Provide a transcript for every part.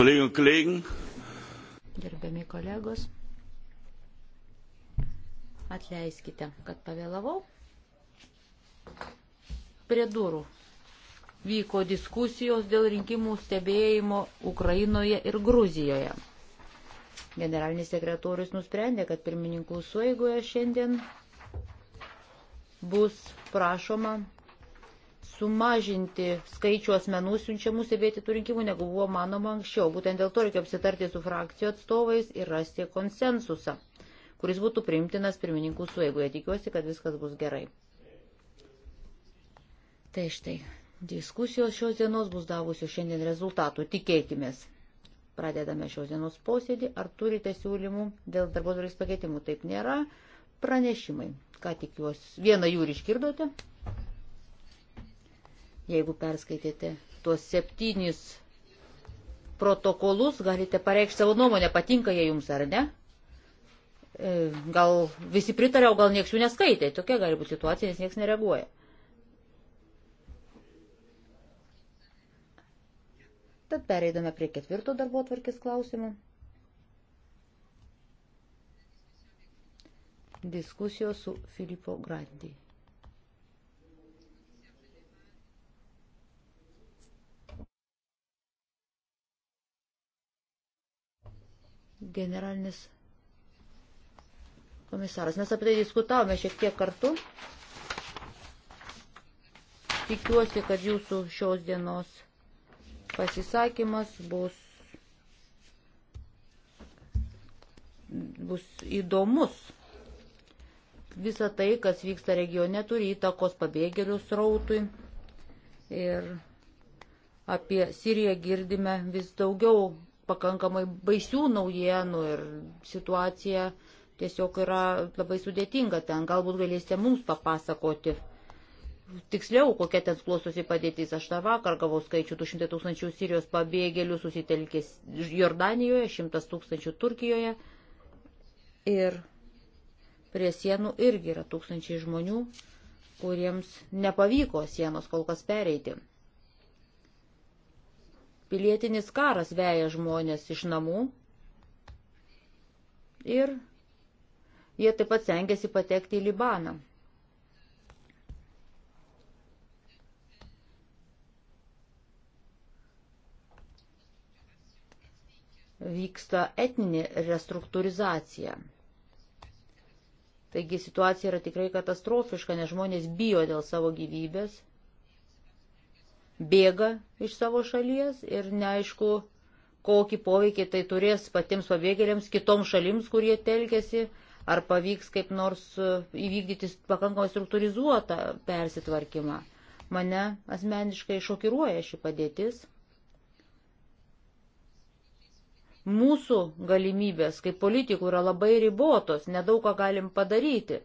Kolleginnen und Kollegen. Gerbiami kolegos, atleiskite, kad pavėlavau. Prie durų vyko diskusijos dėl rinkimų stebėjimo Ukrainoje ir Gruzijoje. Generalinis sekretorius nusprendė, kad pirmininkų sueigoje šiandien bus prašoma sumažinti skaičių asmenų siunčiamų stebėti tų rinkimų, negu buvo manoma anksčiau. Būtent dėl to reikia apsitarti su frakcijų atstovais ir rasti konsensusą, kuris būtų priimtinas pirmininkų sueigoje. Tikiuosi, kad viskas bus gerai. Tai štai, diskusijos šios dienos bus davusios šiandien rezultatų, tikėkimės. Pradedame šios dienos posėdį. Ar turite siūlymų dėl darbo pakeitimų? Taip nėra. Pranešimai. Ką tik juos. Vieną jų ir išgirdote. Jeigu perskaitėte tuos septynis protokolus, galite pareikšti savo nuomonę, patinka jie jums ar ne. E, gal visi pritariau, gal nieks jų neskaitė. Tokia gali būti situacija, nes nieks nereaguoja. Tad pereidame prie ketvirto darbo atvarkės klausimų. Diskusijos su Filipo Grandi. generalinis komisaras. Mes apie tai diskutavome šiek tiek kartu. Tikiuosi, kad jūsų šios dienos pasisakymas bus, bus įdomus. Visa tai, kas vyksta regione, turi įtakos pabėgėlių srautui. Ir apie Siriją girdime vis daugiau pakankamai baisių naujienų ir situacija tiesiog yra labai sudėtinga ten. Galbūt galėsite mums papasakoti tiksliau, kokia ten klostosi padėtis. Aš tą vakar gavau skaičių 200 tūkstančių Sirijos pabėgėlių susitelkęs Jordanijoje, 100 tūkstančių Turkijoje ir prie sienų irgi yra tūkstančiai žmonių, kuriems nepavyko sienos kol kas pereiti. Pilietinis karas veja žmonės iš namų ir jie taip pat stengiasi patekti į Libaną. Vyksta etninė restruktūrizacija. Taigi situacija yra tikrai katastrofiška, nes žmonės bijo dėl savo gyvybės bėga iš savo šalies ir neaišku, kokį poveikį tai turės patiems pabėgėliams, kitoms šalims, kurie telkėsi, ar pavyks kaip nors e, įvykdyti pakankamai struktūrizuotą persitvarkymą. Mane asmeniškai šokiruoja ši padėtis. Mūsų galimybės kaip politikų yra labai ribotos, nedaug ką galim padaryti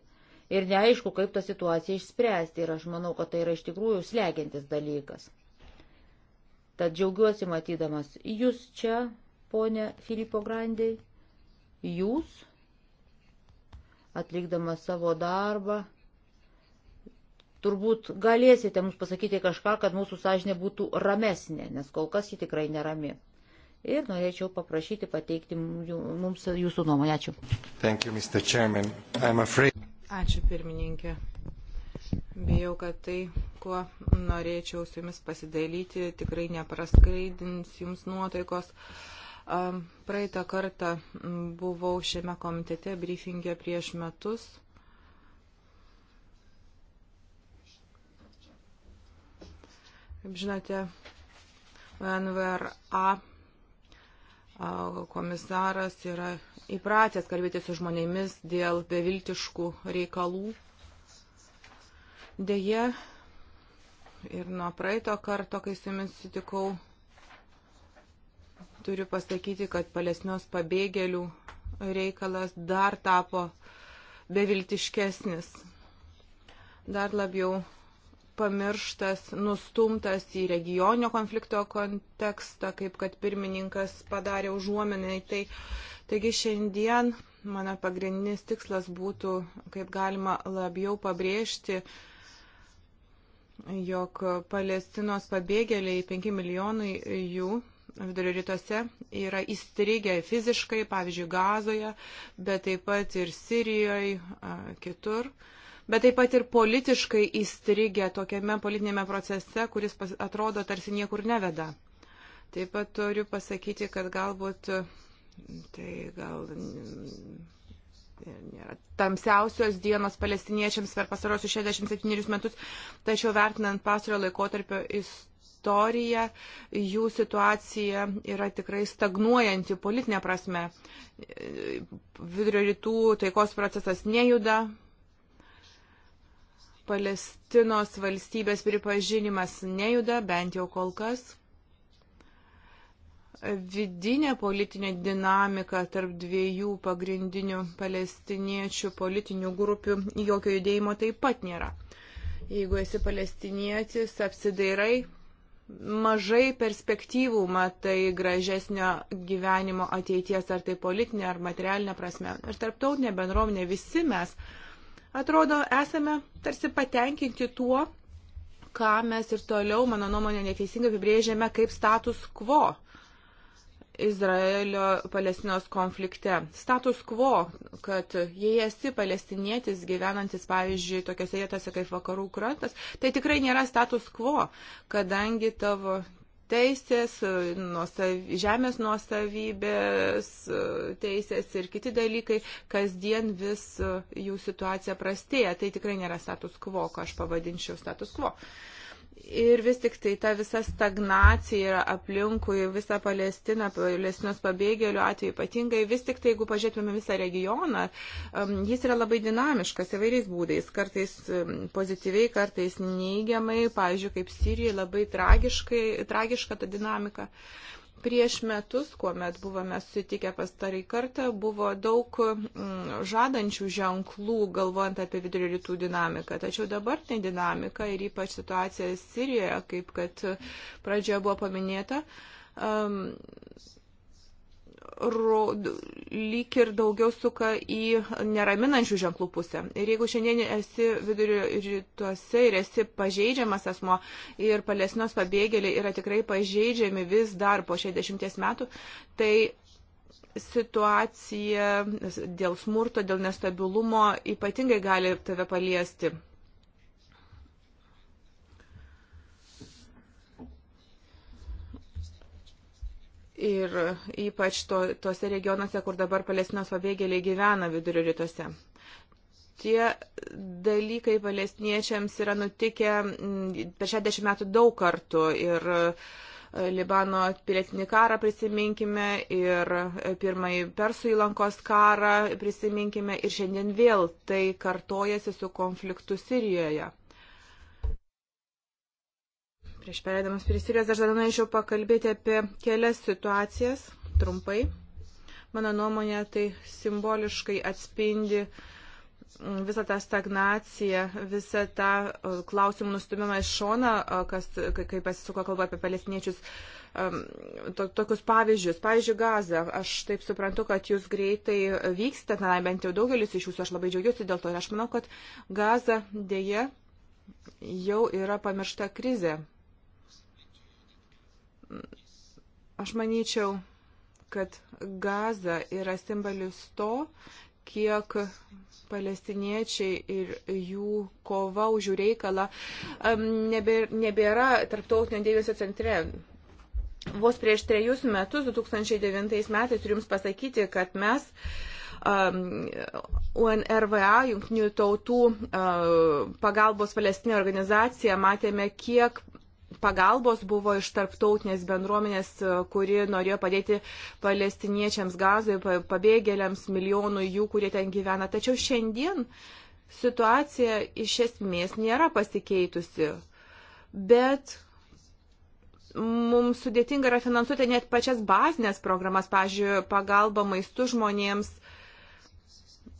ir neaišku, kaip tą situaciją išspręsti ir aš manau, kad tai yra iš tikrųjų slegiantis dalykas. Tad džiaugiuosi matydamas jūs čia, ponė Filipo Grandiai, jūs, atlikdamas savo darbą, turbūt galėsite mums pasakyti kažką, kad mūsų sąžinė būtų ramesnė, nes kol kas ji tikrai nerami. Ir norėčiau paprašyti pateikti mums jūsų nuomonę. Ačiū. Thank you, Ačiū, pirmininkė. Bijau, kad tai, kuo norėčiau su jumis pasidalyti, tikrai nepraskraidins jums nuotaikos. Praeitą kartą buvau šiame komitete briefingė prieš metus. Kaip žinote, NVRA komisaras yra įpratęs kalbėti su žmonėmis dėl beviltiškų reikalų Deja, ir nuo praeito karto, kai su jumis sutikau, turiu pasakyti, kad palesnios pabėgėlių reikalas dar tapo beviltiškesnis, dar labiau pamirštas, nustumtas į regioninio konflikto kontekstą, kaip kad pirmininkas padarė užuomenai. Tai, taigi šiandien mano pagrindinis tikslas būtų, kaip galima labiau pabrėžti, uh, jog Palestinos pabėgėliai, 5 milijonai jų vidurio rytuose yra įstrigę fiziškai, pavyzdžiui, Gazoje, bet taip pat ir Sirijoje, kitur. Bet taip pat ir politiškai įstrigę tokiame politinėme procese, kuris atrodo tarsi niekur neveda. Taip pat turiu pasakyti, kad galbūt tai gal E, nėra tamsiausios dienos palestiniečiams per pasarosius 67 metus, tačiau vertinant pasario laikotarpio istoriją, jų situacija yra tikrai stagnuojanti politinė prasme. E, vidurio rytų taikos procesas nejuda, Palestinos valstybės pripažinimas nejuda, bent jau kol kas vidinė politinė dinamika tarp dviejų pagrindinių palestiniečių politinių grupių jokio judėjimo taip pat nėra. Jeigu esi palestinietis, apsidairai, mažai perspektyvų matai gražesnio gyvenimo ateities, ar tai politinė, ar materialinė prasme. Ir tarptautinė bendruomenė, visi mes, atrodo, esame tarsi patenkinti tuo, ką mes ir toliau, mano nuomonė, neteisingai apibrėžėme kaip status quo Izraelio-Palestinos konflikte. Status quo, kad jei esi palestinietis gyvenantis, pavyzdžiui, tokiose vietose kaip vakarų krantas, tai tikrai nėra status quo, kadangi tavo teisės, nuosav, žemės nuosavybės teisės ir kiti dalykai kasdien vis jų situacija prastėja. Tai tikrai nėra status quo, ką aš pavadinčiau status quo. Uh, Ir vis tik tai ta visa stagnacija yra aplinkui visą Palestiną, Palestinos pabėgėlių atveju ypatingai. Vis tik tai, jeigu pažiūrėtume visą regioną, um, jis yra labai dinamiškas įvairiais būdais. Kartais um, pozityviai, kartais neigiamai. Pavyzdžiui, kaip Sirijai labai tragiškai, tragiška ta dinamika. Prieš metus, kuomet buvome sutikę pastarai kartą, buvo daug mm, žadančių ženklų, galvojant apie vidurio rytų dinamiką. Tačiau dabartinė dinamika ir ypač situacija Sirijoje, kaip kad pradžioje buvo paminėta, um, ro, lyg ir daugiau suka į neraminančių ženklų pusę. Ir jeigu šiandien esi vidurio rytuose ir esi pažeidžiamas asmo ir palesnios pabėgėliai yra tikrai pažeidžiami vis dar po 60 metų, tai situacija dėl smurto, dėl nestabilumo ypatingai gali tave paliesti. Ir ypač to, tose regionuose, kur dabar Palestinos pabėgėliai gyvena vidurio rytuose. Tie dalykai palestiniečiams yra nutikę mm, per 60 metų daug kartų ir e, Libano pilietinį karą prisiminkime ir e, pirmąjį Persų įlankos karą prisiminkime ir šiandien vėl tai kartojasi su konfliktu Sirijoje. Prieš perėdamas prie Sirijos aš dar norėčiau pakalbėti apie kelias situacijas trumpai. Mano nuomonė tai simboliškai atspindi mm, visą tą stagnaciją, visą tą klausimų nustumimą iš šona, kas, kai pasisuko kalba apie palestiniečius, to, tokius pavyzdžius. Pavyzdžiui, Gaza. Aš taip suprantu, kad jūs greitai vykstate, na, bent jau daugelis iš jūsų, aš labai džiaugiuosi dėl to ir aš manau, kad Gaza dėje jau yra pamiršta krizė. Aš manyčiau, kad Gaza yra simbolis to, kiek palestiniečiai ir jų kova už jų reikalą nebėra tarptautinio dėmesio centre. Vos prieš trejus metus, 2009 metais, turiu Jums pasakyti, kad mes UNRWA, Junktinių tautų pagalbos palestinė organizacija, matėme, kiek pagalbos buvo iš tarptautinės bendruomenės, e, kuri norėjo padėti palestiniečiams gazui, pabėgėliams, milijonų jų, kurie ten gyvena. Tačiau šiandien situacija iš esmės nėra pasikeitusi. Bet mums sudėtinga yra finansuoti net pačias bazinės programas, pavyzdžiui, pagalba maistu žmonėms,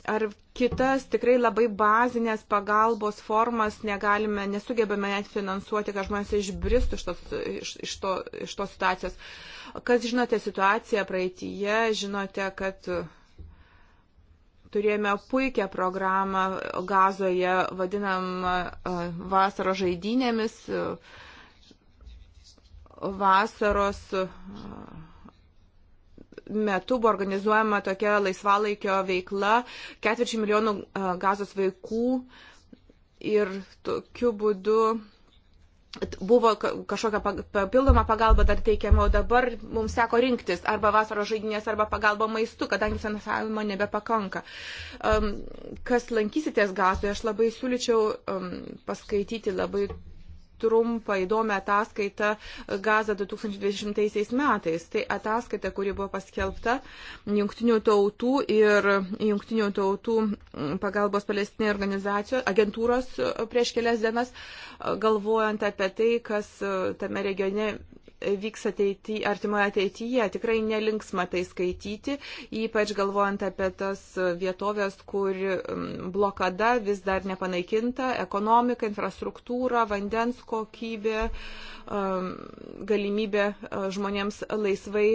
ar kitas tikrai labai bazinės pagalbos formas negalime, nesugebame net finansuoti, kad žmonės išbristų iš tos, iš, iš to, iš tos situacijos. Kas žinote situaciją praeitįje, žinote, kad turėjome puikią programą gazoje, vadinam e, vasaro žaidynėmis, e, vasaros. Uh, metu buvo organizuojama tokia laisvalaikio veikla ketvirčiai milijonų e, gazos vaikų ir tokiu būdu buvo kažkokia papildoma pagalba dar teikiama, o dabar mums teko rinktis arba vasaros žaidinės, arba pagalba maistu, kadangi finansavimo nebepakanka. Um, kas lankysitės gazoje, aš labai siūlyčiau um, paskaityti labai trumpą įdomią ataskaitą Gaza 2020 metais. Tai ataskaita, kuri buvo paskelbta jungtinių tautų ir jungtinių tautų pagalbos palestinė organizacijos agentūros prieš kelias dienas, galvojant apie tai, kas tame regione vyks ateity, artimoje ateityje. Tikrai nelinksma tai skaityti, ypač galvojant apie tas vietovės, kur blokada vis dar nepanaikinta, ekonomika, infrastruktūra, vandens kokybė, galimybė e, žmonėms laisvai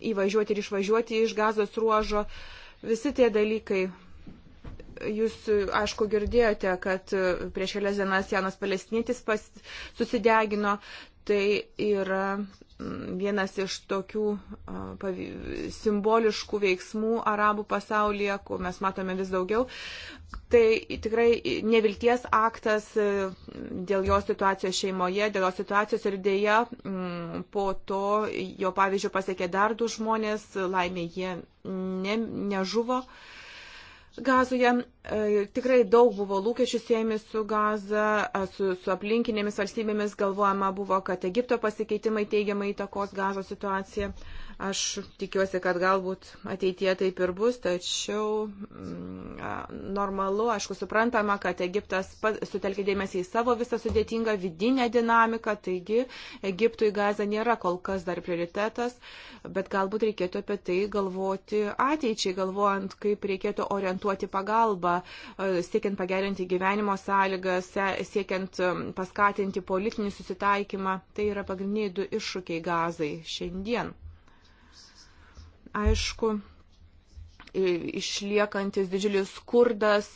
įvažiuoti ir išvažiuoti iš gazos ruožo. Visi tie dalykai jūs, aišku, girdėjote, kad e, prieš kelias dienas Janas Palestinietis susidegino, tai yra mm, vienas iš tokių simboliškų veiksmų arabų pasaulyje, ko mes matome vis daugiau. Tai tikrai nevilties aktas e, dėl jo situacijos šeimoje, dėl jo situacijos ir dėja mm, po to jo pavyzdžių pasiekė dar du žmonės, laimė jie ne, nežuvo. Ne Gazoje e, tikrai daug buvo lūkesčių siejami su Gaza, e, su, su aplinkinėmis valstybėmis galvojama buvo, kad Egipto pasikeitimai teigiamai įtakos Gazo situaciją. E, Aš tikiuosi, kad galbūt ateitie taip ir bus, tačiau mm, normalu, aišku, suprantama, kad Egiptas sutelkia dėmesį į savo visą sudėtingą vidinę dinamiką, taigi Egiptui gaza nėra kol kas dar prioritetas, bet galbūt reikėtų apie tai galvoti ateičiai, galvojant, kaip reikėtų orientuoti pagalbą, siekiant pagerinti gyvenimo sąlygas, siekiant paskatinti politinį susitaikymą. Tai yra pagrindiniai du iššūkiai gazai šiandien aišku, išliekantis didžiulis skurdas,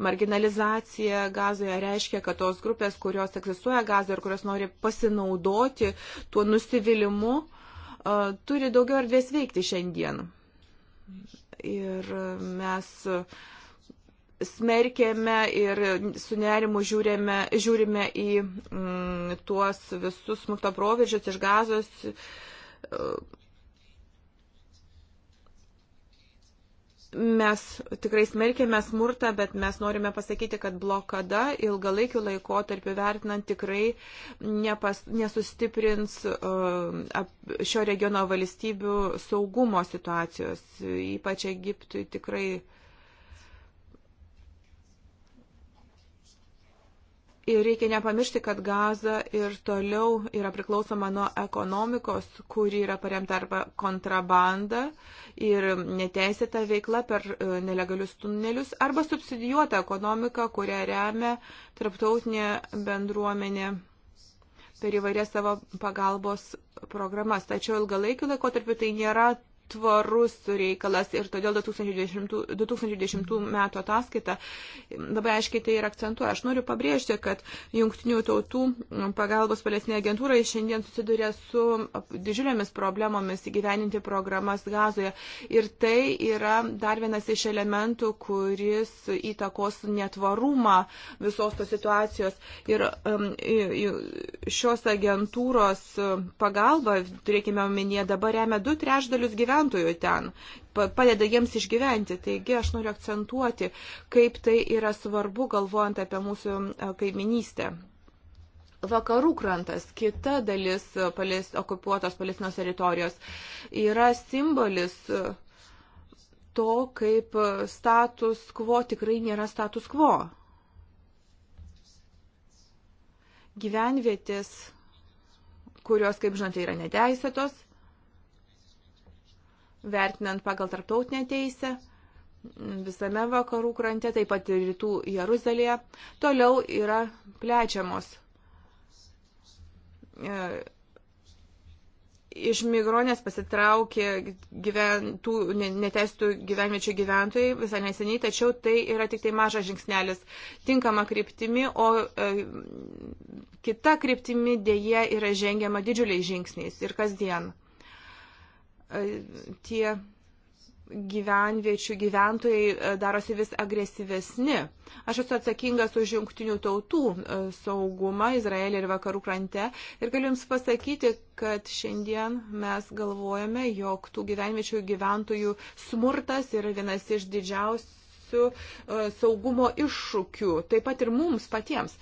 marginalizacija gazoje reiškia, kad tos grupės, kurios egzistuoja gazoje ir kurios nori pasinaudoti tuo nusivylimu, turi daugiau erdvės veikti šiandien. Ir mes smerkėme ir su nerimu žiūrėme, žiūrime į mm, tuos visus smurto proveržius iš gazos. Mm, mes tikrai smerkėme smurtą, bet mes norime pasakyti, kad blokada ilgalaikiu laikotarpiu vertinant tikrai nepas, nesustiprins uh, šio regiono valstybių saugumo situacijos, ypač Egiptui tikrai Ir reikia nepamiršti, kad Gaza ir toliau yra priklausoma nuo ekonomikos, kuri yra paremta arba kontrabanda ir neteisėta veikla per e, nelegalius tunelius, arba subsidijuota ekonomika, kurią remia tarptautinė bendruomenė per įvairias savo pagalbos programas. Tačiau ilgalaikiu laikotarpiu tai nėra tvarus reikalas ir todėl 2010, 2010 metų ataskaita labai aiškiai tai ir akcentuoja. Aš noriu pabrėžti, kad jungtinių tautų pagalbos palesnė agentūrai šiandien susiduria su didžiulėmis problemomis įgyveninti programas gazoje ir tai yra dar vienas iš elementų, kuris įtakos netvarumą visos tos situacijos ir um, šios agentūros pagalba, turėkime omenyje, dabar remia du trešdalius gyventojų gyventojų ten, padeda jiems išgyventi. Taigi aš noriu akcentuoti, kaip tai yra svarbu, galvojant apie mūsų e, kaiminystę. Vakarų krantas, kita dalis e, palės, okupuotos palestinos teritorijos, yra simbolis e, to, kaip status quo tikrai nėra status quo. Gyvenvietės, kurios, kaip žinote, yra neteisėtos, vertinant pagal tarptautinę teisę visame vakarų krante, taip pat ir rytų Jeruzalėje, toliau yra plečiamos. E, iš migronės pasitraukė gyven, tų netestų gyvenviečių gyventojai visai neseniai, tačiau tai yra tik tai mažas žingsnelis tinkama kryptimi, o e, kita kryptimi dėje yra žengiama didžiuliais žingsniais ir kasdien. E, tie gyvenviečių gyventojai e, darosi vis agresyvesni. Aš esu atsakingas už jungtinių tautų e, saugumą Izraelį ir vakarų krante ir galiu Jums pasakyti, kad šiandien mes galvojame, jog tų gyvenviečių gyventojų smurtas yra vienas iš didžiausių didžiausių e, saugumo iššūkių, taip pat ir mums patiems.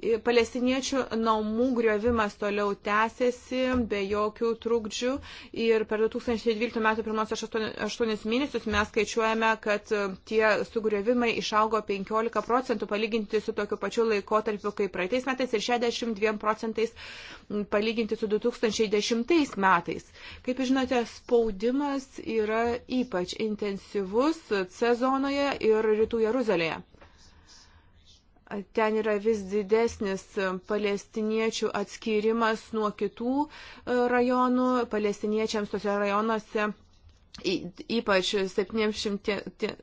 E, palestiniečių namų griovimas toliau tęsiasi be jokių trukdžių ir per 2012 metų pirmosios 8 mėnesius mes skaičiuojame, kad e, tie sugriovimai išaugo 15 procentų palyginti su tokiu pačiu laikotarpiu kaip praeitais metais ir 62 procentais palyginti su 2010 metais. Kaip žinote, spaudimas yra ypač intensyvus C zonoje ir Rytų Jeruzalėje. Ten yra vis didesnis palestiniečių atskirimas nuo kitų e, rajonų. Palestiniečiams tose rajonuose ypač 700,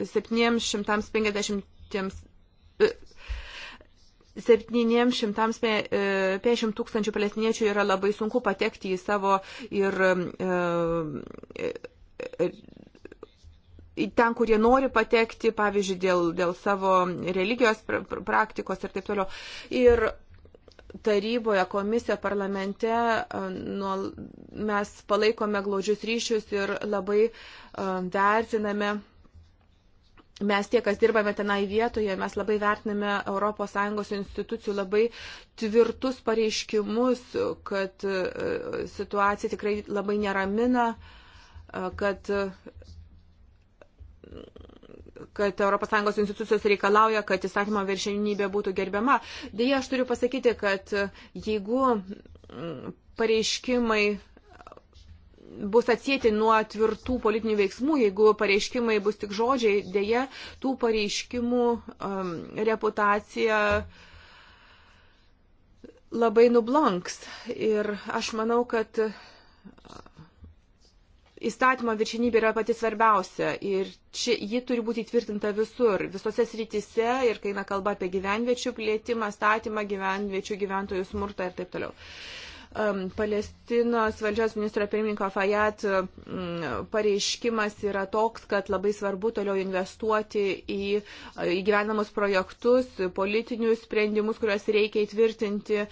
750 750 tūkstančių palestiniečių yra labai sunku patekti į savo ir, ir, e, ir e, ten, kur jie nori patekti, pavyzdžiui, dėl, dėl savo religijos praktikos ir taip toliau. Ir taryboje, komisija, parlamente nuo, mes palaikome glaudžius ryšius ir labai vertiname. Mes tie, kas dirbame tenai vietoje, mes labai vertiname ES institucijų labai tvirtus pareiškimus, kad situacija tikrai labai neramina, kad kad ES institucijos reikalauja, kad įstatymo viršenybė būtų gerbiama. Deja, aš turiu pasakyti, kad jeigu mm, pareiškimai bus atsėti nuo tvirtų politinių veiksmų, jeigu pareiškimai bus tik žodžiai, dėja, tų pareiškimų um, reputacija labai nublanks. Ir aš manau, kad uh, įstatymo viršinybė yra pati svarbiausia ir ši, ji turi būti įtvirtinta visur, visose srityse ir kai eina kalba apie gyvenviečių plėtimą, statymą, gyvenviečių gyventojų smurtą ir taip toliau. Um, Palestinos valdžios ministro pirmininko Fayat um, mm, pareiškimas yra toks, kad labai svarbu toliau investuoti į įgyvenamus projektus, politinius sprendimus, kuriuos reikia įtvirtinti.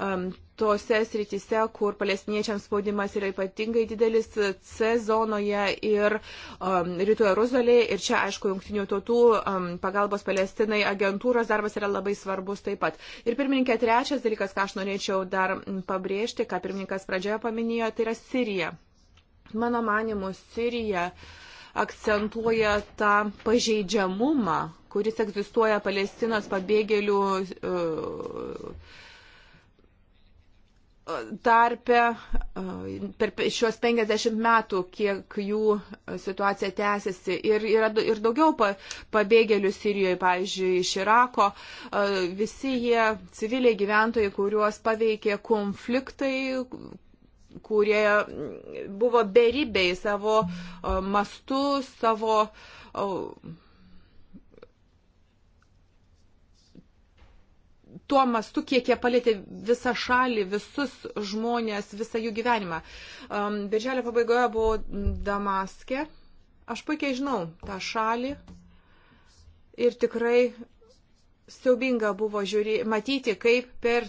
Um, tose srityse, kur palestiniečiams spaudimas yra ypatingai didelis, C zonoje ir um, Rytų Jeruzalėje. Ir čia, aišku, jungtinių tautų um, pagalbos palestinai agentūros darbas yra labai svarbus taip pat. Ir pirmininkė, trečias dalykas, ką aš norėčiau dar pabrėžti, ką pirmininkas pradžioje paminėjo, tai yra Sirija. Mano manimu, Sirija akcentuoja tą pažeidžiamumą, kuris egzistuoja Palestinos pabėgėlių. Uh, tarpe e, per šios 50 metų, kiek jų situacija tęsiasi. Ir yra ir daugiau pabėgėlių Sirijoje, pavyzdžiui, iš Irako. E, visi jie civiliai gyventojai, kuriuos paveikė konfliktai, kurie buvo beribiai savo e, mastu, savo tuo mastu, kiek jie palėtė visą šalį, visus žmonės, visą jų gyvenimą. Um, birželio pabaigoje buvau Damaske. Aš puikiai žinau tą šalį ir tikrai siaubinga buvo žiūrė, matyti, kaip per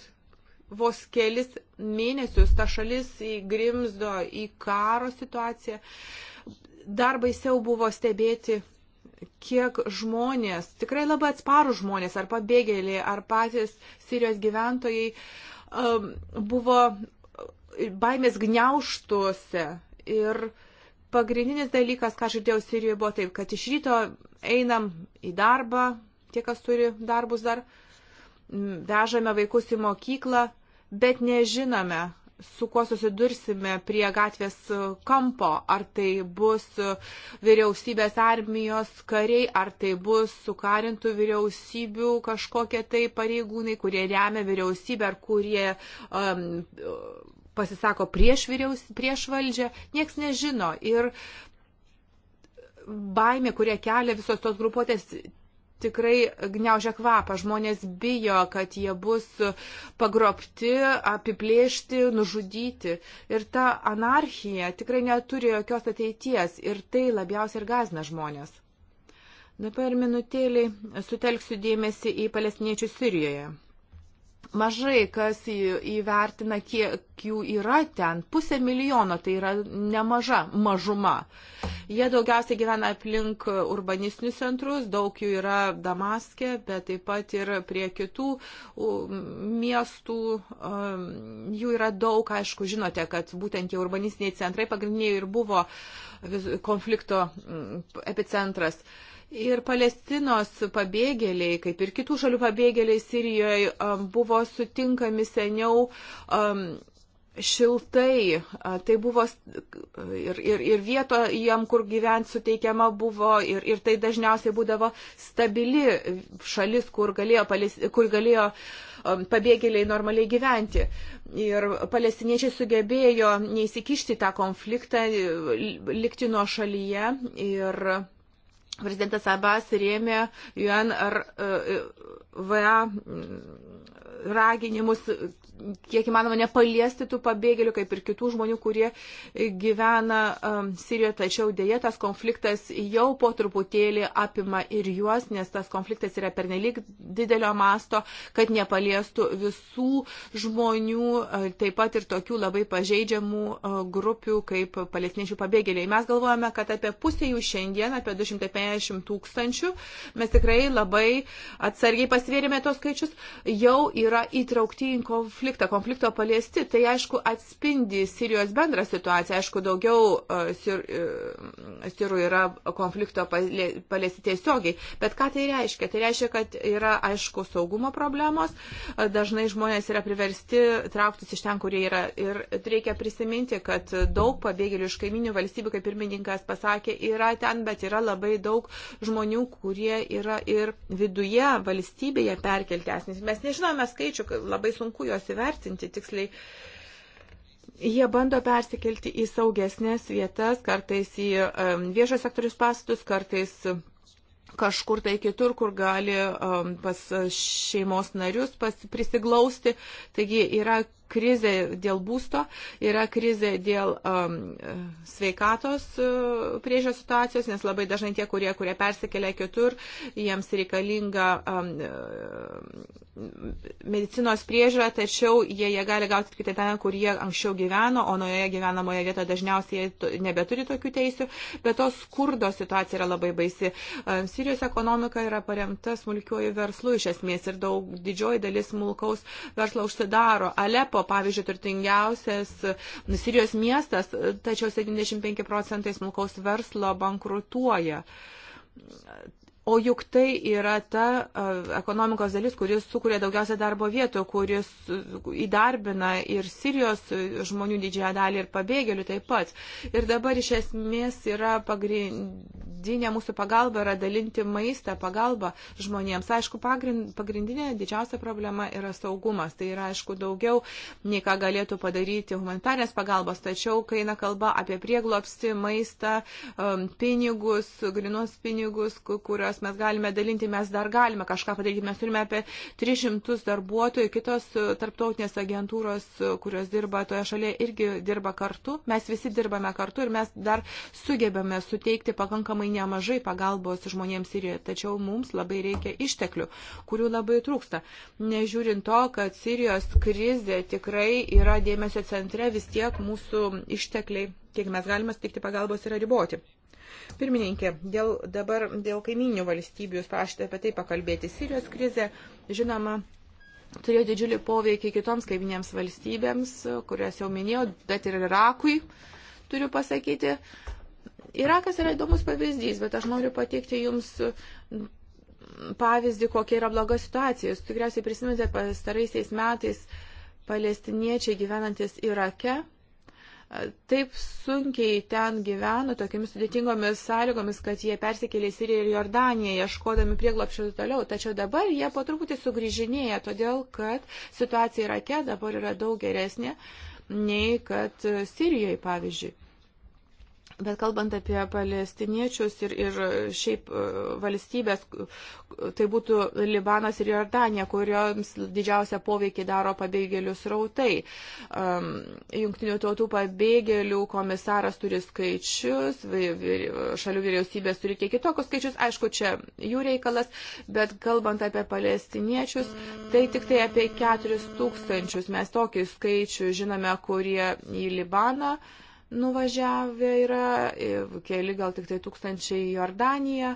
vos kelis mėnesius ta šalis įgrimzdo į karo situaciją. Dar baisiau buvo stebėti kiek žmonės, tikrai labai atsparų žmonės, ar pabėgėliai, ar patys Sirijos gyventojai um, buvo baimės gniauštuose. Ir pagrindinis dalykas, ką žiūrėjau Sirijoje, buvo taip, kad iš ryto einam į darbą, tie, kas turi darbus dar, vežame vaikus į mokyklą, bet nežinome, su kuo susidursime prie gatvės kampo, ar tai bus vyriausybės armijos kariai, ar tai bus sukarintų vyriausybių kažkokie tai pareigūnai, kurie remia vyriausybę, ar kurie um, pasisako prieš, vyriaus, prieš valdžią, nieks nežino. Ir baimė, kurie kelia visos tos grupuotės, tikrai gniaužia kvapą. Žmonės bijo, kad jie bus pagrobti, apiplėšti, nužudyti. Ir ta anarchija tikrai neturi jokios ateities. Ir tai labiausiai ir gazina žmonės. Dabar minutėlį sutelksiu dėmesį į palestiniečių Sirijoje mažai kas įvertina, kiek jų yra ten. Pusė milijono tai yra nemaža mažuma. Jie daugiausiai gyvena aplink urbanistinius centrus, daug jų yra Damaskė, bet taip pat ir prie kitų miestų. Um, jų yra daug, aišku, žinote, kad būtent tie urbanistiniai centrai pagrindiniai ir buvo konflikto epicentras. Uh, Ir Palestinos pabėgėliai, kaip ir kitų šalių pabėgėliai Sirijoje, um, buvo sutinkami seniau um, šiltai. Tai buvo ir, ir, ir vieto jam, kur gyventi suteikiama buvo, ir, ir tai dažniausiai būdavo stabili šalis, kur galėjo, kur galėjo um, pabėgėliai normaliai gyventi. Ir palestiniečiai sugebėjo neįsikišti tą konfliktą, likti nuo šalyje. Ir Prezidentas Abbas rėmė UNRWA e, e, raginimus kiek įmanoma nepaliesti tų pabėgėlių, kaip ir kitų žmonių, kurie gyvena um, Sirijoje. Tačiau dėja tas konfliktas jau po truputėlį apima ir juos, nes tas konfliktas yra pernelik didelio masto, kad nepaliestų visų žmonių, uh, taip pat ir tokių labai pažeidžiamų uh, grupių kaip palestiniečių pabėgėliai. Mes galvojame, kad apie pusę jų šiandien, apie 250 tūkstančių, mes tikrai labai atsargiai pasvėrėme tos skaičius, jau yra įtraukti į konfliktą konfliktą, konflikto paliesti, tai aišku atspindi Sirijos bendrą situaciją. Aišku, daugiau e, sir, e, sirų yra konflikto paliesti tiesiogiai. Bet ką tai reiškia? Tai reiškia, kad yra aišku saugumo problemos, e, dažnai žmonės yra priversti trauktis iš ten, kur jie yra. Ir reikia prisiminti, kad daug pabėgėlių iš kaiminių valstybių, kaip pirmininkas pasakė, yra ten, bet yra labai daug žmonių, kurie yra ir viduje valstybėje perkelti asmenys. Mes nežinome skaičių, labai sunku juos įsivertinti tiksliai. Jie bando persikelti į saugesnės vietas, kartais į viešo sektorius pastatus, kartais kažkur tai kitur, kur gali um, pas šeimos narius pas, prisiglausti. Taigi yra krizė dėl būsto, yra krizė dėl um, sveikatos uh, priežio situacijos, nes labai dažnai tie, kurie, kurie persikelia kitur, jiems reikalinga um, medicinos priežiūra, tačiau jie, jie gali gauti tik ten, kur jie anksčiau gyveno, o nuoje gyvenamoje vietoje dažniausiai jie nebeturi tokių teisių, bet to skurdo situacija yra labai baisi. Um, Sirijos ekonomika yra paremta smulkiuoju verslu iš esmės ir daug didžioji dalis smulkaus verslo užsidaro. Alepo buvo, pavyzdžiui, turtingiausias Sirijos miestas, tačiau 75 procentai smulkaus verslo bankrutuoja O juk tai yra ta ekonomikos dalis, kuris sukuria daugiausia darbo vietų, kuris įdarbina ir Sirijos žmonių didžiąją dalį ir pabėgėlių taip pat. Ir dabar iš esmės yra pagrindinė mūsų pagalba yra dalinti maistą, pagalbą žmonėms. Aišku, pagrindinė didžiausia problema yra saugumas. Tai yra, aišku, daugiau nei ką galėtų padaryti humanitarės pagalbos. Tačiau, kai eina kalba apie prieglopsti, maistą, um, pinigus, grinuos pinigus, kurios kurios mes galime dalinti, mes dar galime kažką padaryti. Mes turime apie 300 darbuotojų, kitos e, tarptautinės agentūros, e, kurios dirba toje šalyje, irgi dirba kartu. Mes visi dirbame kartu ir mes dar sugebėme suteikti pakankamai nemažai pagalbos žmonėms Sirijoje. Tačiau mums labai reikia išteklių, kurių labai trūksta. Nežiūrint to, kad Sirijos krizė tikrai yra dėmesio centre, vis tiek mūsų ištekliai, kiek mes galime suteikti pagalbos, yra riboti. Pirmininkė, dėl, dabar dėl kaiminių valstybių jūs prašėte apie tai pakalbėti. Sirijos krizė, žinoma, turėjo didžiulį poveikį kitoms kaiminėms valstybėms, kurias jau minėjau, bet ir Irakui, turiu pasakyti. Irakas yra įdomus pavyzdys, bet aš noriu pateikti jums pavyzdį, kokia yra bloga situacija. Jūs tikriausiai prisiminate pastaraisiais metais palestiniečiai gyvenantis Irake taip sunkiai ten gyveno, tokiamis sudėtingomis sąlygomis, kad jie persikėlė į Siriją ir Jordaniją, ieškodami prieglopščio toliau. Tačiau dabar jie po truputį sugrįžinėja, todėl kad situacija Irake dabar yra daug geresnė nei kad Sirijoje, pavyzdžiui. Bet kalbant apie palestiniečius ir, ir šiaip e, valstybės, tai būtų Libanas ir Jordanija, kurioms didžiausia poveikiai daro pabėgėlių srautai. Um, Junktinių tautų pabėgėlių komisaras turi skaičius, šalių vyriausybės turi kiek kitokius skaičius, aišku, čia jų reikalas, bet kalbant apie palestiniečius, tai tik tai apie 4 tūkstančius mes tokį skaičių žinome, kurie į Libaną. Uh, nuvažiavę yra, keli gal tik tai tūkstančiai į Jordaniją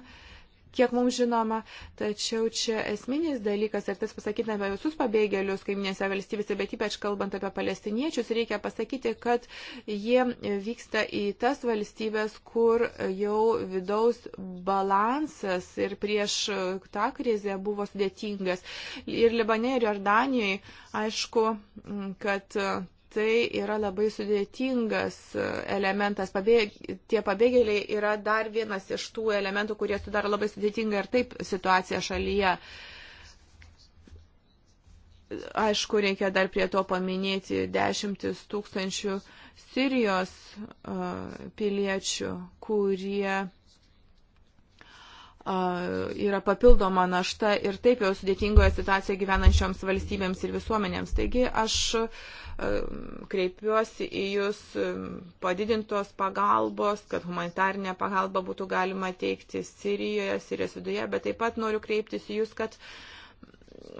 kiek mums žinoma. Tačiau čia esminis dalykas, ir tas pasakytina apie visus pabėgėlius kaiminėse valstybėse, bet ypač kalbant apie palestiniečius, reikia pasakyti, kad jie vyksta į tas valstybės, kur jau vidaus balansas ir prieš tą krizę buvo sudėtingas. Ir Libane, ir Jordanijoje, aišku, kad tai yra labai sudėtingas e, elementas. Pabėg, tie pabėgėliai yra dar vienas iš tų elementų, kurie sudaro labai sudėtingą ir taip situaciją šalyje. Aišku, reikia dar prie to paminėti dešimtis tūkstančių Sirijos e, piliečių, kurie yra papildoma našta ir taip jau sudėtingoje situacijoje gyvenančioms valstybėms ir visuomenėms. Taigi aš kreipiuosi į Jūs padidintos pagalbos, kad humanitarinę pagalbą būtų galima teikti Sirijoje, Sirijos viduje, bet taip pat noriu kreiptis į Jūs, kad uh,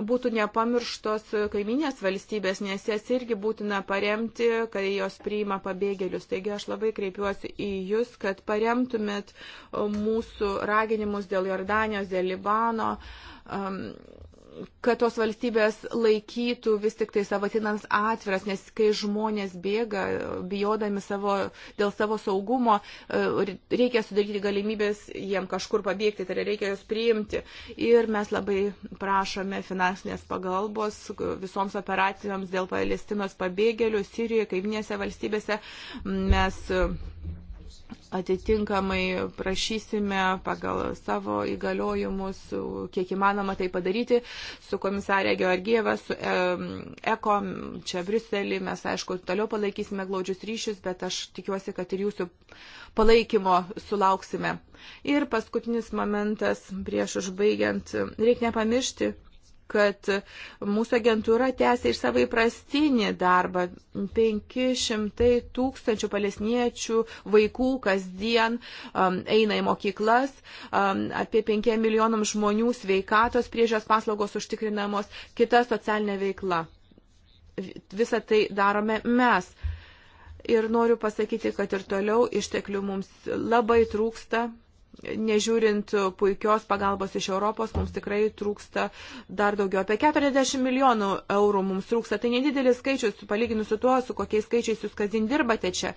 būtų nepamirštos kaiminės valstybės, nes jas irgi būtina paremti, kai jos priima pabėgėlius. Taigi aš labai kreipiuosi į Jūs, kad paremtumėt mūsų raginimus dėl Jordanijos, dėl Libano. Um, kad tos valstybės laikytų vis tik tai savo sienams atviras, nes kai žmonės bėga, bijodami savo, dėl savo saugumo, e, reikia sudaryti galimybės jiem kažkur pabėgti, tai reikia juos priimti. Ir mes labai prašome finansinės pagalbos visoms operacijoms dėl Palestinos pabėgėlių Sirijoje, kaiminėse valstybėse. Mes atitinkamai prašysime pagal savo įgaliojimus, kiek įmanoma tai padaryti, su komisarė Georgieva, su ECO, čia Briuselį, mes aišku toliau palaikysime glaudžius ryšius, bet aš tikiuosi, kad ir jūsų palaikymo sulauksime. Ir paskutinis momentas, prieš užbaigiant, reikia nepamiršti, kad mūsų agentūra tęsia ir savo įprastinį darbą. 500 tūkstančių palestiniečių vaikų kasdien um, eina į mokyklas, um, apie 5 milijonam žmonių sveikatos priežios paslaugos užtikrinamos, kita socialinė veikla. Visą tai darome mes. Ir noriu pasakyti, kad ir toliau išteklių mums labai trūksta, nežiūrint puikios pagalbos iš Europos, mums tikrai trūksta dar daugiau. Apie 40 milijonų eurų mums trūksta. Tai nedidelis skaičius, palyginus su tuo, su kokiais skaičiais jūs kasdien dirbate čia.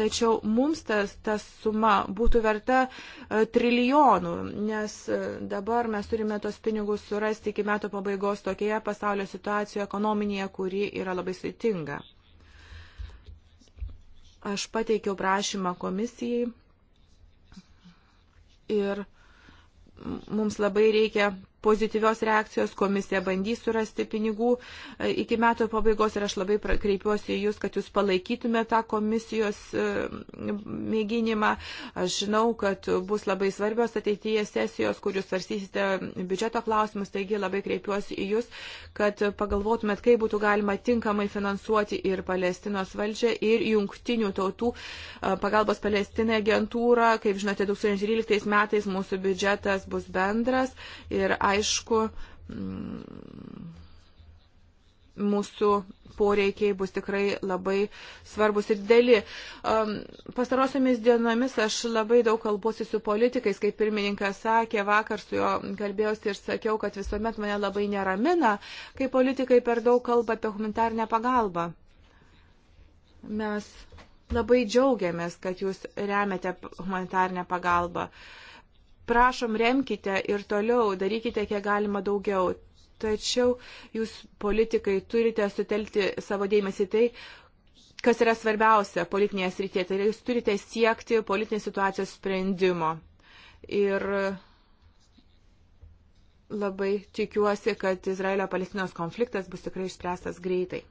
Tačiau mums tas, tas suma būtų verta e, trilijonų, nes e, dabar mes turime tos pinigus surasti iki metų pabaigos tokioje pasaulio situacijoje ekonominėje, kuri yra labai sveitinga. Aš pateikiau prašymą komisijai ir mums labai reikia pozityvios reakcijos, komisija bandys surasti pinigų e, iki metų pabaigos ir aš labai kreipiuosi į Jūs, kad Jūs palaikytume tą komisijos e, mėginimą. Aš žinau, kad bus labai svarbios ateityje sesijos, kur Jūs svarstysite biudžeto klausimus, taigi labai kreipiuosi į Jūs, kad pagalvotumėt, kaip būtų galima tinkamai finansuoti ir Palestinos valdžią, ir jungtinių tautų e, pagalbos Palestinai agentūrą. Kaip žinote, 2013 metais mūsų biudžetas bus bendras ir aišku, mm, mūsų poreikiai bus tikrai labai svarbus ir dėli. Um, pastarosiomis dienomis aš labai daug kalbuosi su politikais, kaip pirmininkas sakė, vakar su juo kalbėjausi ir sakiau, kad visuomet mane labai neramina, kai politikai per daug kalba apie humanitarnę pagalbą. Mes labai džiaugiamės, kad jūs remiate humanitarnę pagalbą. Uh, prašom remkite ir toliau, darykite kiek galima daugiau. Tačiau jūs, politikai, turite sutelkti savo dėmesį tai, kas yra svarbiausia politinėje srityje. Tai jūs turite siekti politinės situacijos sprendimo. Ir labai tikiuosi, kad Izraelio-Palestinos konfliktas bus tikrai išspręstas greitai.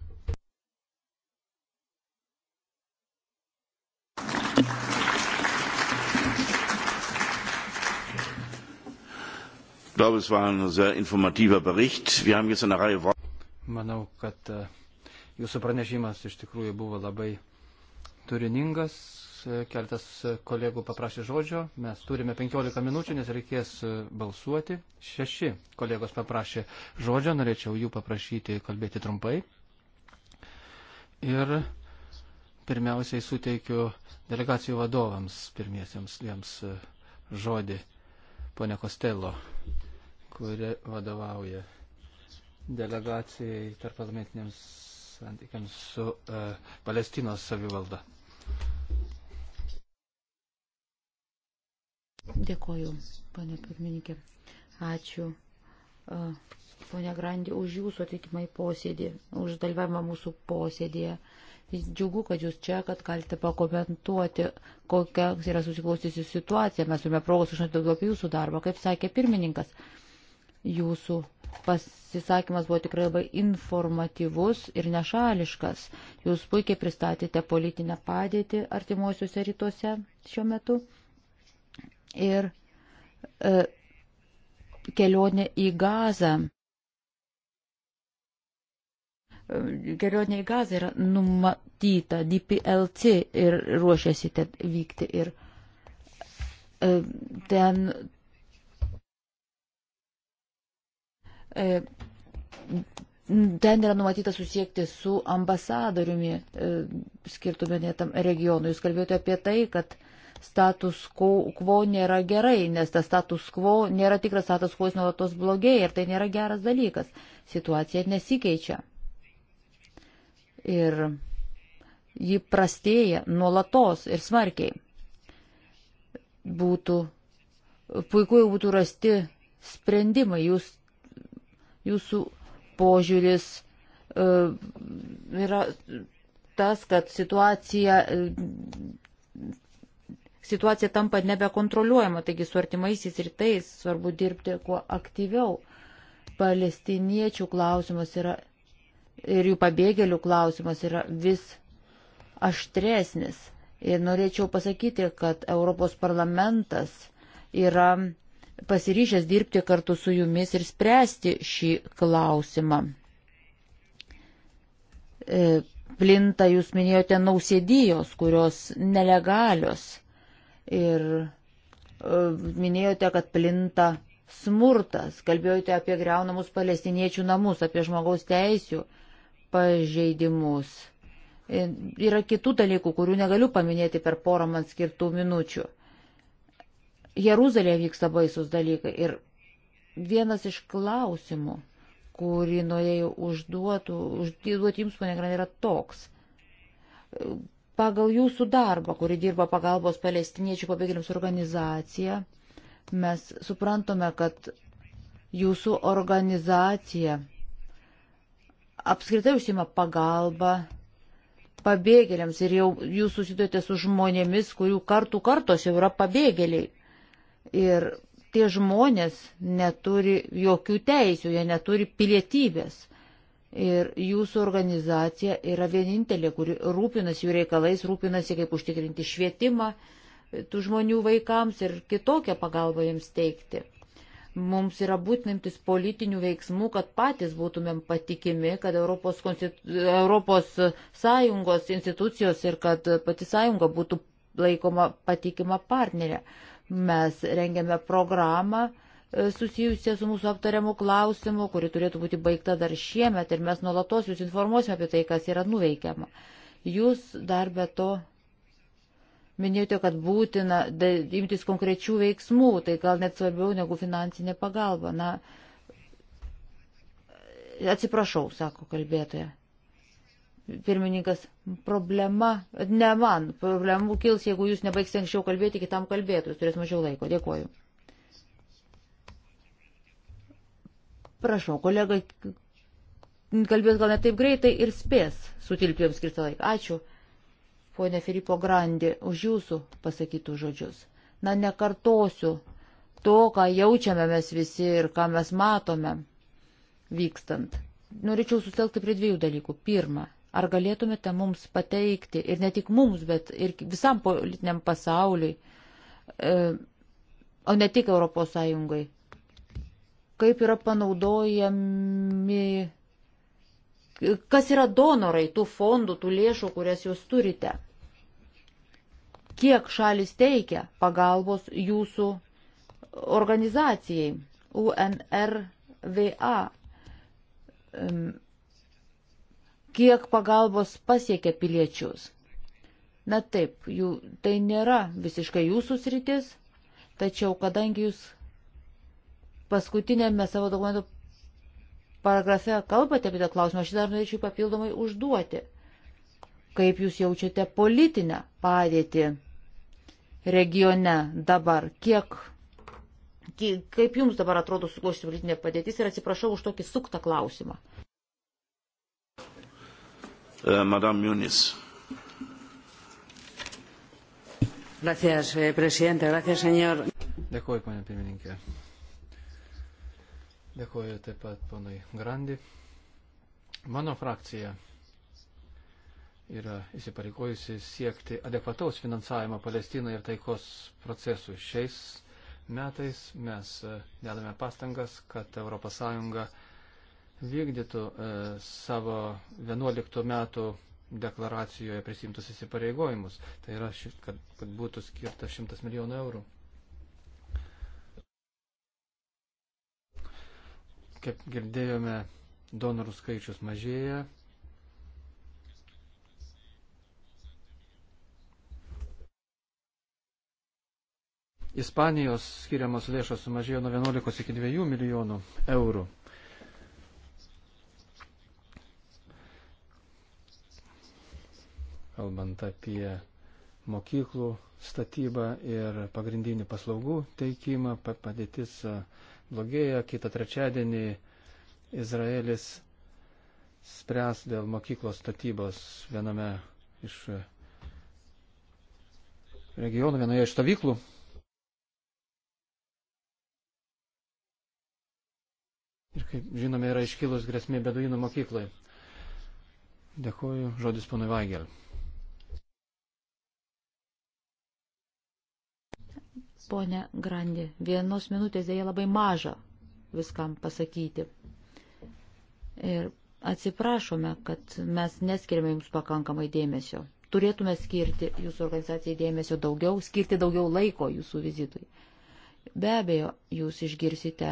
glaube, es war ein sehr informativer Bericht. Wir haben jetzt eine Reihe Worte. Manau, kad e, jūsų pranešimas iš tikrųjų buvo labai turiningas. E, keltas e, kolegų paprašė žodžio. Mes turime 15 minučių, nes reikės balsuoti. Šeši kolegos paprašė žodžio. Norėčiau jų paprašyti kalbėti trumpai. Ir pirmiausiai suteikiu delegacijų vadovams pirmiesiems jiems žodį. Pone Kostelo kuri vadovauja delegacijai tarpalamentiniams santykiams su uh, Palestinos savivalda. Dėkoju, ponė pirmininkė. Ačiū, uh, ponė Grandi, už jūsų atvykimą į posėdį, už dalyvavimą mūsų posėdėje. Džiugu, kad jūs čia, kad galite pakomentuoti, kokia yra susiklostysi situacija. Mes turime progos užnoti daugiau apie jūsų darbą, kaip sakė pirmininkas. Uh, Jūsų pasisakymas buvo tikrai labai informatyvus ir nešališkas. Jūs puikiai pristatėte politinę padėtį artimuosiuose rytuose šiuo metu. Ir e, kelionė į Gazą. E, kelionė į Gazą yra numatyta, DPLC ir ruošiasi ten vykti. Ir e, ten E, ten yra numatyta susiekti su ambasadoriumi e, skirtų minėtam regionui. Jūs kalbėjote apie tai, kad status quo nėra gerai, nes tas status quo nėra tikras status quo, jis nuolatos blogėja ir tai nėra geras dalykas. Situacija nesikeičia. Ir ji prastėja nuolatos ir smarkiai. Būtų puiku jau būtų rasti sprendimai. Jūs Jūsų požiūris uh, yra tas, kad situacija, e, situacija tampa nebekontroliuojama, taigi su artimaisiais rytais svarbu dirbti kuo aktyviau. Palestiniečių klausimas yra ir jų pabėgėlių klausimas yra vis aštresnis. Ir norėčiau pasakyti, kad Europos parlamentas yra pasiryžęs dirbti kartu su jumis ir spręsti šį klausimą. E, plinta, jūs minėjote, nausėdijos, kurios nelegalios. Ir e, minėjote, kad plinta smurtas. Kalbėjote apie greunamus palestiniečių namus, apie žmogaus teisių pažeidimus. E, yra kitų dalykų, kurių negaliu paminėti per porą man skirtų minučių. Jeruzalėje vyksta baisus dalykai. Ir vienas iš klausimų, kurį norėjau užduotų, užduoti jums, ponė Gran, yra toks. Pagal jūsų darbą, kuri dirba pagalbos palestiniečių pabėgėliams organizacija, mes suprantame, kad jūsų organizacija apskritai užsima pagalbą pabėgėliams ir jau jūs susidurite su žmonėmis, kurių kartų kartos jau yra pabėgėliai. Ir tie žmonės neturi jokių teisių, jie neturi pilietybės. Ir jūsų organizacija yra vienintelė, kuri rūpinasi jų reikalais, rūpinasi kaip užtikrinti švietimą tų žmonių vaikams ir kitokią pagalbą jiems teikti. Mums yra būtinimtis politinių veiksmų, kad patys būtumėm patikimi, kad Europos, Europos Sąjungos institucijos ir kad pati sąjunga būtų laikoma patikima partnerė. Mes rengiame programą e, susijusią su mūsų aptariamu klausimu, kuri turėtų būti baigta dar šiemet ir mes nuolatos jūs informuosime apie tai, kas yra nuveikiama. Jūs dar be to minėjote, kad būtina imtis konkrečių veiksmų, tai gal net svarbiau negu finansinė pagalba. Na, atsiprašau, sako kalbėtoja. Pirmininkas, problema, ne man, problemų kils, jeigu jūs nebaigsite anksčiau kalbėti, kitam kalbėtus, turės mažiau laiko. Dėkuoju. Prašau, kolega, kalbės gal ne taip greitai ir spės sutilpti jums skirtą laiką. Ačiū, ponė Filipo Grandi, už jūsų pasakytų žodžius. Na, nekartosiu to, ką jaučiame mes visi ir ką mes matome vykstant. Norėčiau sustelkti prie dviejų dalykų. Pirma, Ar galėtumėte mums pateikti, ir ne tik mums, bet ir visam politiniam pasauliui, e, o ne tik Europos Sąjungai, kaip yra panaudojami, kas yra donorai tų fondų, tų lėšų, kurias jūs turite, kiek šalis teikia pagalbos jūsų organizacijai UNRVA. Um, kiek pagalbos pasiekia piliečius. Na taip, jų, tai nėra visiškai jūsų sritis, tačiau kadangi jūs paskutinėme savo dokumento paragrafe kalbate apie tą klausimą, aš dar norėčiau papildomai užduoti, kaip jūs jaučiate politinę padėtį regione dabar, kiek, kaip jums dabar atrodo suklosti politinė padėtis ir atsiprašau už tokį suktą klausimą. Eh, Madame Muniz. Gracias, eh, presidente. Gracias, señor. Dėkuoju, ponė pirmininkė. Dėkuoju taip pat ponai Grandi. Mano frakcija yra įsipareigojusi siekti adekvataus finansavimo Palestinai ir taikos procesui. Šiais metais mes eh, dedame pastangas, kad ES vykdytų e, savo 11 metų deklaracijoje prisimtus įsipareigojimus. Tai yra, ši, kad, kad būtų skirta 100 milijonų eurų. Kaip girdėjome, donorų skaičius mažėja. Ispanijos skiriamos lėšos sumažėjo nuo 11 iki 2 milijonų eurų. kalbant apie mokyklų statybą ir pagrindinių paslaugų teikimą, padėtis blogėja. Kita trečiadienį Izraelis spręs dėl mokyklos statybos viename iš regionų, vienoje iš stovyklų. Ir kaip žinome, yra iškilus grėsmė beduinų mokyklai. Dėkuoju, žodis ponui Vaigeliu. ponė Grandi. Vienos minutės dėja labai maža viskam pasakyti. Ir atsiprašome, kad mes neskiriame jums pakankamai dėmesio. Turėtume skirti jūsų organizacijai dėmesio daugiau, skirti daugiau laiko jūsų vizitui. Be abejo, jūs išgirsite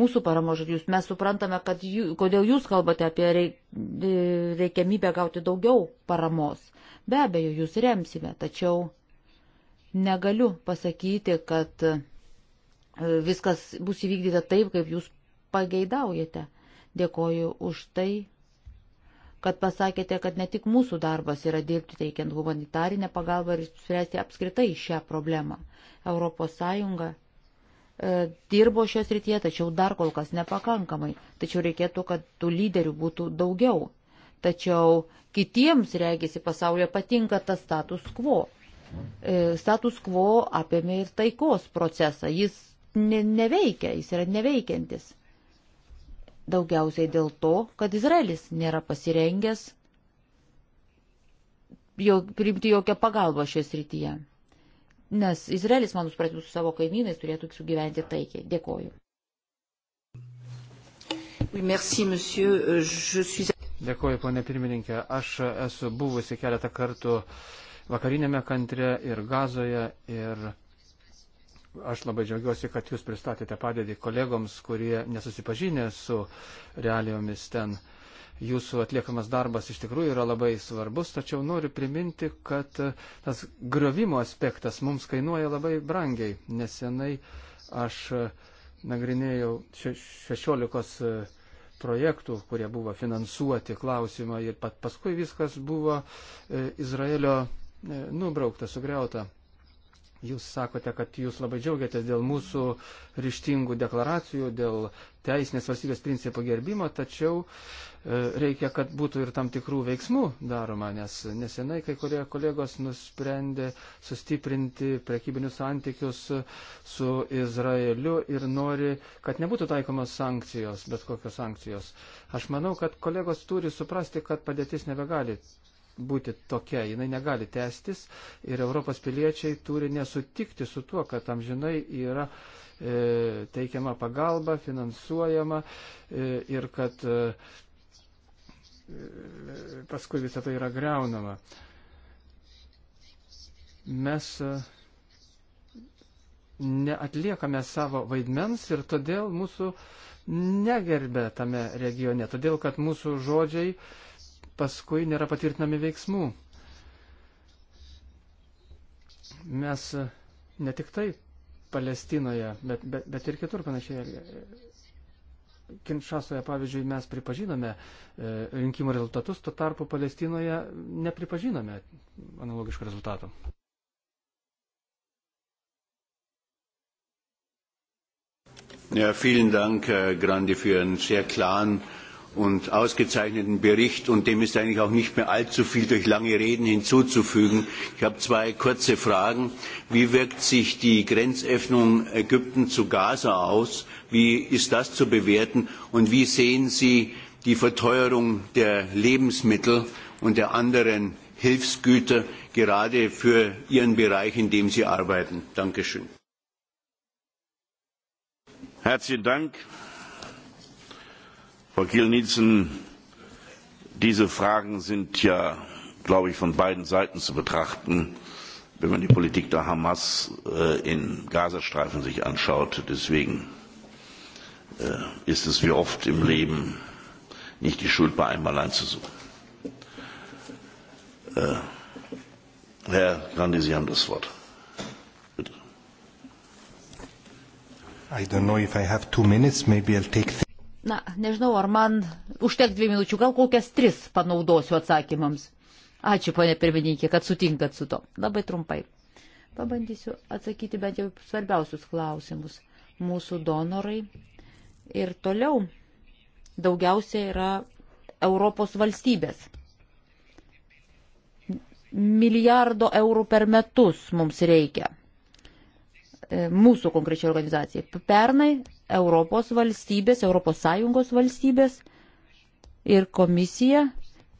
mūsų paramos žodžius. Mes suprantame, kad jų, kodėl jūs kalbate apie e, reikiamybę gauti daugiau paramos. Be abejo, jūs remsime, tačiau negaliu pasakyti, kad e, viskas bus įvykdyta taip, kaip jūs pageidaujate. Dėkoju už tai, kad pasakėte, kad ne tik mūsų darbas yra dirbti teikiant humanitarinę pagalbą ir spręsti apskritai šią problemą. ES e, dirbo šios rytyje, tačiau dar kol kas nepakankamai. Tačiau reikėtų, kad tų lyderių būtų daugiau. Tačiau kitiems, regisi, pasaulyje patinka tas status quo. E, status quo apėmė ir taikos procesą. Jis ne, neveikia, jis yra neveikiantis. Daugiausiai dėl to, kad Izraelis nėra pasirengęs jo, priimti jokią pagalbą šioje srityje. Nes Izraelis, mano supratimu, su savo kaimynais turėtų sugyventi taikiai. Dėkoju. Oui, merci, monsieur. Euh, je suis Dėkuoju, ponė pirmininkė. Aš esu buvusi keletą kartų vakarinėme kantre ir gazoje ir aš labai džiaugiuosi, kad jūs pristatėte padėdį kolegoms, kurie nesusipažinę su realijomis ten. Jūsų atliekamas darbas iš tikrųjų yra labai svarbus, tačiau noriu priminti, kad tas griovimo aspektas mums kainuoja labai brangiai. Nesenai aš nagrinėjau 16 še projektų, kurie buvo finansuoti klausimą ir pat paskui viskas buvo e, Izraelio e, nubraukta, sugriauta. Jūs sakote, kad jūs labai džiaugiatės dėl mūsų ryštingų deklaracijų, dėl teisinės valstybės principų gerbimo, tačiau e, reikia, kad būtų ir tam tikrų veiksmų daroma, nes nesenai kai kurie kolegos nusprendė sustiprinti prekybinius santykius su Izraeliu ir nori, kad nebūtų taikomos sankcijos, bet kokios sankcijos. Aš manau, kad kolegos turi suprasti, kad padėtis nebegali būti tokia, jinai negali tęstis ir Europos piliečiai turi nesutikti su tuo, kad amžinai yra e, teikiama pagalba, finansuojama e, ir kad e, e paskui visą tai yra greunama. Mes e, neatliekame savo vaidmens ir todėl mūsų negerbė tame regione, todėl kad mūsų žodžiai e, paskui nėra patvirtinami veiksmų. Mes e, ne tik tai Palestinoje, bet, bet, bet ir kitur panašiai. Kinšasoje, pavyzdžiui, mes pripažinome e, rinkimų rezultatus, tuo tarpu Palestinoje nepripažinome analogiškų rezultatų. Ja, vielen Dank, Grandi, für einen sehr klaren und ausgezeichneten Bericht. Und dem ist eigentlich auch nicht mehr allzu viel durch lange Reden hinzuzufügen. Ich habe zwei kurze Fragen. Wie wirkt sich die Grenzöffnung Ägypten zu Gaza aus? Wie ist das zu bewerten? Und wie sehen Sie die Verteuerung der Lebensmittel und der anderen Hilfsgüter gerade für Ihren Bereich, in dem Sie arbeiten? Dankeschön. Herzlichen Dank. Frau Kiel-Nielsen, diese Fragen sind ja, glaube ich, von beiden Seiten zu betrachten, wenn man die Politik der Hamas äh, im Gazastreifen sich anschaut. Deswegen äh, ist es wie oft im Leben nicht die Schuld bei einem allein zu suchen. Äh, Herr Grandi, Sie haben das Wort. Bitte. I don't know if I have two minutes. Maybe I'll take. Na, nežinau, ar man užteks dvi minučių, gal kokias tris panaudosiu atsakymams. Ačiū, ponė pirmininkė, kad sutinkat su to. Labai trumpai. Pabandysiu atsakyti bent jau svarbiausius klausimus. Mūsų donorai ir toliau daugiausia yra Europos valstybės. Milijardo eurų per metus mums reikia E, mūsų konkrečiai organizacijai. Pernai Europos valstybės, ES valstybės ir komisija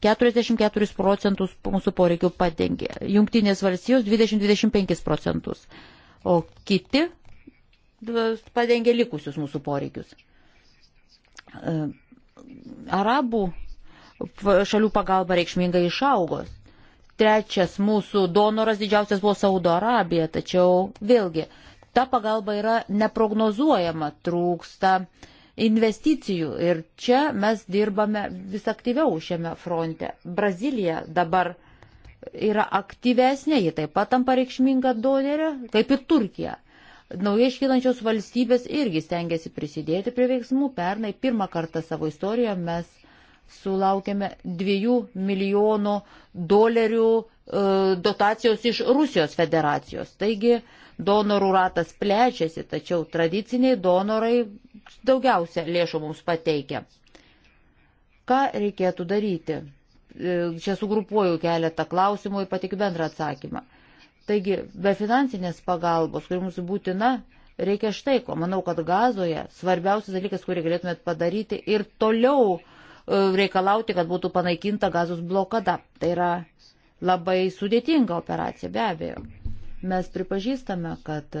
44 procentus mūsų poreikių padengė. Jungtinės valstijos 20-25 procentus. O kiti padengė likusius mūsų poreikius. E, arabų šalių pagalba reikšmingai išaugos. Trečias mūsų donoras didžiausias buvo Saudo Arabija, tačiau vėlgi ta pagalba yra neprognozuojama, trūksta investicijų ir čia mes dirbame vis aktyviau šiame fronte. Brazilija dabar yra aktyvesnė, ji taip pat tampa reikšminga donorė, kaip ir Turkija. Naujai iškylančios valstybės irgi stengiasi prisidėti prie veiksmų. Pernai pirmą kartą savo istorijoje mes sulaukėme 2 milijonų dolerių e, dotacijos iš Rusijos federacijos. Taigi, e, Donorų ratas plečiasi, tačiau tradiciniai donorai daugiausia lėšų mums pateikia. Ką reikėtų daryti? E, čia sugrupuoju keletą klausimų ir patikiu bendrą atsakymą. Taigi, be finansinės pagalbos, kuri mums būtina, reikia štai ko. Manau, kad gazoje svarbiausias dalykas, kurį galėtumėt padaryti ir toliau e, reikalauti, kad būtų panaikinta gazos blokada. Tai yra labai sudėtinga operacija, be abejo. Mes pripažįstame, kad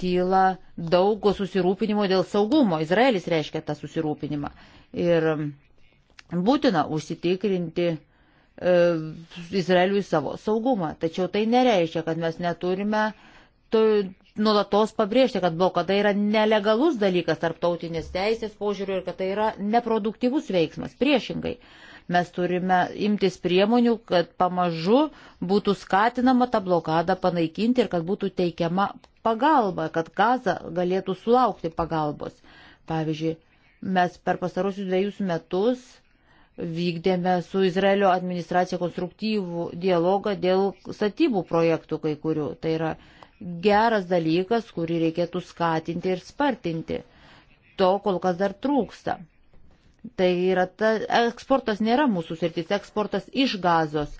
kyla daug susirūpinimo dėl saugumo. Izraelis reiškia tą susirūpinimą. Ir būtina užsitikrinti e, Izraeliui savo saugumą. Tačiau tai nereiškia, kad mes neturime tu, nulatos pabrėžti, kad blokada yra nelegalus dalykas tarptautinės teisės požiūriu ir kad tai yra neproduktyvus veiksmas. Priešingai, Mes turime imtis priemonių, kad pamažu būtų skatinama tą blokadą panaikinti ir kad būtų teikiama pagalba, kad Gaza galėtų sulaukti pagalbos. Pavyzdžiui, mes per pastarosius dviejus metus vykdėme su Izraelio administracija konstruktyvų dialogą dėl statybų projektų kai kurių. Tai yra geras dalykas, kurį reikėtų skatinti ir spartinti. To kol kas dar trūksta. Tai yra, ta, eksportas nėra mūsų sritis, eksportas iš gazos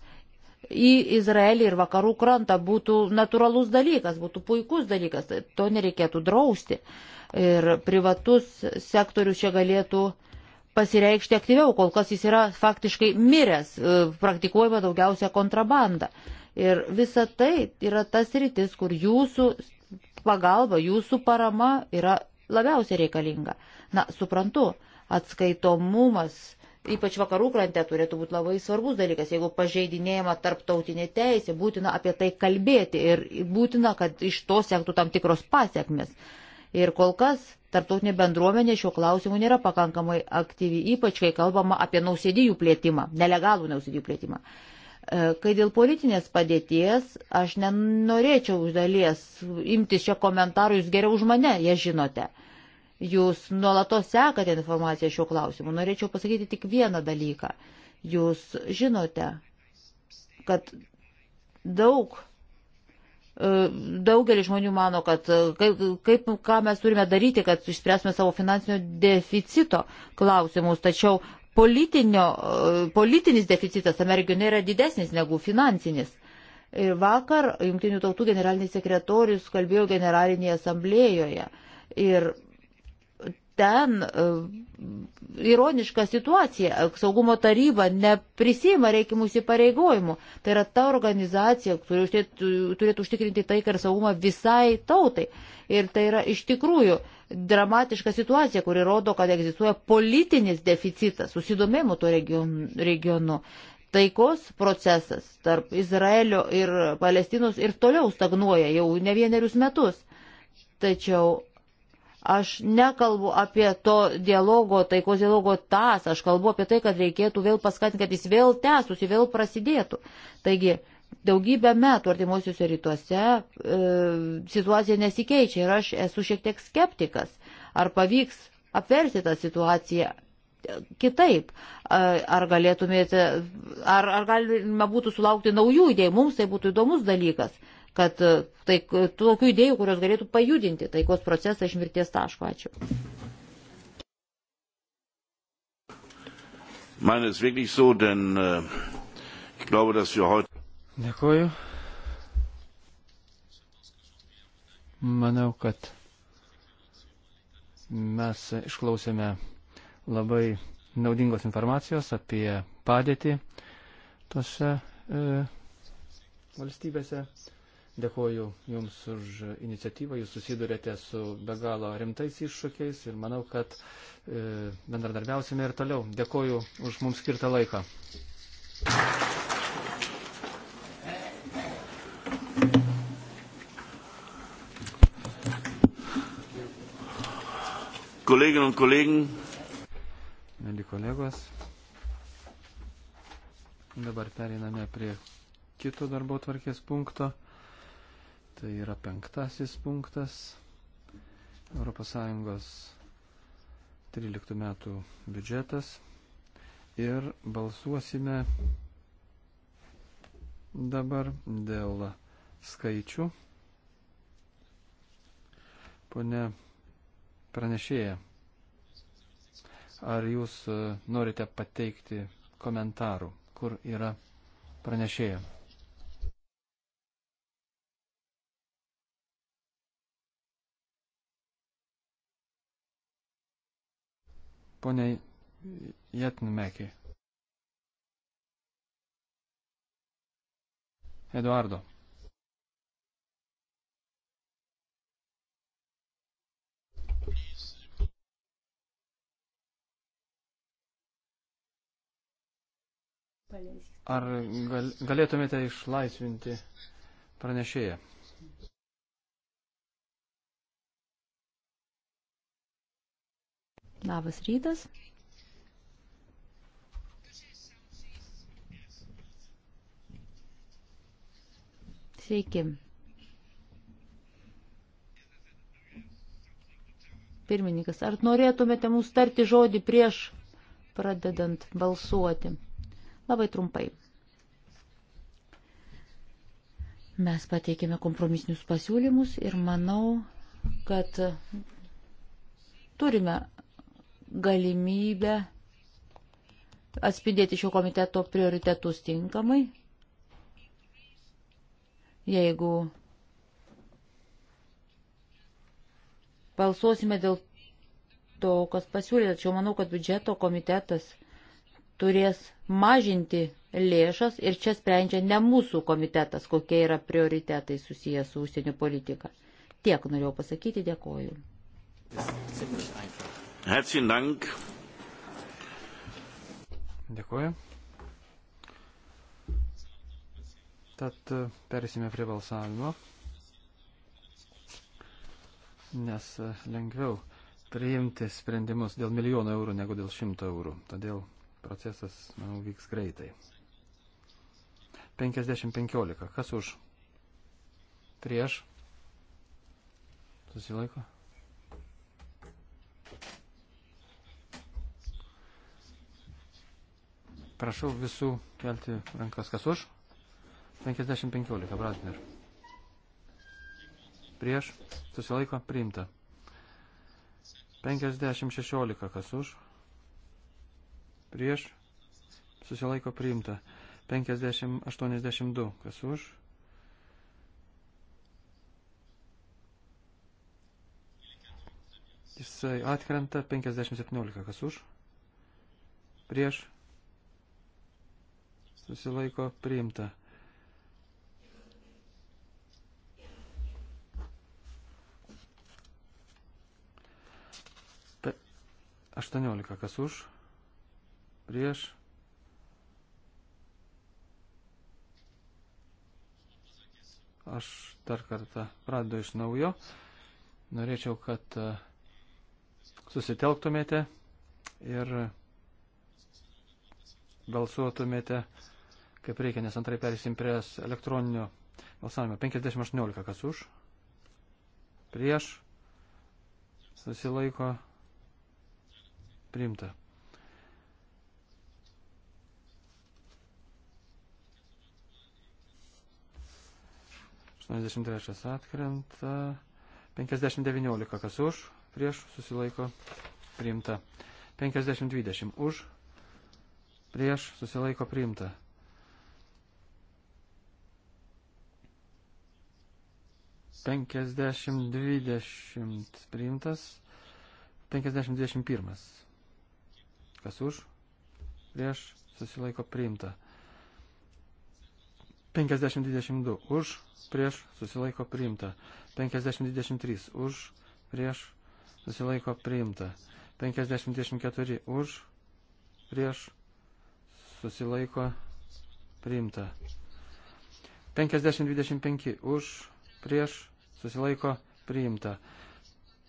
į Izraelį ir vakarų krantą būtų natūralus dalykas, būtų puikus dalykas, to nereikėtų drausti. Ir privatus sektorius čia galėtų pasireikšti aktyviau, kol kas jis yra faktiškai miręs, e, praktikuojama daugiausia kontrabanda. Ir visa tai yra tas rytis, kur jūsų pagalba, jūsų parama yra labiausiai reikalinga. Na, suprantu, Atskaitomumas, ypač vakarų krante, turėtų būti labai svarbus dalykas. Jeigu pažeidinėjama tarptautinė teisė, būtina apie tai kalbėti ir būtina, kad iš to sektų tam tikros pasiekmes. Ir kol kas tarptautinė bendruomenė šiuo klausimu nėra pakankamai aktyvi, ypač kai kalbama apie nausėdijų plėtimą, nelegalų nausėdijų plėtimą. E, kai dėl politinės padėties, aš nenorėčiau už dalies imtis šio komentaro, jūs geriau už mane, jie žinote. Jūs nuolatos sekate informaciją šiuo klausimu. Norėčiau pasakyti tik vieną dalyką. Jūs žinote, kad daug, e, daugelis žmonių mano, kad e, kaip, kaip, ką mes turime daryti, kad išspręsime savo finansinio deficito klausimus, tačiau e, politinis deficitas tame regione yra didesnis negu finansinis. Ir vakar Junktinių tautų generalinis sekretorius kalbėjo generalinėje asamblėjoje. Ir ten e, ironiška situacija. Saugumo taryba neprisima reikimų įsipareigojimų. Tai yra ta organizacija, kuri turėtų užtikrinti taiką ir saugumą visai tautai. Ir tai yra iš tikrųjų dramatiška situacija, kuri rodo, kad egzistuoja politinis deficitas susidomėjimo tuo regionu. Taikos procesas tarp Izraelio ir Palestinos ir toliau stagnuoja jau ne vienerius metus. Tačiau Aš nekalbu apie to dialogo, taikos dialogo tas, aš kalbu apie tai, kad reikėtų vėl paskatinti, kad jis vėl tęstųsi, vėl prasidėtų. Taigi, daugybę metų artimuosiuose rytuose e, situacija nesikeičia ir aš esu šiek tiek skeptikas, ar pavyks apversti tą situaciją kitaip, ar galėtumėte, ar, ar galima būtų sulaukti naujų idėjų, mums tai būtų įdomus dalykas kad e, tai, tokių idėjų, kurios galėtų pajudinti taikos procesą iš mirties taško. Ačiū. Man ist wirklich so, denn äh, ich glaube, dass wir heute. Dėkuoju. Manau, kad mes išklausėme labai naudingos informacijos apie padėtį tose e, valstybėse. Dėkuoju Jums už iniciatyvą, Jūs susidurėte su be galo rimtais iššūkiais ir manau, kad e, bendradarbiausime ir toliau. Dėkuoju už mums skirtą laiką. Kolleginnen und Kollegen. Mėly kolegos, dabar periname prie kito darbo tvarkės punkto. Tai yra penktasis punktas ES 13 metų biudžetas. Ir balsuosime dabar dėl skaičių. Pone pranešėja, ar jūs norite pateikti komentarų, kur yra pranešėja? poniai Jetnmekiai. Eduardo. Ar gal, galėtumėte išlaisvinti pranešėją? Labas rytas. Sveiki. Pirmininkas, ar norėtumėte mums tarti žodį prieš pradedant balsuoti? Labai trumpai. Mes pateikėme kompromisinius pasiūlymus ir manau, kad turime galimybę atspindėti šio komiteto prioritetus tinkamai. Jeigu balsuosime dėl to, kas pasiūlė, tačiau manau, kad biudžeto komitetas turės mažinti lėšas ir čia sprendžia ne mūsų komitetas, kokie yra prioritetai susijęs su užsienio politika. Tiek norėjau pasakyti, dėkoju. Yes, Herzlichen Dank. Dėkuoju. Tad e, persime prie balsavimo, nes e, lengviau priimti sprendimus dėl milijono eurų negu dėl šimto eurų. Todėl procesas, manau, vyks greitai. 50-15. Kas už? Prieš? Susilaiko? Prašau visų kelti rankas, kas už. 50-15, Brasner. Prieš, susilaiko, priimta. 50-16, kas už. Prieš, susilaiko, priimta. 50-82, kas už. Jisai atkrenta 50-17, kas už. Prieš, susilaiko priimta. P 18 kas už, prieš. Aš dar kartą pradedu iš naujo. Norėčiau, kad e, susitelktumėte ir balsuotumėte kaip reikia, nes antrai perėsim prie elektroninio balsavimo. 50-18, kas už, prieš, susilaiko, priimta. Aštuoniasdešimt trečias atkrenta, penkiasdešimt devyniolika, kas už, prieš, susilaiko, priimta. Penkiasdešimt dvidešimt už, prieš, susilaiko, priimta. 50-20 priimtas, 50-21. Kas už? Prieš susilaiko priimta. 50-22 už, prieš susilaiko priimta. 50-23 už, prieš susilaiko priimta. 50-24 už, prieš susilaiko priimta. 50-25 už, prieš susilaiko priimta.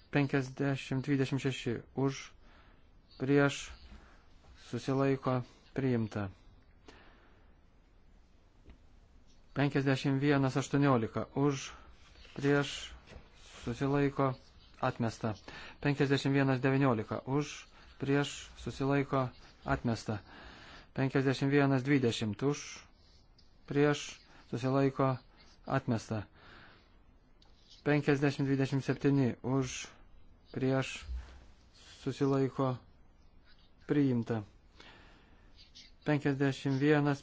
50-26 už, prieš, susilaiko priimta. 51-18 už, prieš, susilaiko atmesta. 51-19 už, prieš, susilaiko atmesta. 51-20 už, prieš, susilaiko atmesta. 50-27 už prieš susilaiko priimta. 51-51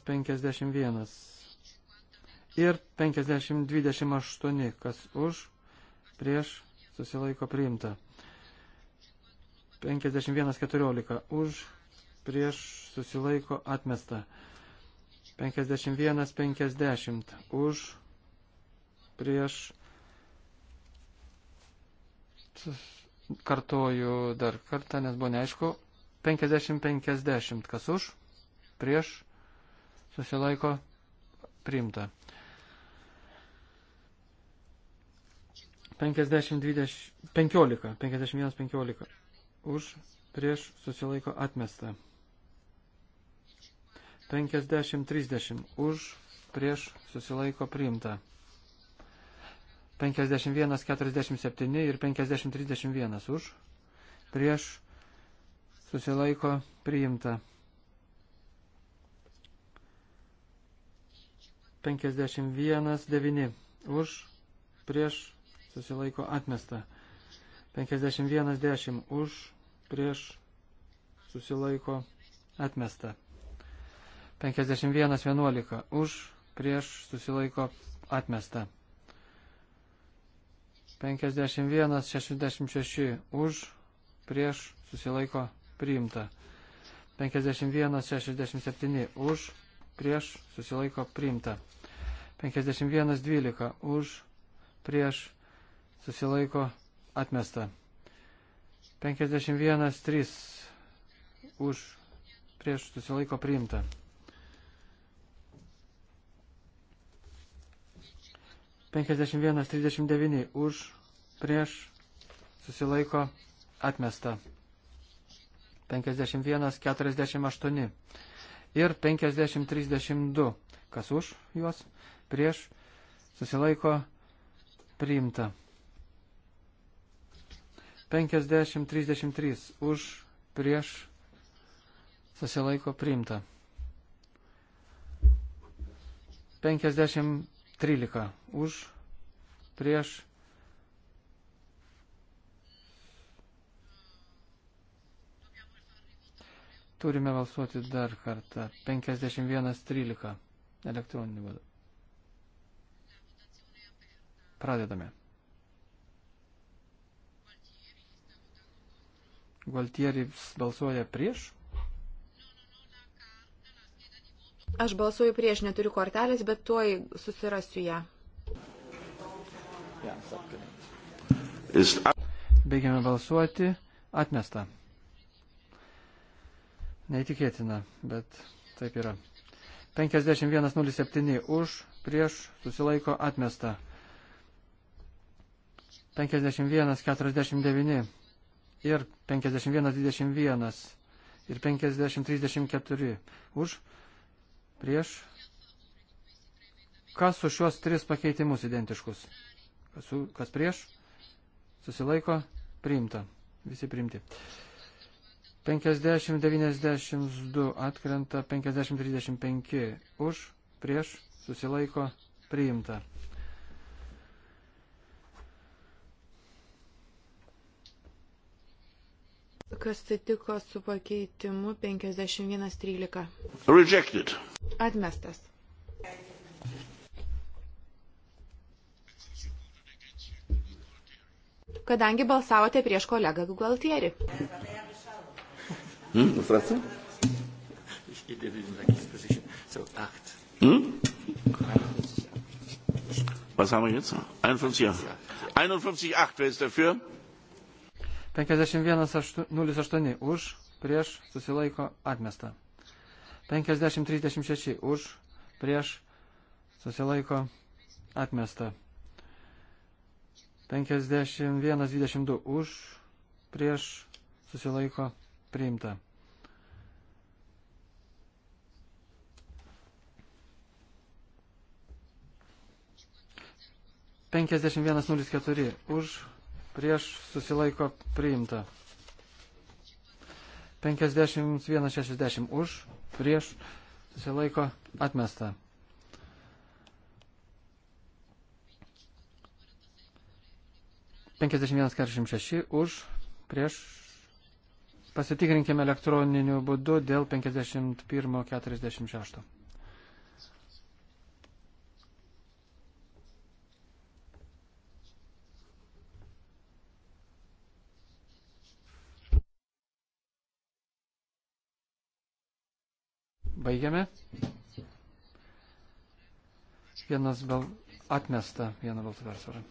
ir 50-28, kas už prieš susilaiko priimta. 51-14 už prieš susilaiko atmesta. 51-50 už prieš susilaiko priimta kartoju dar kartą, nes buvo neaišku, 50-50, kas už, prieš, susilaiko, priimta. 50-15, 51-15, už, prieš, susilaiko, atmesta. 50-30, už, prieš, susilaiko, priimta. 51, 47 ir 50, 31 už, prieš susilaiko priimta. 51, 9 už, prieš susilaiko atmesta. 51, 10 už, prieš susilaiko atmesta. 51, 11 už, prieš susilaiko atmesta. 51, 66 už, prieš, susilaiko, priimta. 51, 67 už, prieš, susilaiko, priimta. 51, 12 už, prieš, susilaiko, atmesta. 51, 3 už, prieš, susilaiko, priimta. 51-39 už, prieš, susilaiko, atmesta. 51-48 ir 50-32, kas už juos, prieš, susilaiko, priimta. 50-33 už, prieš, susilaiko, priimta. 50 13 už, prieš. Turime balsuoti dar kartą. 51.13 elektroninį būdą. Pradedame. Gualtieris balsuoja prieš. Aš balsuoju prieš, neturiu kortelės, bet tuoj susirasiu ją. Baigiame balsuoti. Atmesta. Neįtikėtina, bet taip yra. 51.07 už, prieš, susilaiko atmesta. 51.49 ir 51.21 ir 50.34 už, prieš. Kas už šios tris pakeitimus identiškus? Kas, su, kas prieš? Susilaiko? Priimta. Visi priimti. 50-92 atkrenta, 50-35 už, prieš, susilaiko, priimta. Kas atsitiko su pakeitimu 51.13? Rejected. Atmestas. Kadangi balsavote prieš kolegą Gugaltierį. Hmm, nu, Frasu? Hm? Was haben wir jetzt? 51. 51, 8. Wer ist dafür? 51.08 už, prieš, susilaiko, atmesta. 50.36 už, prieš, susilaiko, atmesta. 51.22 už, prieš, susilaiko, priimta. Penkiasdešimt vienas nulis keturi už prieš susilaiko priimta. 51-60 už, prieš susilaiko atmesta. Penkiasdešimt vienas keturiasdešimt šeši už, prieš pasitikrinkime elektroniniu būdu dėl penkiasdešimt pirmo keturiasdešimt šešto. baigiame. Vienas bal... atmesta vieną balsų persvarą.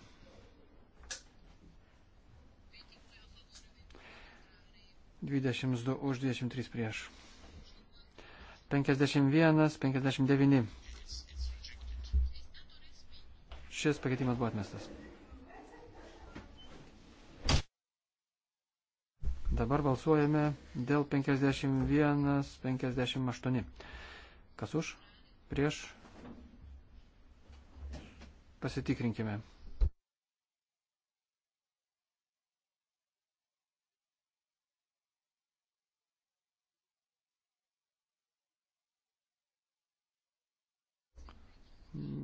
Dvidešimt du už, dvidešimt trys prieš. Penkiasdešimt vienas, penkiasdešimt devyni. Šis pakeitimas buvo atmestas. Dabar balsuojame dėl 51-58. Kas už? Prieš? Pasitikrinkime.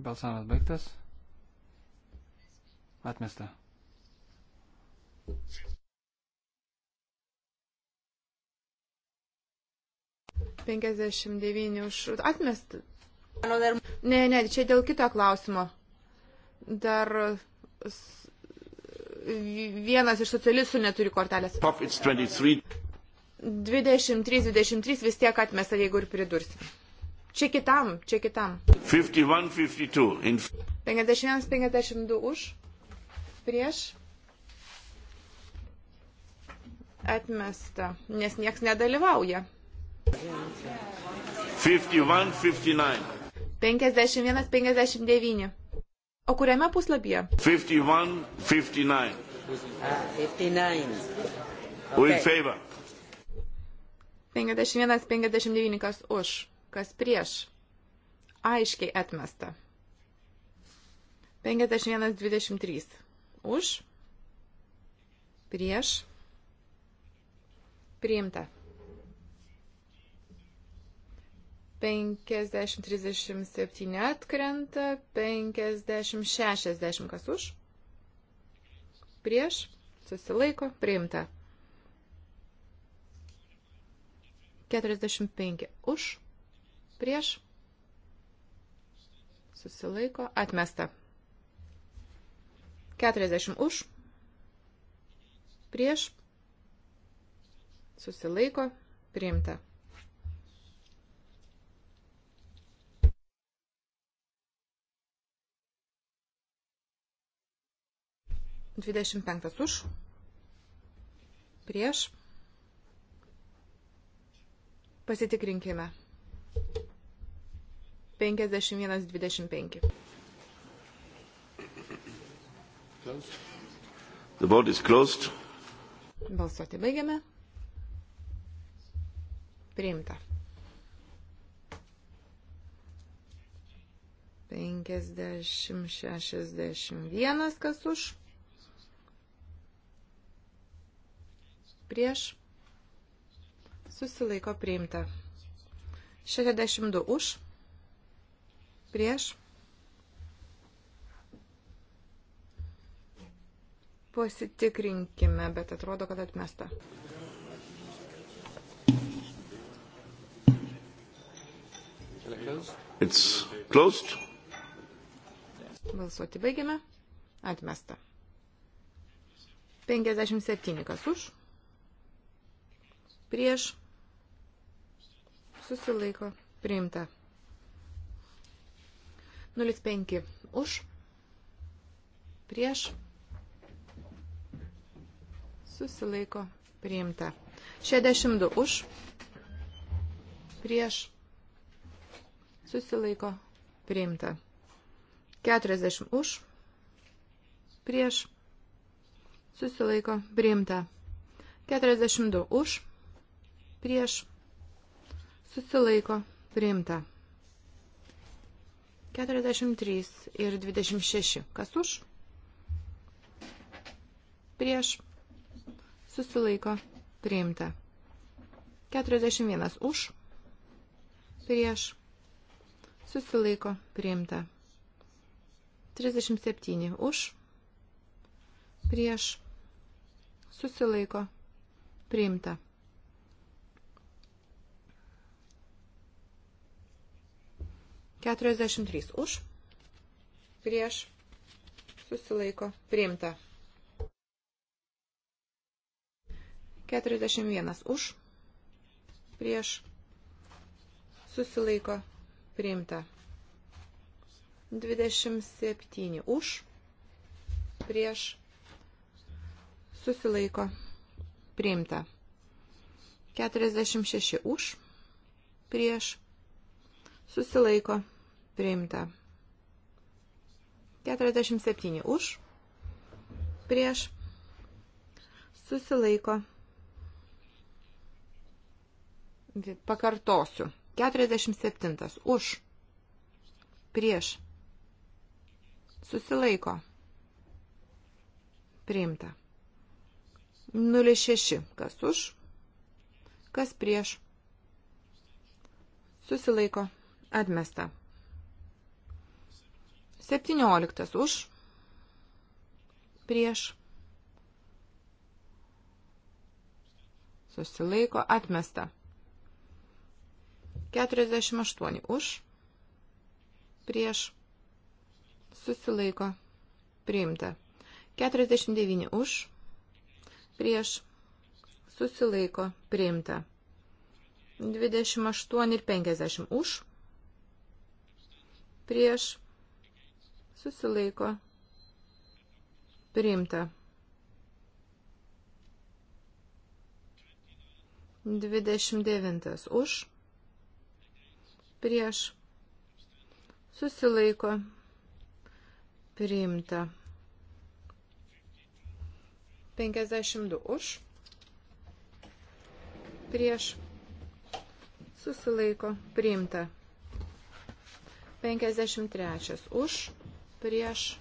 Balsavimas baigtas. Atmesta. 59 už atmest. Ne, ne, čia dėl kito klausimo. Dar vienas iš socialistų neturi kortelės. 23, 23 vis tiek atmesta, jeigu ir pridursim. Čia kitam, čia kitam. 51-52 už, prieš, atmesta, nes nieks nedalyvauja. 51-59. O kuriame puslapyje? 51-59. Ah, okay. 51-59 kas už, kas prieš. Aiškiai atmesta. 51-23. Už. Prieš. Priimta. 50-37 atkrenta, 50-60 kas už, prieš, susilaiko, priimta. 45 už, prieš, susilaiko, atmesta. 40 už, prieš, susilaiko, priimta. 25 už, prieš, pasitikrinkime. 51-25. The vote is closed. Balsuoti baigiame. Priimta. 50-61 kas už prieš, susilaiko priimta. 62 už, prieš, pasitikrinkime, bet atrodo, kad atmesta. It's closed. Balsuoti baigiame. Atmesta. 57 kas už prieš susilaiko priimta. 05 už prieš susilaiko priimta. 62 už prieš susilaiko priimta. 40 už prieš susilaiko priimta. 42 už prieš susilaiko priimta. 43 ir 26. Kas už? Prieš susilaiko priimta. 41 už prieš susilaiko priimta. 37 už prieš susilaiko priimta. 43 už, prieš, susilaiko, priimta. 41 už, prieš, susilaiko, priimta. 27 už, prieš, susilaiko, priimta. 46 už, prieš, susilaiko, Priimta. 47 už. Prieš. Susilaiko. Pakartosiu. 47 už. Prieš. Susilaiko. Priimta. 06. Kas už? Kas prieš? Susilaiko. Atmesta. 17 už, prieš, susilaiko, atmesta. 48 už, prieš, susilaiko, priimta. 49 už, prieš, susilaiko, priimta. 28 ir 50 už, prieš, susilaiko, priimta. 29 už, prieš, susilaiko, priimta. 52 už, prieš, susilaiko, priimta. 53 už, prieš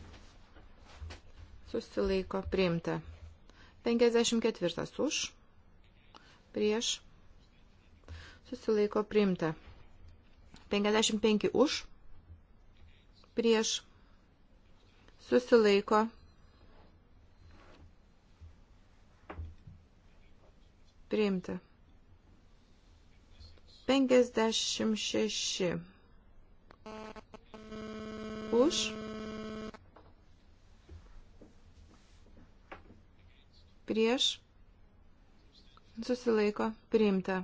susilaiko priimta. 54 už prieš susilaiko priimta. 55 už prieš susilaiko priimta. 56 už prieš, susilaiko, priimta.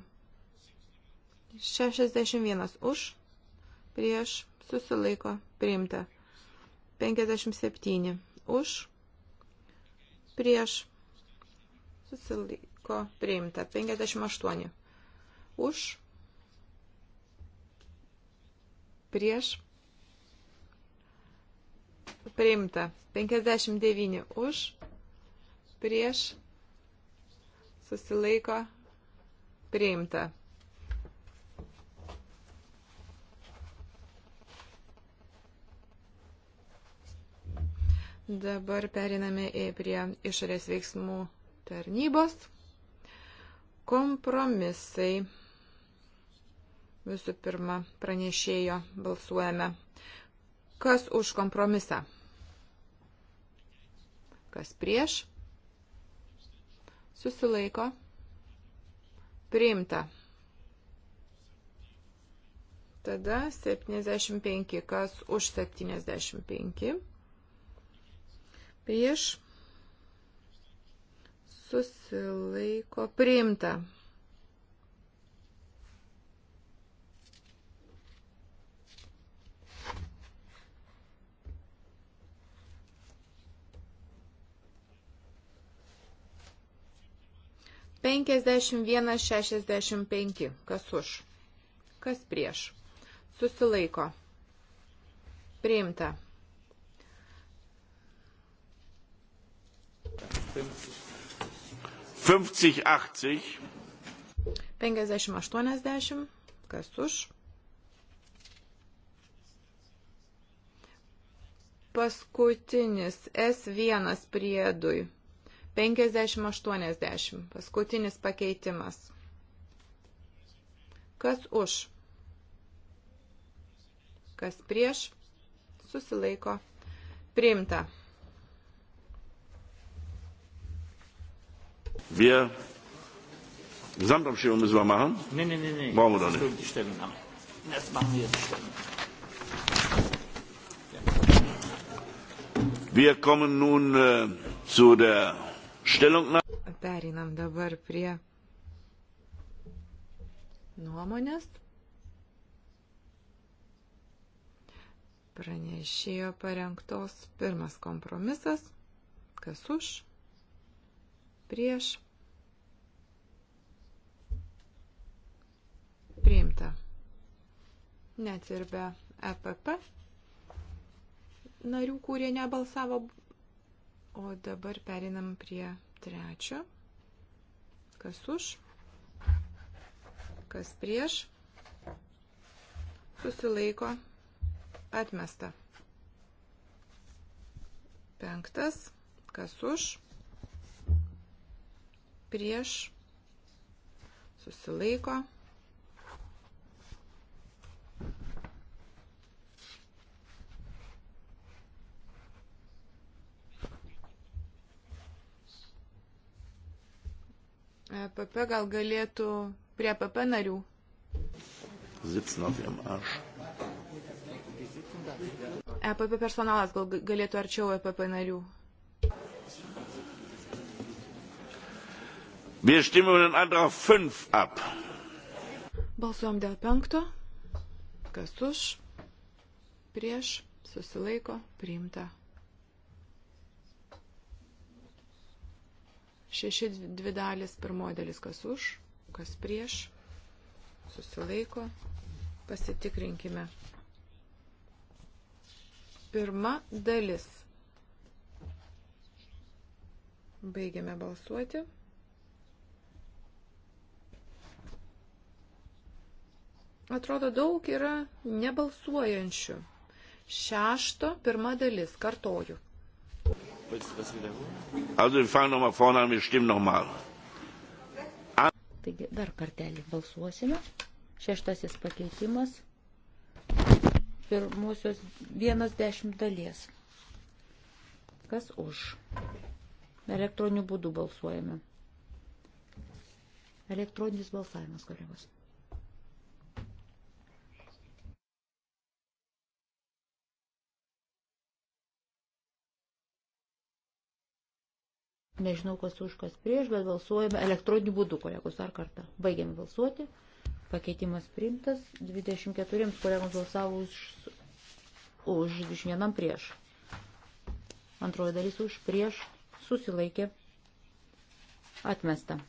61 už, prieš, susilaiko, priimta. 57 už, prieš, susilaiko, priimta. 58 už, prieš, priimta. 59 už, prieš, susilaiko, priimta. Dabar periname į prie išorės veiksmų tarnybos. Kompromisai. Visų pirma, pranešėjo balsuojame. Kas už kompromisą? Kas prieš? susilaiko, priimta. Tada 75, kas už 75, prieš, susilaiko, priimta. 51-65. Kas už? Kas prieš? Susilaiko. Priimta. Fünfzig, achtzig. 50-80, kas už. Paskutinis S1 priedui. 50-80. Paskutinis pakeitimas. Kas už? Kas prieš? Susilaiko. Priimta. Wir Gesamtabstimmung müssen wir machen? Nein, nein, nein. Nee. Brauchen wir doch nicht. Die Stellungnahme. Das machen wir jetzt die Stellungnahme. Wir kommen nun äh, zu der Perinam dabar prie nuomonės. Pranešėjo parengtos pirmas kompromisas. Kas už? Prieš. Priimta. Net ir be EPP narių, kurie nebalsavo, O dabar perinam prie trečio. Kas už, kas prieš, susilaiko, atmesta. Penktas, kas už, prieš, susilaiko, atmesta PP e gal galėtų prie PP e narių. Sitzen auf ihrem Arsch. EPP personalas gal galėtų arčiau EPP narių. Wir stimmen über den Antrag 5 ab. Balsuojam dėl penkto. Kas už? Prieš? Susilaiko? Priimta. Šeši dvi dalis, pirmoji dalis kas už, kas prieš, susilaiko, pasitikrinkime. Pirma dalis. Baigiame balsuoti. Atrodo, daug yra nebalsuojančių. Šešto pirma dalis, kartoju. Willst du das wiederholen? Also wir fangen nochmal vorne an, wir stimmen nochmal. Taigi dar kartelį balsuosime. Šeštasis pakeitimas. Pirmosios vienas dešimt dalies. Kas už? Elektroniniu būdu balsuojame. Elektroninis balsavimas, kolegos. Nežinau, kas už, kas prieš, bet balsuojame elektroniniu būdu, kolegos, dar kartą. Baigiam balsuoti. Pakeitimas priimtas. 24 kolegams balsavo už, už 21 prieš. Antroji dalis už, prieš, susilaikė, atmesta.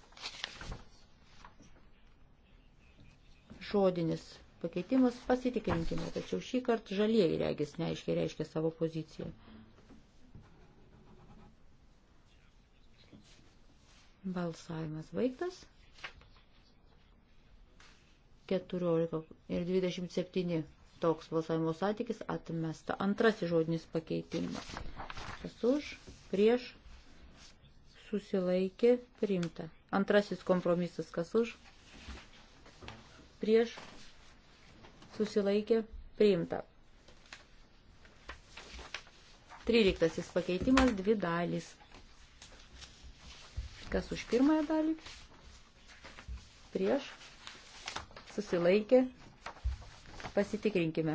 Žodinis pakeitimas pasitikrinkime, tačiau šį kartą žalieji regis neaiškiai reiškia savo poziciją. Balsavimas baigtas. 14 ir 27 toks balsavimo santykis atmesta. Antrasis žodinis pakeitimas. Kas už, prieš, susilaikė, priimta. Antrasis kompromisas, kas už, prieš, susilaikė, priimta. Tryliktasis pakeitimas, dvi dalys. Kas už pirmąją dalį? Prieš. Susilaikė. Pasitikrinkime.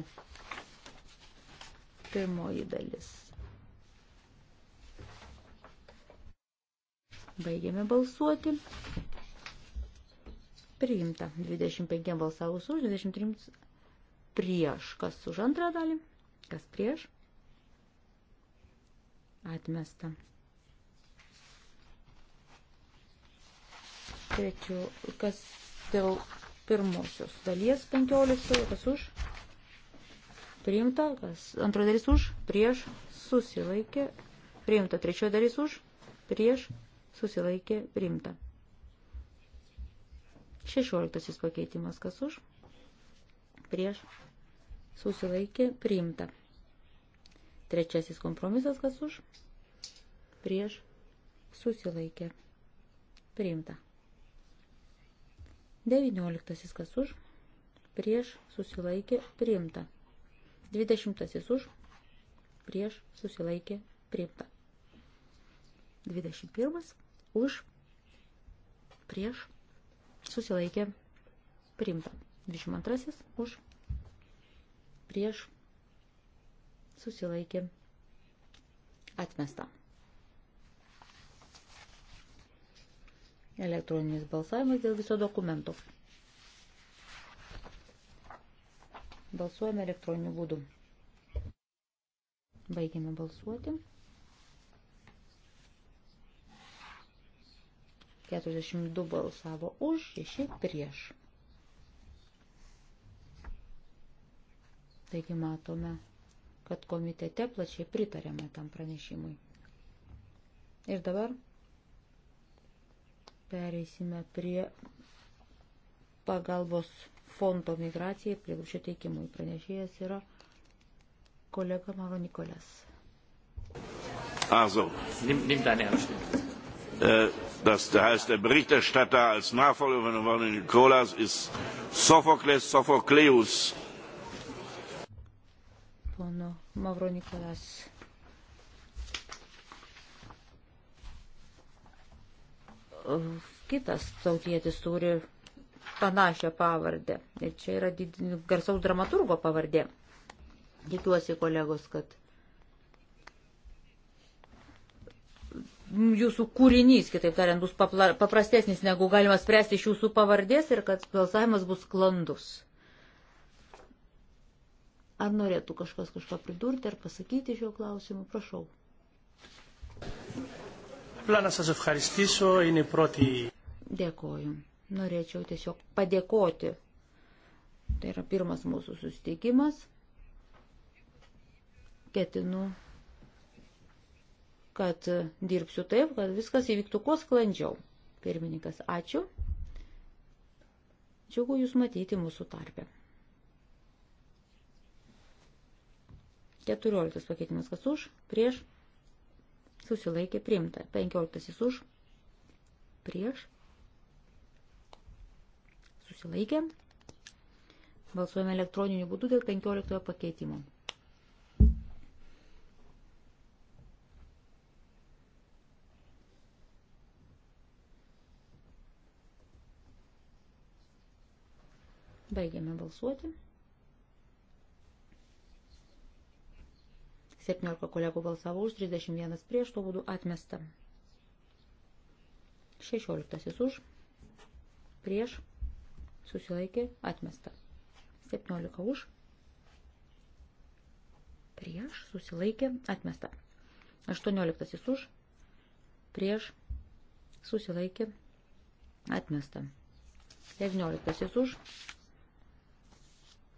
Pirmoji dalis. Baigėme balsuoti. Priimta. 25 balsavus už, 23 prieš. Kas už antrą dalį? Kas prieš? Atmesta. trečio, kas dėl pirmosios dalies 15, kas už, priimta, kas antro dalis už, prieš, susilaikė, priimta, trečio dalis už, prieš, susilaikė, priimta. Šešioliktasis pakeitimas, kas už, prieš, susilaikė, priimta. Trečiasis kompromisas, kas už, prieš, susilaikė, priimta. 19 kas už, prieš susilaikė priimta. 20 už, prieš susilaikė priimta. 21 už, prieš susilaikė priimta. 22 už, prieš susilaikė atmesta. Elektroninis balsavimas dėl viso dokumento. Balsuojame elektroniniu būdu. Baigiame balsuoti. 42 balsavo už, 6 prieš. Taigi matome, kad komitete plačiai pritarėme tam pranešimui. Ir dabar Pereisime prie pagalbos fondo migracijai prie lūšio teikimui. Pranešėjas yra kolega Maro Nikolės. Also, nimm, nimm deine äh, Das heißt, der Berichterstatter als Nachfolger von Maro Nikolas ist Sophokles Sophokleus. Pono Mavro Nikolas. kitas tautietis turi panašią pavardę. Ir čia yra did... garsaus dramaturgo pavardė. Tikiuosi, kolegos, kad jūsų kūrinys, kitaip tariant, bus papla... paprastesnis, negu galima spręsti iš jūsų pavardės ir kad balsavimas bus klandus. Ar norėtų kažkas kažką pridurti ar pasakyti šiuo klausimu? Prašau. Απλά να σας ευχαριστήσω, είναι η πρώτη... Dėkoju. Norėčiau tiesiog padėkoti. Tai yra pirmas mūsų susitikimas. Ketinu, kad dirbsiu taip, kad viskas įvyktų kuo sklandžiau. Pirmininkas, ačiū. Džiugu Jūs matyti mūsų tarpę. 14 pakeitimas kas už, prieš, susilaikė priimta. 15 už, prieš, susilaikė. Balsuojame elektroniniu būdu dėl 15 pakeitimo. Baigiame balsuoti. 17 kolegų balsavo už, 31 prieš, to būdu atmesta. 16 už, prieš, susilaikė, atmesta. 17 už, prieš, susilaikė, atmesta. 18 už, prieš, susilaikė, atmesta. 19 už,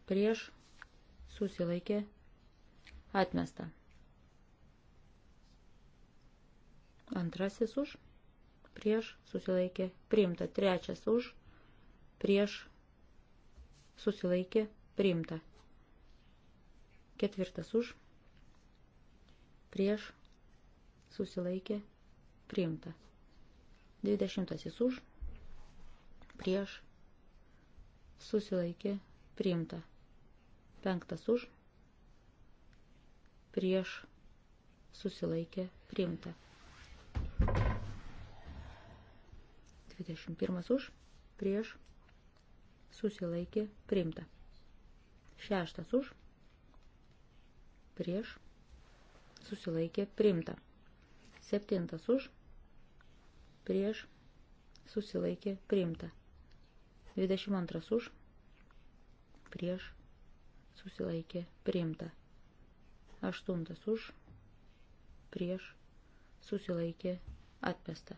prieš, susilaikė, atmesta. Antrasis už, prieš susilaikė priimta. Trečias už, prieš susilaikė priimta. Ketvirtas už, prieš susilaikė priimta. Dvidešimtasis už, prieš susilaikė priimta. Penktas už, prieš susilaikė priimta. 21 už, prieš, susilaikė, priimta. Šeštas už, prieš, susilaikė, priimta. Septintas už, prieš, susilaikė, priimta. 22 už, prieš, susilaikė, priimta. Aštuntas už, prieš, susilaikė, atmesta.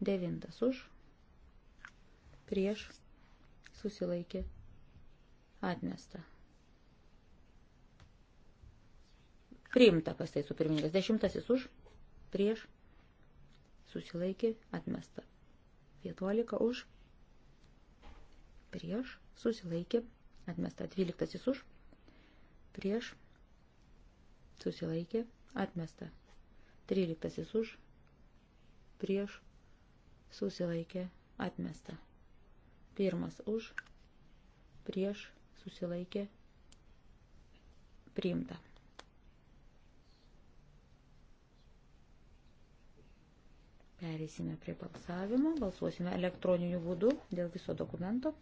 Devintas už, prieš, susilaikė, atmesta. Priimta pastaisų pirmininkas. Dešimtasis už, prieš, susilaikė, atmesta. Vienuolika už, prieš, susilaikė, atmesta. Dvyliktasis už, prieš, susilaikė, atmesta. Tryliktasis už, prieš, susilaikė atmesta. Pirmas už, prieš susilaikė priimta. Perėsime prie balsavimo, balsuosime elektroniniu būdu dėl viso dokumento.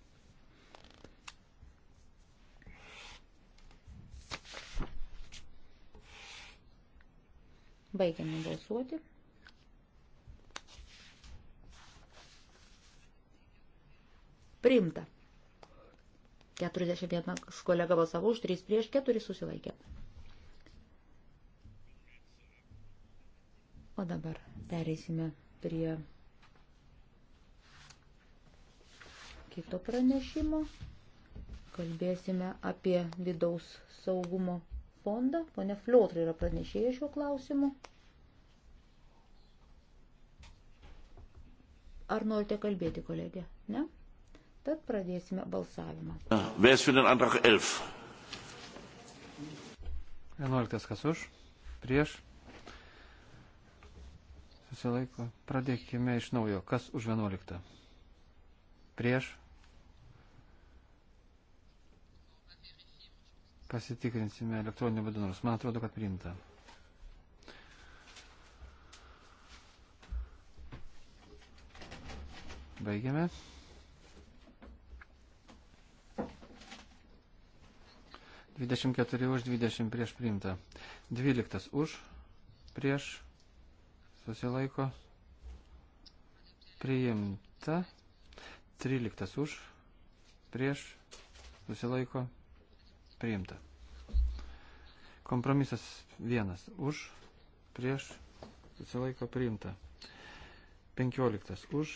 Baigiame balsuoti. Priimta. 41 kolega balsavo už, 3 prieš, 4 susilaikė. O dabar pereisime prie kito pranešimo. Kalbėsime apie vidaus saugumo fondą. Pone Fliotra yra pranešėja šiuo klausimu. Ar norite kalbėti, kolegė? Ne? Tad pradėsime balsavimą. Wer ist für den Antrag 11? 11 kas už, prieš. Susilaiko. Pradėkime iš naujo. Kas už 11? Prieš. Pasitikrinsime elektroninį būdų, nors man atrodo, kad priimta. Baigiame. 24 už 20 prieš priimta. 12 už prieš susilaiko priimta. 13 už prieš susilaiko priimta. Kompromisas 1 už prieš susilaiko priimta. 15 už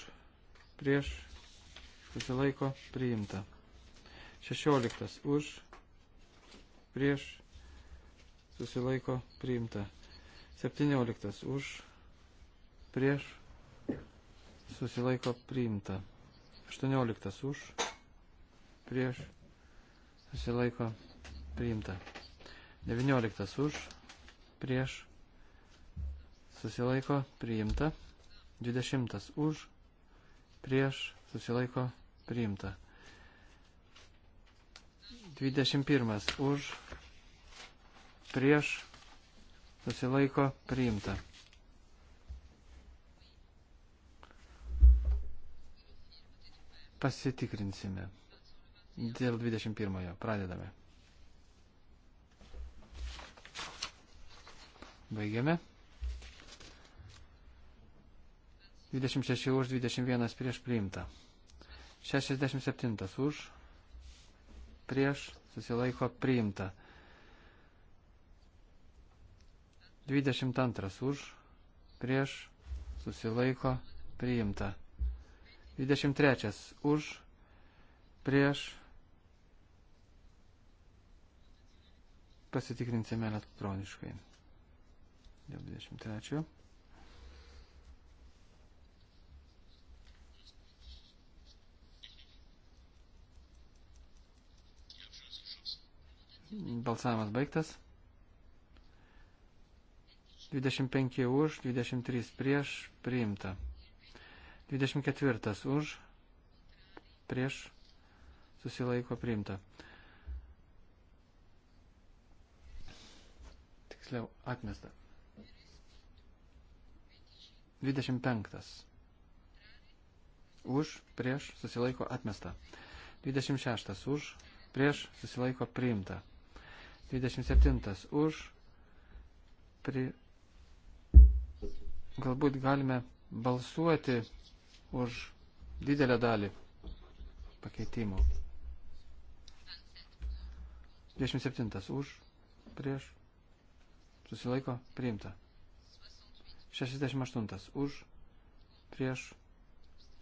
prieš susilaiko priimta. 16 už prieš susilaiko priimta. 17 už prieš susilaiko priimta. 18 už prieš susilaiko priimta. 19 už prieš susilaiko priimta. 20 už prieš susilaiko priimta. 21 už, prieš, susilaiko, priimta. Pasitikrinsime. Dėl 21. Pradedame. Baigiame. 26 už, 21 prieš priimta. 67 už prieš susilaiko priimta. 22 už prieš susilaiko priimta. 23 už prieš pasitikrinsime elektroniškai. Dėl 23. Balsavimas baigtas. 25 už, 23 prieš, priimta. 24 už, prieš, susilaiko priimta. Tiksliau, atmesta. 25. Už, prieš, susilaiko atmesta. 26. Už, prieš, susilaiko priimta. 27 už. Pri... Galbūt galime balsuoti už didelę dalį pakeitimų. 27 už. Prieš. Susilaiko. Priimta. 68 už. Prieš.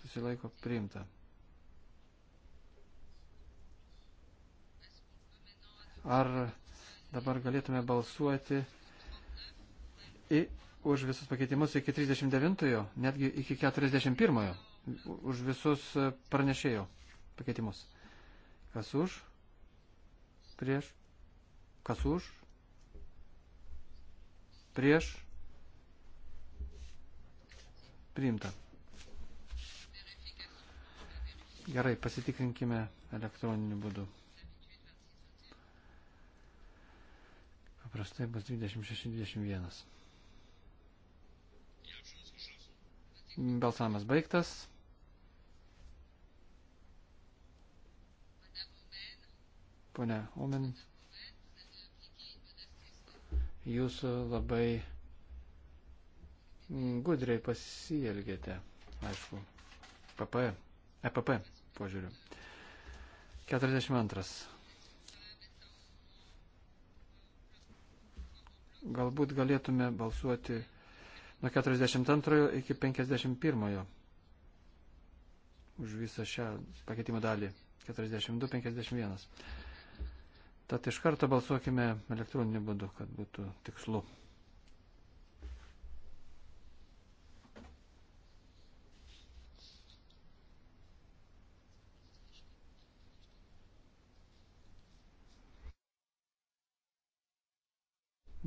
Susilaiko. Priimta. Ar Dabar galėtume balsuoti į, už visus pakeitimus iki 39-ojo, netgi iki 41-ojo, už visus e, pranešėjo pakeitimus. Kas už? Prieš? Kas už? Prieš? Priimta. Gerai, pasitikrinkime elektroniniu būdu. Paprastai bus 26-21. Balsavimas baigtas. Pone Omen, jūs labai gudriai pasielgėte, aišku, PP, EPP požiūriu. 42. Galbūt galėtume balsuoti nuo 42 iki 51 už visą šią pakeitimo dalį 42-51. Tad iš karto balsuokime elektroniniu būdu, kad būtų tikslu.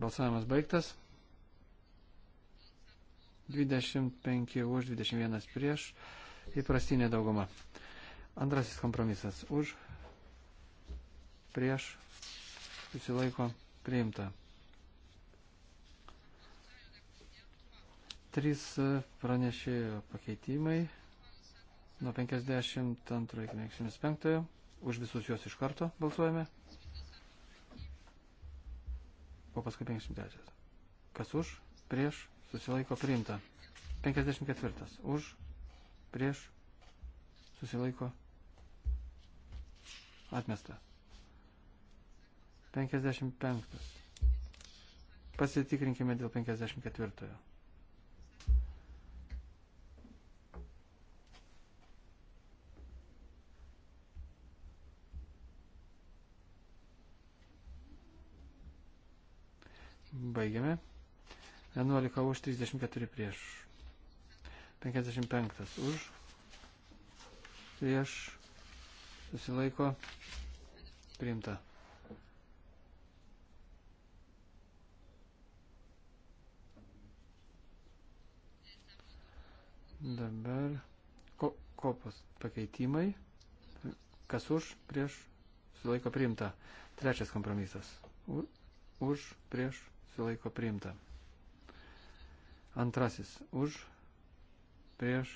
Balsavimas baigtas. 25 už, 21 prieš. Įprastinė dauguma. Antrasis kompromisas už, prieš, susilaiko, priimta. 3 pranešėjo pakeitimai nuo 52 iki 55. Už visus juos iš karto balsuojame po paskui 53. Kas už, prieš, susilaiko priimta. 54. Už, prieš, susilaiko atmesta. 55. Pasitikrinkime dėl 54. Baigiame. 11 už 34 prieš. 55 už. Prieš. Susilaiko. Priimta. Dabar ko, kopos pakeitimai. Kas už, prieš, sulaiko priimta. Trečias kompromisas. U, už, prieš, sulaiko priimta. Antrasis už, prieš,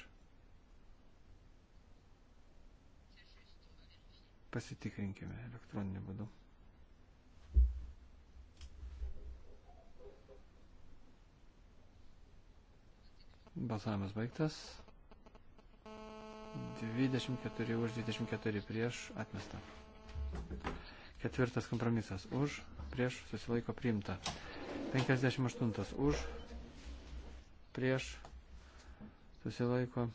pasitikrinkime elektroninį būdų. Balsavimas baigtas. 24 už, 24 prieš, atmesta. Ketvirtas kompromisas už, prieš susilaiko priimta. 58 už, prieš susilaiko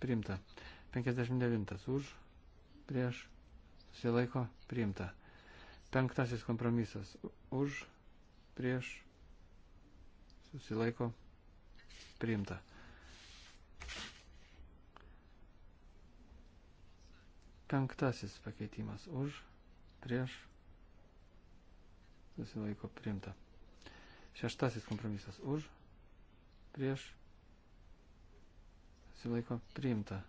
priimta. 59 už, prieš susilaiko priimta. Penktasis kompromisas už, prieš susilaiko priimta. Penktasis pakeitimas už, prieš susilaiko priimta. Šeštasis kompromisas už, prieš, susilaiko priimta.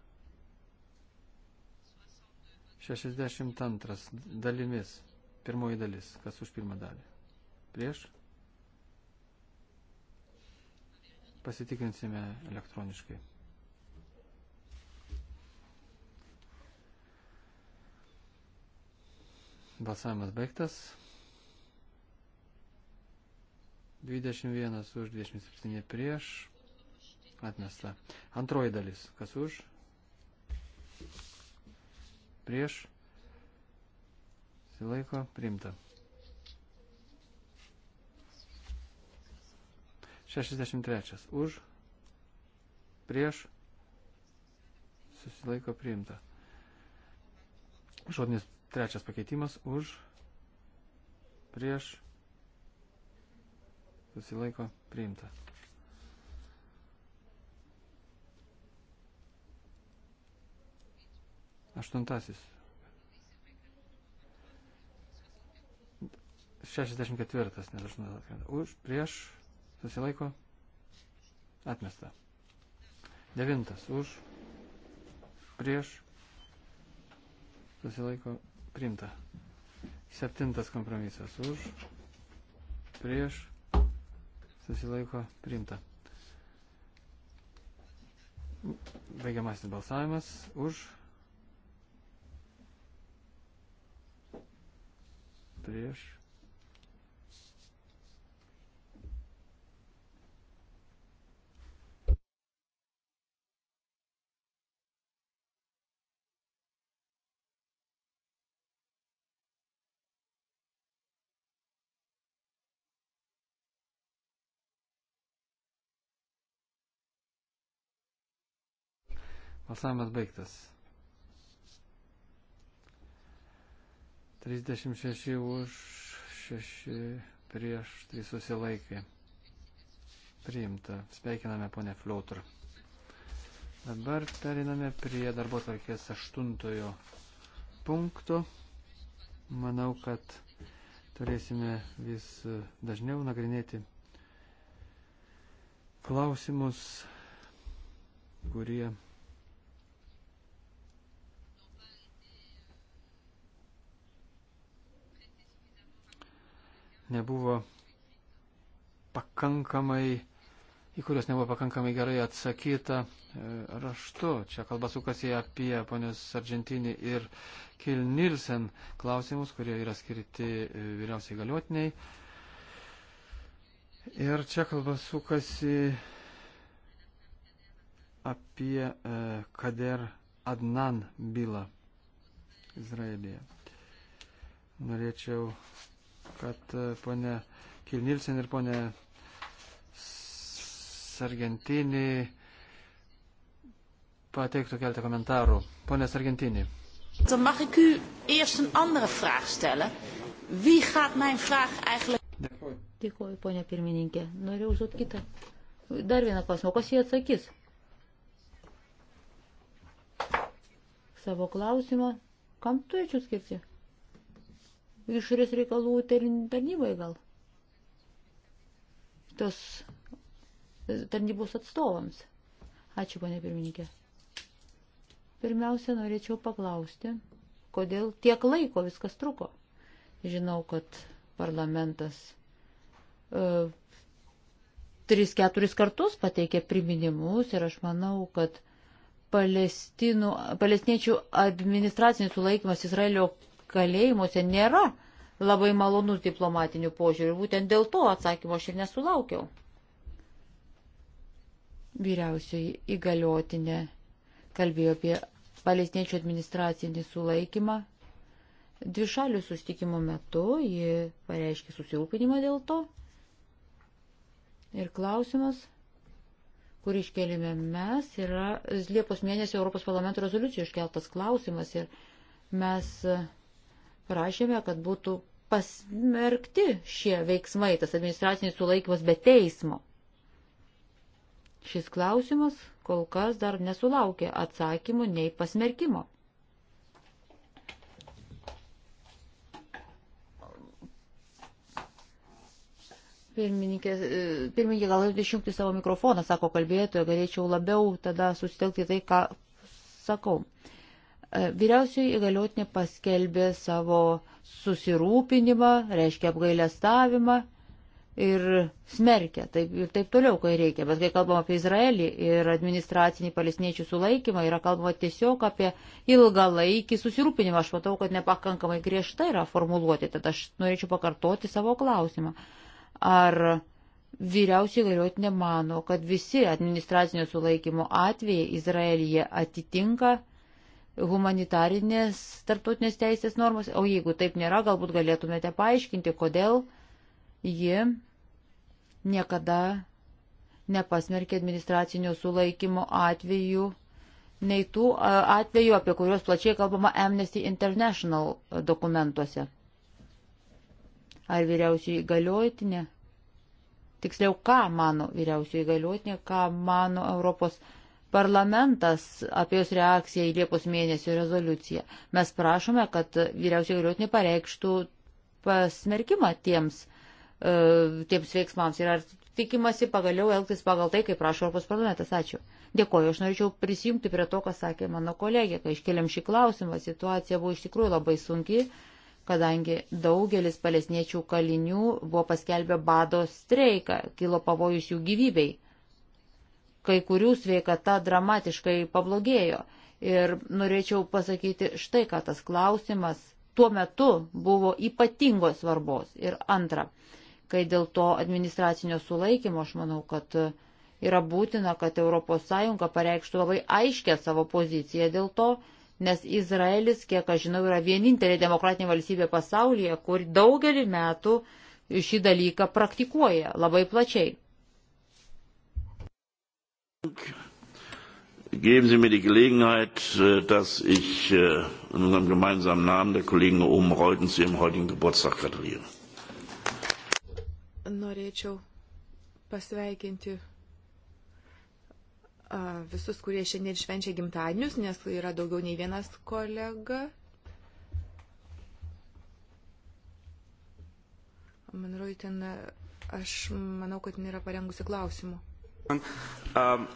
62 dalimis, pirmoji dalis, kas už pirmą dalį. Prieš. Pasitikrinsime elektroniškai. Balsavimas baigtas. 21 už 27 prieš. Atmesta. Antroji dalis. Kas už? Prieš. Silaiko. Primta. 63. Už. Prieš. Susilaiko priimta. Žodinis trečias pakeitimas. Už. Prieš susilaiko priimta. Aštuntasis. 64, nes aš nuolat už, prieš, susilaiko, atmesta. Devintas, už, prieš, susilaiko, priimta. Septintas kompromisas, už, prieš, susilaiko priimta. Baigiamasis balsavimas už. Prieš. Balsavimas baigtas. 36 už 6 prieš 3 susilaikė. Priimta. Sveikiname ponę Fliotur. Dabar periname prie darbo tvarkės aštuntojo punkto. Manau, kad turėsime vis dažniau nagrinėti klausimus, kurie nebuvo pakankamai, į kuriuos nebuvo pakankamai gerai atsakyta e, raštu. Čia kalba sukasi apie ponios Argentinį ir Kil Nilsen klausimus, kurie yra skirti e, vyriausiai galiotiniai. Ir čia kalba sukasi apie e, Kader Adnan bylą Izraelyje. Norėčiau kad e, ponė Kilnilsen ir ponė Sargentinį pateiktų keletą komentarų. Pone Sargentinį. Dan mag ik u eerst een andere vraag stellen. Wie gaat mijn vraag eigenlijk... Dėkuoju. Dėkuoju, ponia pirmininkė. Norėjau užduoti kitą. Dar vieną klausimą. Kas jį atsakys? Savo klausimą. Kam turėčiau skirti? išorės reikalų tarnybai gal. Tos e, tarnybos atstovams. Ačiū, ponė pirmininkė. Pirmiausia, norėčiau paklausti, kodėl tiek laiko viskas truko. Žinau, kad parlamentas uh, tris, keturis kartus pateikė priminimus ir aš manau, kad palestiniečių administracinis sulaikimas Izraelio kalėjimuose nėra labai malonus diplomatinių požiūrių. Būtent dėl to atsakymo aš ir nesulaukiau. Vyriausioji įgaliotinė kalbėjo apie palestiniečių administracinį sulaikymą. Dvišalių sustikimo metu ji pareiškė susirūpinimą dėl to. Ir klausimas, kurį iškelime mes, yra Liepos mėnesio Europos parlamento rezoliucijų iškeltas klausimas ir mes prašėme, kad būtų pasmerkti šie veiksmai, tas administracinis sulaikymas be teismo. Šis klausimas kol kas dar nesulaukė atsakymų nei pasmerkimo. Pirmininkė, e, pirmininkė gal išjungti savo mikrofoną, sako kalbėtoja, galėčiau labiau tada susitelkti tai, ką sakau. Uh, E, vyriausiai įgaliotinė paskelbė savo susirūpinimą, reiškia apgailestavimą ir smerkia taip, ir taip toliau, kai reikia. Bet kai kalbam apie Izraelį ir administracinį palestiniečių sulaikymą, yra kalbama tiesiog apie ilgalaikį susirūpinimą. Aš matau, kad nepakankamai griežtai yra formuluoti, tad aš norėčiau pakartoti savo klausimą. Ar vyriausiai galiotinė mano, kad visi administracinio sulaikymo atvejai Izraelyje atitinka humanitarinės tarptautinės teisės normos, o jeigu taip nėra, galbūt galėtumėte paaiškinti, kodėl ji niekada nepasmerkė administracinio sulaikymo atveju, nei tų atvejų, apie kuriuos plačiai kalbama Amnesty International dokumentuose. Ar vyriausiai galiojotinė? Tiksliau, ką mano vyriausiai galiojotinė, ką mano Europos parlamentas apie jos reakciją į Liepos mėnesio rezoliuciją. Mes prašome, kad vyriausiai galiotinė pareikštų pasmerkimą tiems, e, tiems veiksmams ir ar tikimasi pagaliau elgtis pagal tai, kaip prašo Europos parlamentas. Ačiū. Dėkoju, aš norėčiau prisijungti prie to, ką sakė mano kolegė, kai iškeliam šį klausimą, situacija buvo iš tikrųjų labai sunki, kadangi daugelis palesniečių kalinių buvo paskelbę bado streiką, kilo pavojus jų gyvybei kai kurių sveikata dramatiškai pablogėjo. Ir norėčiau pasakyti štai, kad tas klausimas tuo metu buvo ypatingos svarbos. Ir antra, kai dėl to administracinio sulaikymo aš manau, kad yra būtina, kad ES pareikštų labai aiškę savo poziciją dėl to, nes Izraelis, kiek aš žinau, yra vienintelė demokratinė valstybė pasaulyje, kur daugelį metų šį dalyką praktikuoja labai plačiai. Geben Sie mir die Gelegenheit, äh, dass ich äh, in unserem gemeinsamen Namen der Kollegen Oben Reuten zu ihrem heutigen Geburtstag gratuliere. Norėčiau pasveikinti visus, kurie šiandien švenčia gimtadienius, nes yra daugiau nei vienas kolega. Man Ruiten, aš manau, kad nėra parengusi klausimų. Um,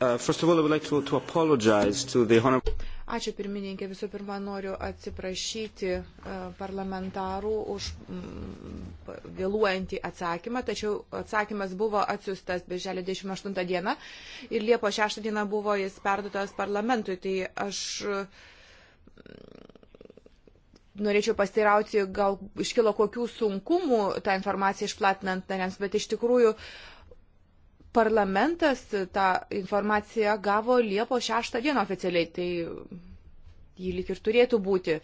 uh, first of all, I would like to, to apologize to the honorable. Ačiū pirmininkė. Visų pirma, noriu atsiprašyti uh, parlamentarų už mm, vėluojantį atsakymą, tačiau atsakymas buvo atsiustas birželio 28 dieną ir Liepo 6 dieną buvo jis perduotas parlamentui. Tai aš mm, norėčiau pastirauti, gal iškilo kokių sunkumų tą informaciją išplatinant nariams, bet iš tikrųjų uh, parlamentas tą informaciją gavo Liepos 6 dieną oficialiai, tai jį lik ir turėtų būti.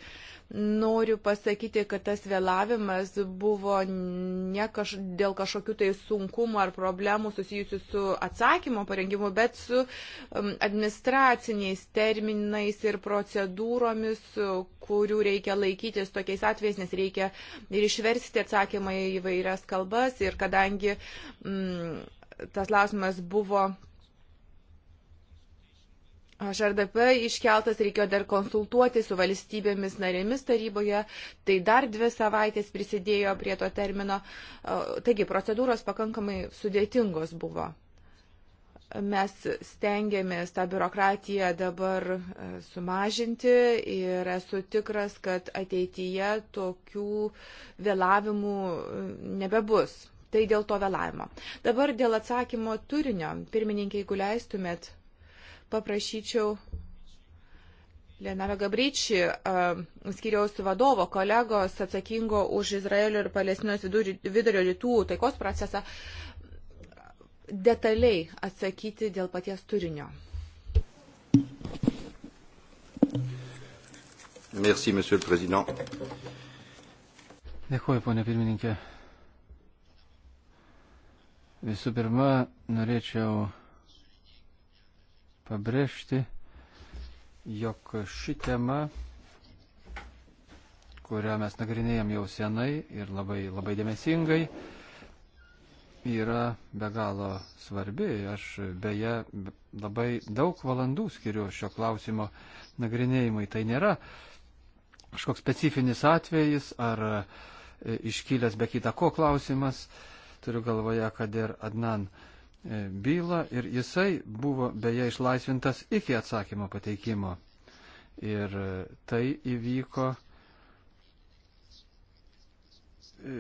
Noriu pasakyti, kad tas vėlavimas buvo ne kaž, dėl kažkokių tai sunkumų ar problemų susijusių su atsakymo parengimu, bet su um, administraciniais terminais ir procedūromis, kurių reikia laikytis tokiais atvejais, nes reikia ir išversti atsakymą į vairias kalbas. Ir kadangi mm, tas klausimas buvo HRDP iškeltas, reikėjo dar konsultuoti su valstybėmis narėmis taryboje, tai dar dvi savaitės prisidėjo prie to termino. Taigi procedūros pakankamai sudėtingos buvo. Mes stengiamės tą biurokratiją dabar e, sumažinti ir esu tikras, kad ateityje tokių vėlavimų e, nebebus. Tai dėl to vėlavimo. Dabar dėl atsakymo turinio. Pirmininkė, jeigu leistumėt, paprašyčiau Lenaro Gabriči, skiriaus vadovo, kolegos atsakingo už Izraelio ir Palestinos vidurio rytų taikos procesą, detaliai atsakyti dėl paties turinio. Merci, Dėkuoju, ponė pirmininkė. Visų pirma, norėčiau pabrėžti, jog ši tema, kurią mes nagrinėjom jau senai ir labai, labai dėmesingai, yra be galo svarbi. Aš beje labai daug valandų skiriu šio klausimo nagrinėjimui. Tai nėra kažkoks specifinis atvejis ar e, iškilęs be kita ko klausimas. E, turiu galvoje, kad ir Adnan e, bylą ir jisai buvo beje išlaisvintas iki atsakymo pateikimo. Ir e, tai įvyko e,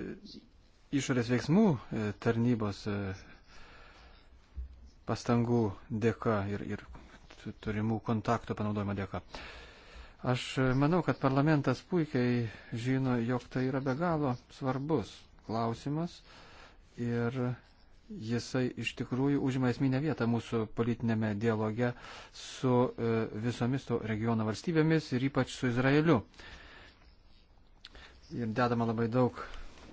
išorės veiksmų tarnybos pastangų dėka ir, ir turimų kontaktų panaudojimo dėka. Aš manau, kad parlamentas puikiai žino, jog tai yra be galo svarbus klausimas. Uh, ir jisai iš tikrųjų užima esminę vietą mūsų politinėme dialoge su e, visomis to regiono valstybėmis ir ypač su Izraeliu. Ir dedama labai daug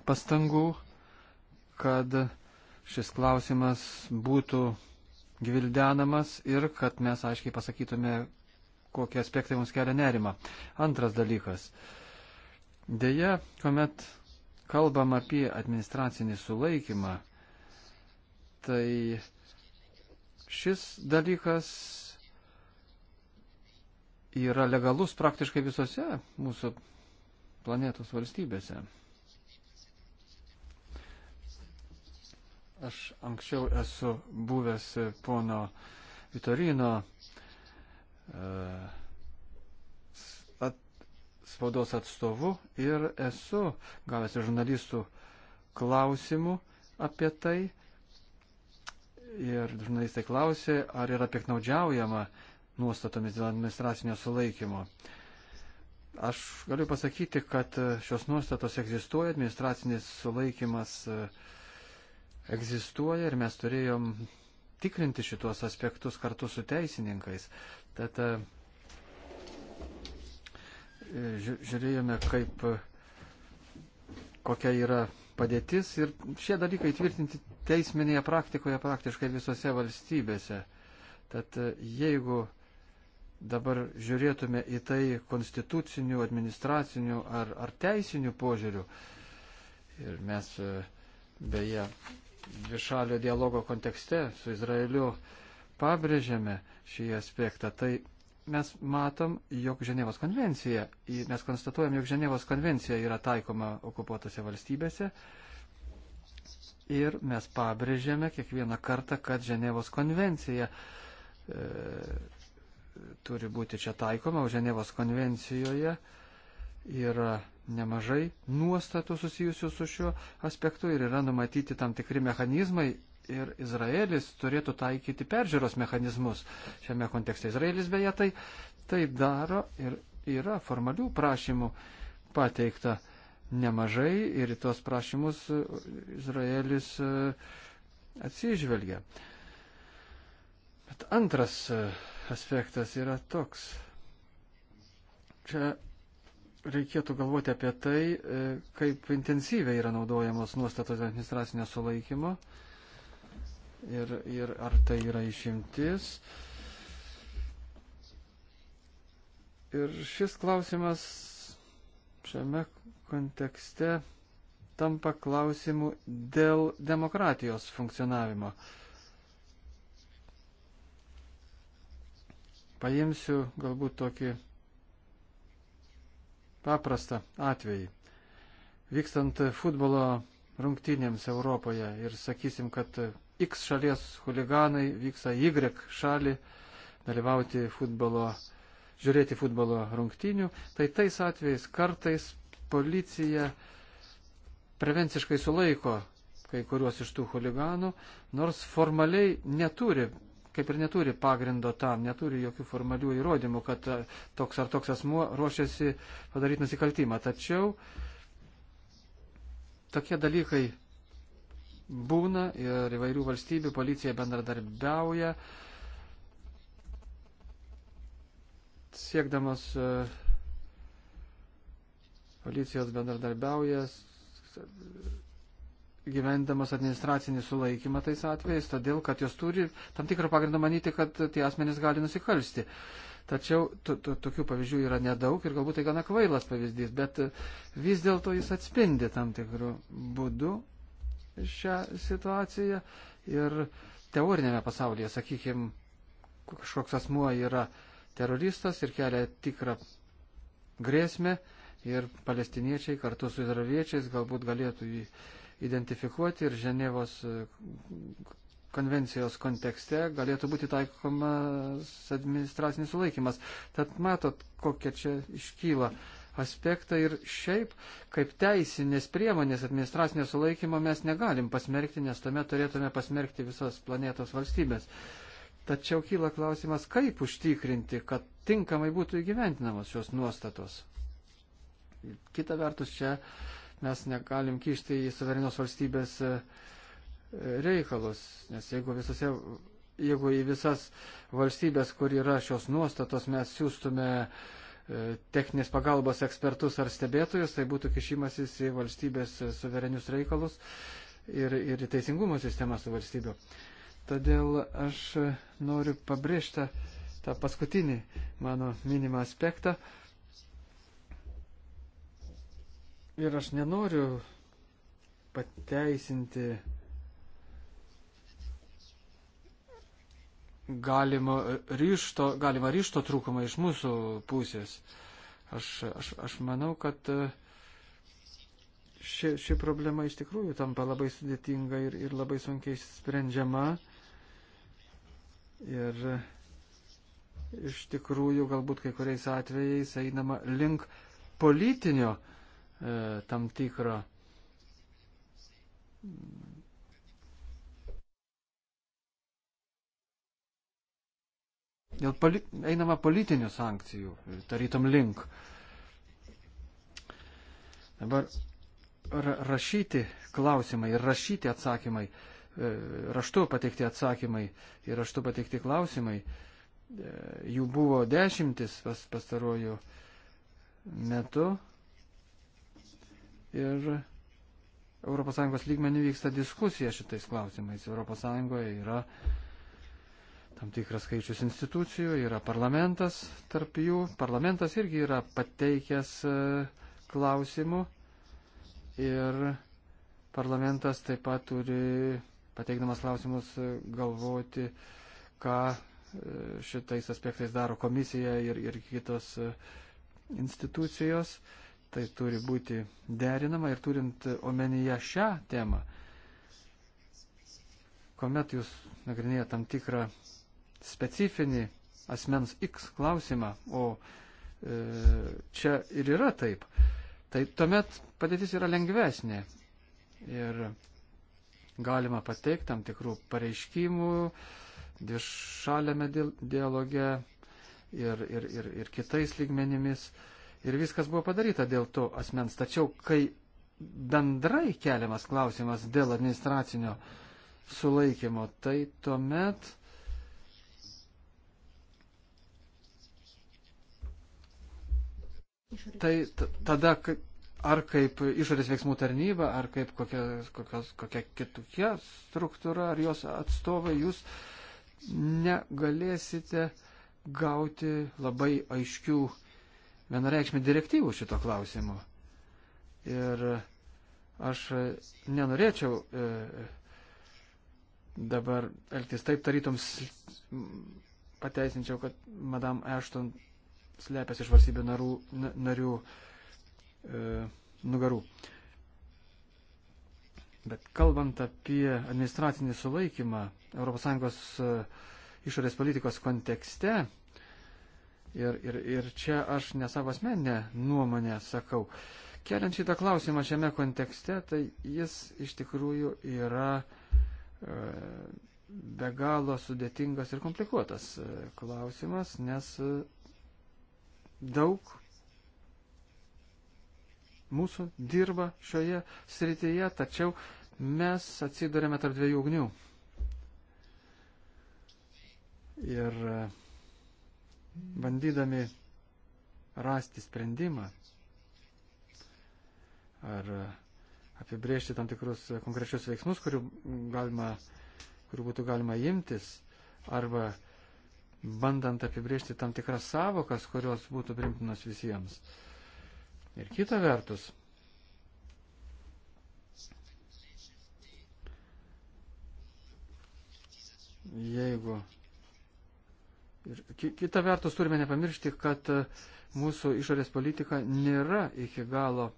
pastangų, kad šis klausimas būtų gvildenamas ir kad mes aiškiai pasakytume, kokie aspektai mums kelia nerima. Antras dalykas. Deja, kuomet kalbam apie administracinį sulaikymą, tai šis dalykas yra legalus praktiškai visose mūsų planetos valstybėse. Aš anksčiau esu buvęs pono Vitorino uh, spaudos atstovu ir esu gavęs žurnalistų klausimų apie tai. Ir žurnalistai klausė, ar yra piknaudžiaujama nuostatomis dėl administracinio sulaikymo. Aš galiu pasakyti, kad šios nuostatos egzistuoja, administracinis sulaikimas e, egzistuoja ir mes turėjom tikrinti šitos aspektus kartu su teisininkais. Tad e, žiūrėjome, kaip, kokia yra padėtis ir šie dalykai tvirtinti teisminėje praktikoje praktiškai visose valstybėse. Tad jeigu dabar žiūrėtume į tai konstitucinių, administracinių ar, ar teisinių požiūrių, ir mes beje dvišalio dialogo kontekste su Izraeliu pabrėžėme šį aspektą, tai mes matom, jog Ženevos konvencija, mes konstatuojam, jog Ženevos konvencija yra taikoma okupuotose valstybėse ir mes pabrėžėme kiekvieną kartą, kad Ženevos konvencija e, turi būti čia taikoma, o Ženevos konvencijoje yra nemažai nuostatų susijusių su šiuo aspektu ir yra numatyti tam tikri mechanizmai ir Izraelis turėtų taikyti peržiūros mechanizmus šiame kontekste. Izraelis beje tai, tai daro ir yra formalių prašymų pateikta nemažai ir tuos prašymus Izraelis e, atsižvelgia. Bet antras e, aspektas yra toks. Čia reikėtų galvoti apie tai, e, kaip intensyviai yra naudojamos nuostatos administracinio sulaikymo ir, ir ar tai yra išimtis. Ir šis klausimas šiame kontekste tampa klausimu dėl demokratijos funkcionavimo. Paimsiu galbūt tokį paprastą atvejį. Vykstant futbolo rungtynėms Europoje ir sakysim, kad X šalies huliganai vyksta Y šalį dalyvauti futbolo, žiūrėti futbolo rungtynių, tai tais atvejais kartais policija prevenciškai sulaiko kai kuriuos iš tų huliganų, nors formaliai neturi, kaip ir neturi pagrindo tam, neturi jokių formalių įrodymų, kad e, toks ar toks asmuo ruošiasi padaryti nusikaltimą. Tačiau tokie dalykai būna ir įvairių valstybių policija bendradarbiauja, siekdamas e, policijos bendradarbiauja, gyvendamas administracinį sulaikymą tais atvejais, todėl kad jos turi tam tikrą pagrindą manyti, kad tie asmenys gali nusikalsti. Tačiau tokių pavyzdžių yra nedaug ir galbūt tai gana kvailas pavyzdys, bet e, vis dėlto jis atspindi tam tikrų būdų šią situaciją ir teorinėme pasaulyje, sakykime, kažkoks asmuo yra teroristas ir kelia tikrą grėsmę ir palestiniečiai kartu su izraeliečiais galbūt galėtų jį identifikuoti ir Ženevos e, konvencijos kontekste galėtų būti taikomas administracinis sulaikimas. Tad matot, kokia čia iškyla aspektą ir šiaip kaip teisinės priemonės administracinio sulaikymo mes negalim pasmerkti, nes tuomet turėtume pasmerkti visas planetos valstybės. Tačiau kyla klausimas, kaip užtikrinti, kad tinkamai būtų įgyventinamos šios nuostatos. Kita vertus, čia mes negalim kišti į suverenos valstybės e, reikalus, nes jeigu visose jeigu į visas valstybės, kur yra šios nuostatos, mes siūstume E, techninės pagalbos ekspertus ar stebėtojus, tai būtų kišimasis į valstybės suverenius reikalus ir, ir į teisingumo sistemą su valstybiu. Todėl aš noriu pabrėžti tą paskutinį mano minimą aspektą. Ir aš nenoriu pateisinti galima ryšto, galima ryšto trūkumą iš mūsų pusės. Aš, aš, aš manau, kad e, ši, ši problema iš tikrųjų tampa labai sudėtinga ir, ir labai sunkiai sprendžiama. Ir e, iš tikrųjų galbūt kai kuriais atvejais einama link politinio e, tam tikro dėl poli, einama politinių sankcijų, tarytum link. Dabar rašyti klausimai ir rašyti atsakymai, e, raštu pateikti atsakymai ir raštu pateikti klausimai, e, jų buvo dešimtis pas, pastaruoju metu. Ir ES lygmenių vyksta diskusija šitais klausimais. ES yra tam tikras skaičius institucijų, yra parlamentas tarp jų. Parlamentas irgi yra pateikęs e, klausimų ir parlamentas taip pat turi, pateikdamas klausimus, e, galvoti, ką e, šitais aspektais daro komisija ir, ir kitos institucijos. Tai turi būti derinama ir turint omenyje šią temą, kuomet jūs nagrinėjate tam tikrą specifinį asmens X klausimą, o e, čia ir yra taip, tai tuomet padėtis yra lengvesnė ir galima pateikti tam tikrų pareiškimų dvišalėme dialoge ir, ir, ir, ir kitais lygmenimis. Ir viskas buvo padaryta dėl to asmens. Tačiau, kai bendrai keliamas klausimas dėl administracinio sulaikymo, tai tuomet Tai tada, ar kaip išorės veiksmų tarnyba, ar kaip kokia, kokios, kokia kitokia struktūra, ar jos atstovai, jūs negalėsite gauti labai aiškių vienareikšmį direktyvų šito klausimu. Ir aš nenorėčiau e, dabar elgtis taip, tarytoms pateisinčiau, kad Madame Ashton slepiasi iš valstybių narų, narių e, nugarų. Bet kalbant apie administracinį sulaikymą ES e, išorės politikos kontekste, ir, ir, ir čia aš ne savo asmeninę nuomonę sakau, keliant šitą klausimą šiame kontekste, tai jis iš tikrųjų yra e, be galo sudėtingas ir komplikuotas e, klausimas, nes daug mūsų dirba šioje srityje, tačiau mes atsidurėme tarp dviejų ugnių. Ir e, bandydami rasti sprendimą ar e, apibriežti tam tikrus e, konkrečius veiksmus, kurių, galima, kurių būtų galima imtis, arba bandant apibriežti tam tikras savokas, kurios būtų primtinos visiems. Ir kita vertus, jeigu. Ir kita vertus turime nepamiršti, kad e, mūsų išorės politika nėra iki galo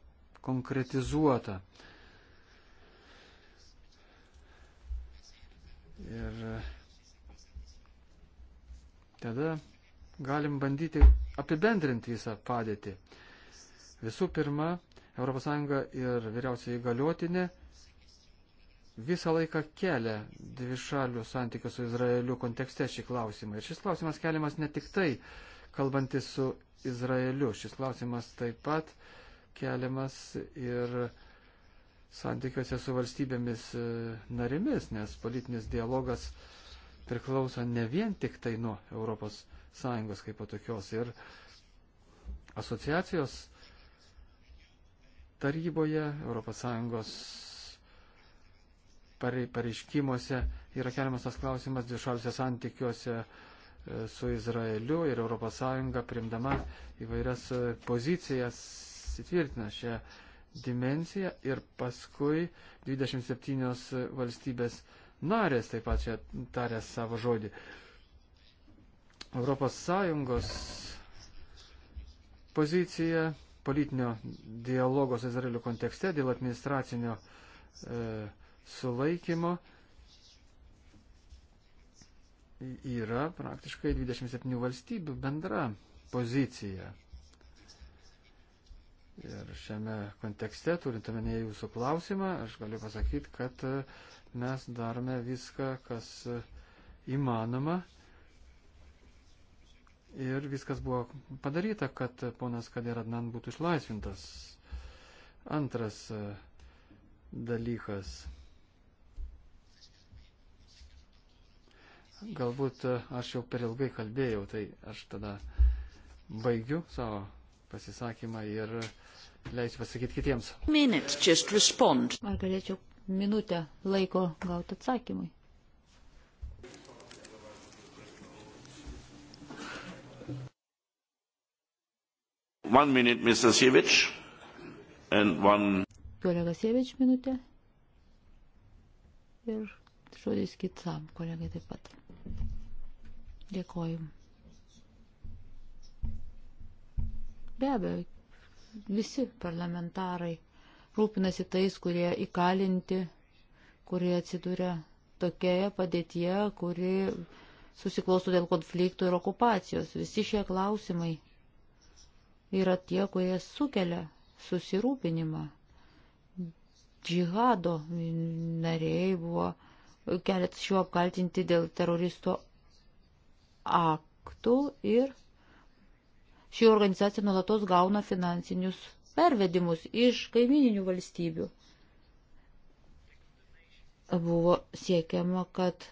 konkretizuota. Ir tada galim bandyti apibendrinti visą padėtį. Visų pirma, ES ir vyriausiai galiotinė visą laiką kelia dvišalių santykių su Izraeliu kontekste šį klausimą. Ir šis klausimas keliamas ne tik tai, kalbantis su Izraeliu, šis klausimas taip pat keliamas ir santykiuose su valstybėmis e, narimis, nes politinis dialogas uh, priklauso ne vien tik tai nuo ES kaip tokios ir asociacijos taryboje, ES pareiškimuose yra keliamas tas klausimas dvišaliuose santykiuose e, su Izraeliu ir ES primdama įvairias e, pozicijas įtvirtina šią dimensiją ir paskui 27 e, valstybės narės taip pat čia tarė savo žodį. Europos Sąjungos pozicija politinio dialogo su Izraeliu kontekste dėl administracinio e, sulaikymo yra praktiškai 27 valstybių bendra pozicija. Ir šiame kontekste, turint omenyje jūsų klausimą, aš galiu pasakyti, kad mes darome viską, kas įmanoma. Ir viskas buvo padaryta, kad ponas Kaderadnan būtų išlaisvintas. Antras e, dalykas. Galbūt e, aš jau per ilgai kalbėjau, tai aš tada baigiu savo pasisakymą ir leisiu pasakyti kitiems. Minute, Ar galėčiau minutę laiko gauti atsakymui. One minute, Mr. Sievic, and one... Kolega Sievic minutė ir žodis kitam kolegai taip pat. Dėkoju. Be abejo, visi parlamentarai rūpinasi tais, kurie įkalinti, kurie atsiduria tokioje padėtyje, kuri susiklostų dėl konfliktų ir okupacijos. Visi šie klausimai yra tie, kurie sukelia susirūpinimą. Džihado nariai buvo keletas šiuo apkaltinti dėl teroristo aktų ir ši organizacija nuolatos gauna finansinius pervedimus iš kaimininių valstybių. Buvo siekiama, kad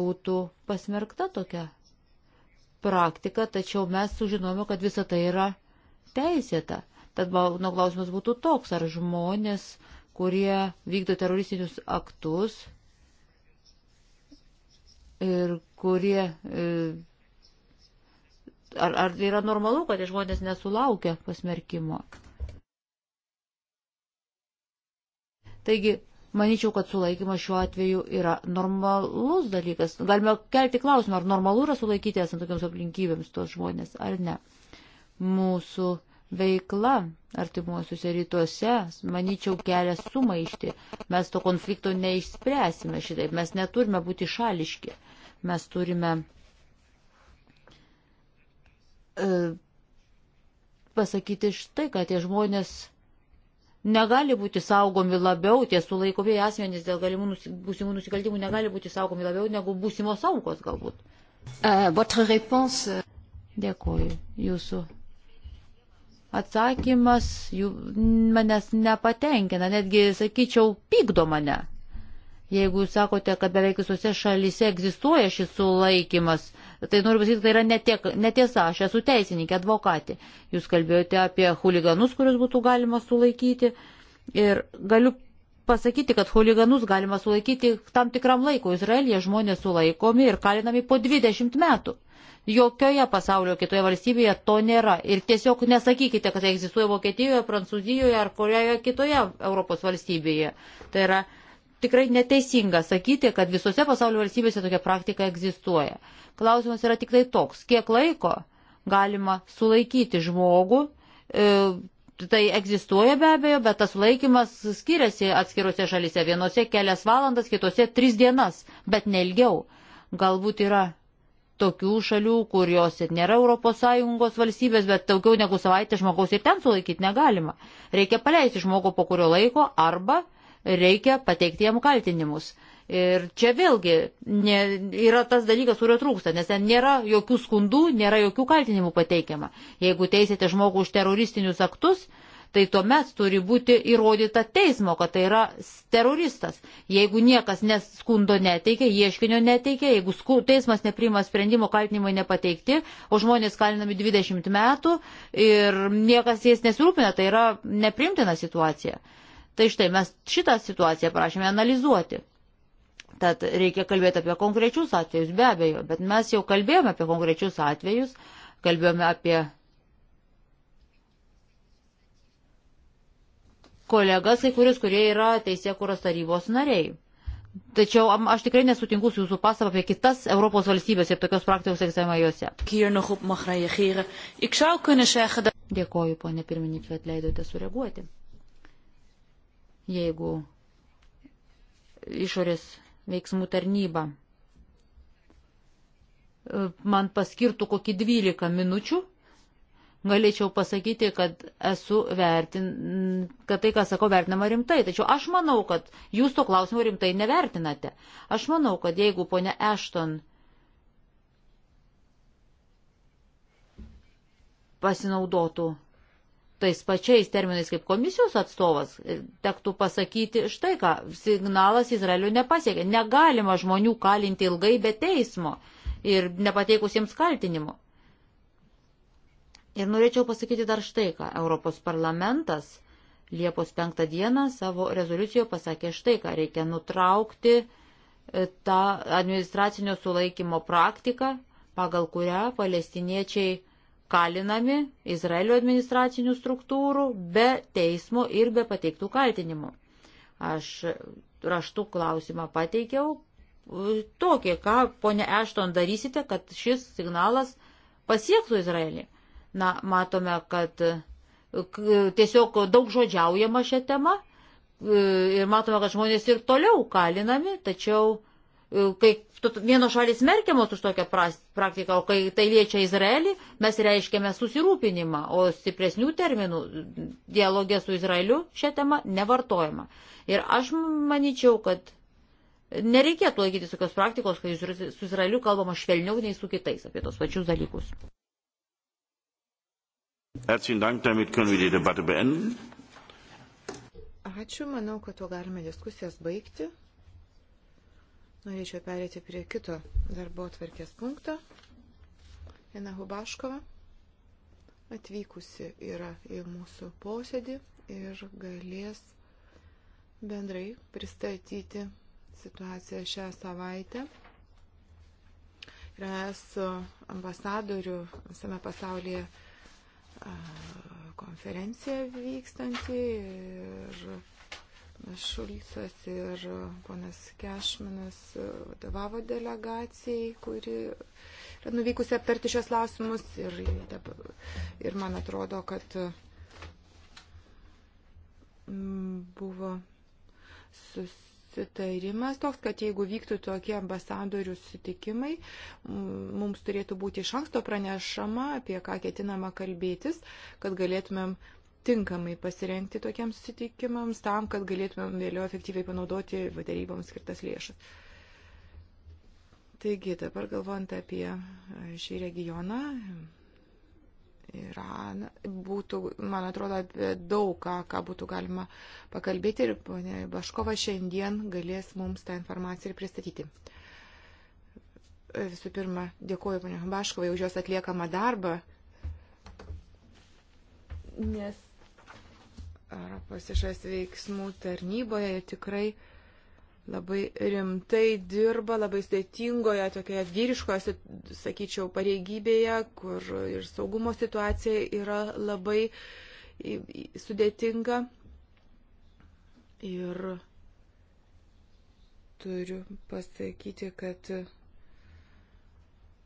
būtų pasmerkta tokia praktika, tačiau mes sužinome, kad visa tai yra teisėta. Tad mano klausimas būtų toks, ar žmonės, kurie vykdo teroristinius aktus ir kurie e, ar, ar yra normalu, kad žmonės nesulaukia pasmerkimo. Taigi, manyčiau, kad sulaikimas šiuo atveju yra normalus dalykas. Galime kelti klausimą, ar normalu yra sulaikyti esant tokiams aplinkybėms tuos žmonės, ar ne. Mūsų veikla artimuosiuose rytuose, manyčiau, kelia sumaišti. Mes to konflikto neišspręsime šitaip, mes neturime būti šališki. Mes turime E, pasakyti štai, kad tie žmonės negali būti saugomi labiau, tie sulaikomieji asmenys dėl galimų nusi, būsimų nusikaltimų negali būti saugomi labiau negu būsimos aukos galbūt. Uh, votre réponse. E, Dėkuoju. Jūsų atsakymas jų, manęs nepatenkina, netgi, sakyčiau, pykdo mane. Jeigu jūs sakote, kad beveik visose šalyse egzistuoja šis sulaikimas, uh, tai noriu pasakyti, tai yra netiek, netiesa, aš esu teisininkė, advokatė. Jūs kalbėjote apie huliganus, kuriuos būtų galima sulaikyti ir galiu pasakyti, kad huliganus galima sulaikyti tam tikram laikui. Izraelija žmonės sulaikomi ir kalinami po 20 metų. Jokioje pasaulio kitoje valstybėje to nėra. Ir tiesiog nesakykite, kad tai egzistuoja Vokietijoje, Prancūzijoje ar kurioje kitoje Europos valstybėje. Tai yra tikrai neteisinga sakyti, kad visose pasaulio valstybėse tokia praktika egzistuoja. Klausimas yra tik tai toks, kiek laiko galima sulaikyti žmogų. E, tai egzistuoja be abejo, bet tas laikymas skiriasi atskiruose šalise. Vienose kelias valandas, kitose tris dienas, bet nelgiau. Galbūt yra tokių šalių, kurios ir nėra ES valstybės, bet daugiau negu savaitę žmogaus ir ten sulaikyti negalima. Reikia paleisti žmogų po kurio laiko arba reikia pateikti jam kaltinimus. Ir čia vėlgi ne, yra tas dalykas, kurio trūksta, nes ten nėra jokių skundų, nėra jokių kaltinimų pateikiama. Jeigu teisėte žmogų už teroristinius aktus, tai tuomet turi būti įrodyta teismo, kad tai yra teroristas. Jeigu niekas neskundo neteikia, ieškinio neteikia, jeigu sku, teismas neprima sprendimo, kaltinimai nepateikti, o žmonės kalinami 20 metų ir niekas jais nesirūpina, tai yra neprimtina situacija. Tai štai mes šitą situaciją prašėme analizuoti. Tad reikia kalbėti apie konkrečius atvejus, be abejo, bet mes jau kalbėjome apie konkrečius atvejus, kalbėjome apie kolegas, kai kurius, kurie yra teisėkuros tarybos nariai. Tačiau aš tikrai nesutinku su jūsų pasava apie kitas Europos valstybės ir tokios praktikos egzaminą juose. Dėkoju, ponė pirmininkė, kad leidote sureaguoti jeigu išorės veiksmų tarnyba e, man paskirtų kokį 12 minučių, galėčiau pasakyti, kad esu vertin, kad tai, ką sakau, vertinama rimtai. Tačiau aš manau, kad jūs to klausimo rimtai nevertinate. Aš manau, kad jeigu ponia Ešton pasinaudotų tais pačiais terminais kaip komisijos atstovas, e, tektų pasakyti štai ką, signalas Izraeliu nepasiekė. Negalima žmonių kalinti ilgai be teismo ir nepateikusiems kaltinimu. Ir norėčiau pasakyti dar štai ką. Europos parlamentas Liepos 5 dieną savo rezoliucijoje pasakė štai ką. Reikia nutraukti e, tą administracinio sulaikymo praktiką, pagal kurią palestiniečiai kalinami Izraelio administracinių struktūrų be teismo ir be pateiktų kaltinimų. Aš raštų klausimą pateikiau tokį, ką ponė Ešton darysite, kad šis signalas pasiektų Izraelį. Na, matome, kad tiesiog daug žodžiaujama šią temą e, ir matome, kad žmonės ir toliau kalinami, tačiau kai vienos šalis merkiamos už tokią praktiką, o kai tai liečia Izraelį, mes reiškiame susirūpinimą, o stipresnių terminų dialogė su Izraeliu šią temą nevartojama. Ir aš manyčiau, kad nereikėtų laikyti tokios praktikos, kai su Izraeliu kalbama švelniau nei su kitais apie tos pačius dalykus. Ačiū, manau, kad tuo galime diskusijas baigti. Norėčiau perėti prie kito darbo atvarkės punkto. Viena Hubaškova atvykusi yra į mūsų posėdį ir galės bendrai pristatyti situaciją šią savaitę. Yra esu ambasadorių visame pasaulyje konferencija vykstanti ir Šulcas ir ponas Kešminas vadovavo delegacijai, kuri yra nuvykusi aptarti šios klausimus ir, ir man atrodo, kad mm, buvo susitarimas toks, kad jeigu vyktų tokie ambasadorių sutikimai, mums turėtų būti iš anksto pranešama, apie ką ketinama kalbėtis, kad galėtumėm uh, tinkamai pasirengti tokiems susitikimams tam, kad galėtumėm vėliau efektyviai panaudoti vadarybams skirtas lėšas. Taigi dabar galvojant apie e, šį regioną, Iraną, būtų, man atrodo, apie daug ką, ką būtų galima pakalbėti ir ponė Baškova šiandien galės mums tą informaciją ir pristatyti. Visų pirma, dėkuoju ponė Baškovai už jos atliekamą darbą, nes Europos išorės veiksmų tarnyboje tikrai labai rimtai dirba, labai sudėtingoje, tokioje vyriškoje, sakyčiau, pareigybėje, kur ir saugumo situacija yra labai sudėtinga. Ir turiu pasakyti, kad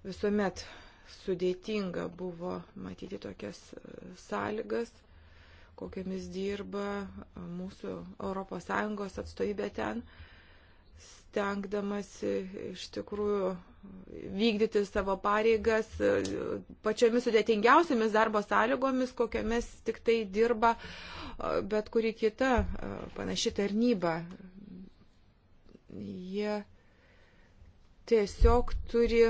visuomet sudėtinga buvo matyti tokias e, sąlygas kokiamis dirba mūsų ES atstovybė ten, stengdamasi iš tikrųjų vykdyti savo pareigas pačiomis sudėtingiausiamis darbo sąlygomis, kokiamis tik tai dirba bet kuri kita panaši tarnyba. Jie tiesiog turi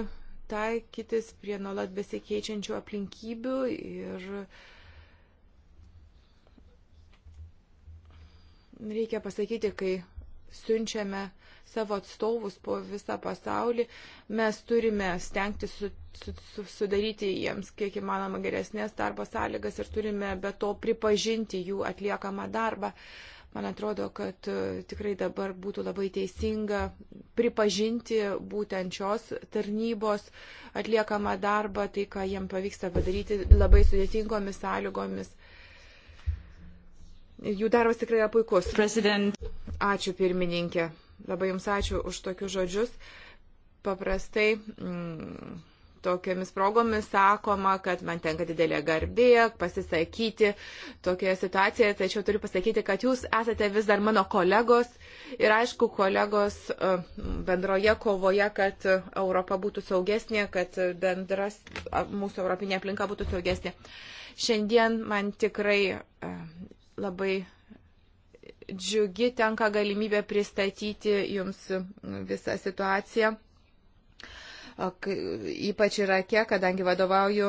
taikytis prie nuolat besikeičiančių aplinkybių ir uh, reikia pasakyti, kai siunčiame savo atstovus po visą pasaulį, mes turime stengtis su, su, su, sudaryti jiems kiek įmanoma geresnės darbo sąlygas ir turime be to pripažinti jų atliekamą darbą. Man atrodo, kad e, tikrai dabar būtų labai teisinga pripažinti būtent šios tarnybos atliekamą darbą, tai ką jiem pavyksta padaryti labai sudėtingomis sąlygomis. Jų darbas tikrai yra puikus. President. Ačiū pirmininkė. Labai Jums ačiū už tokius žodžius. Paprastai. Mm, tokiamis progomis sakoma, kad man tenka didelė garbė pasisakyti tokioje situacijoje, tačiau turiu pasakyti, kad jūs esate vis dar mano kolegos ir aišku, kolegos e, bendroje kovoje, kad Europa būtų saugesnė, kad bendras mūsų europinė aplinka būtų saugesnė. Šiandien man tikrai e, labai džiugi tenka galimybė pristatyti jums visą situaciją. Ypač Irake, kadangi vadovauju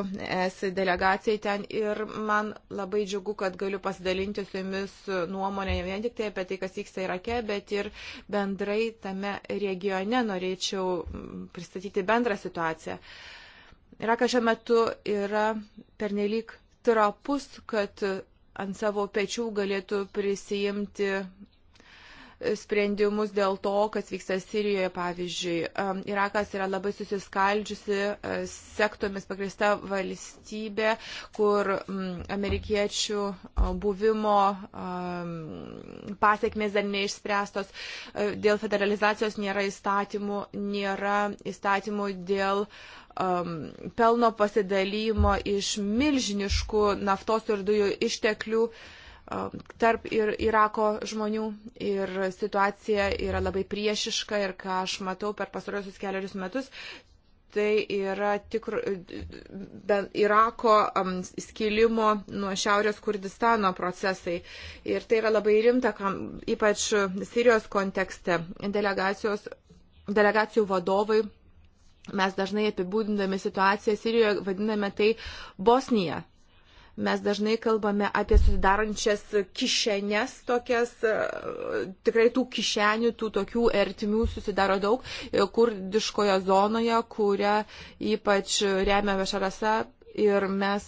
S delegacijai ten ir man labai džiugu, kad galiu pasidalinti su jumis nuomonę ne vien tik tai apie tai, kas vyksta Irake, bet ir bendrai tame regione norėčiau pristatyti bendrą situaciją. Irakas šiuo metu yra pernelyg trapus, kad ant savo pečių galėtų prisijimti sprendimus dėl to, kas vyksta Sirijoje, pavyzdžiui. Irakas yra labai susiskaldžiusi e, sektomis pagrįsta valstybė, kur amerikiečių e, buvimo pasiekmės dar neišspręstos. E, dėl federalizacijos nėra įstatymų, nėra įstatymų dėl um, pelno pasidalymo iš milžiniškų naftos ir dujų išteklių uh, Um, tarp ir Irako žmonių ir situacija yra labai priešiška ir ką aš matau per pastarosius keliarius metus, tai yra tikr, ben, Irako um, skilimo nuo Šiaurės Kurdistano procesai. Ir tai yra labai rimta, kam, ypač Sirijos kontekste. Delegacijų vadovai, mes dažnai apibūdindami situaciją Sirijoje vadiname tai Bosnija. Mes dažnai kalbame apie susidarančias kišenes, tokias, e, tikrai tų kišenių, tų tokių ertmių susidaro daug, e, kurdiškoje zonoje, kurią ypač remia Vešarasa ir mes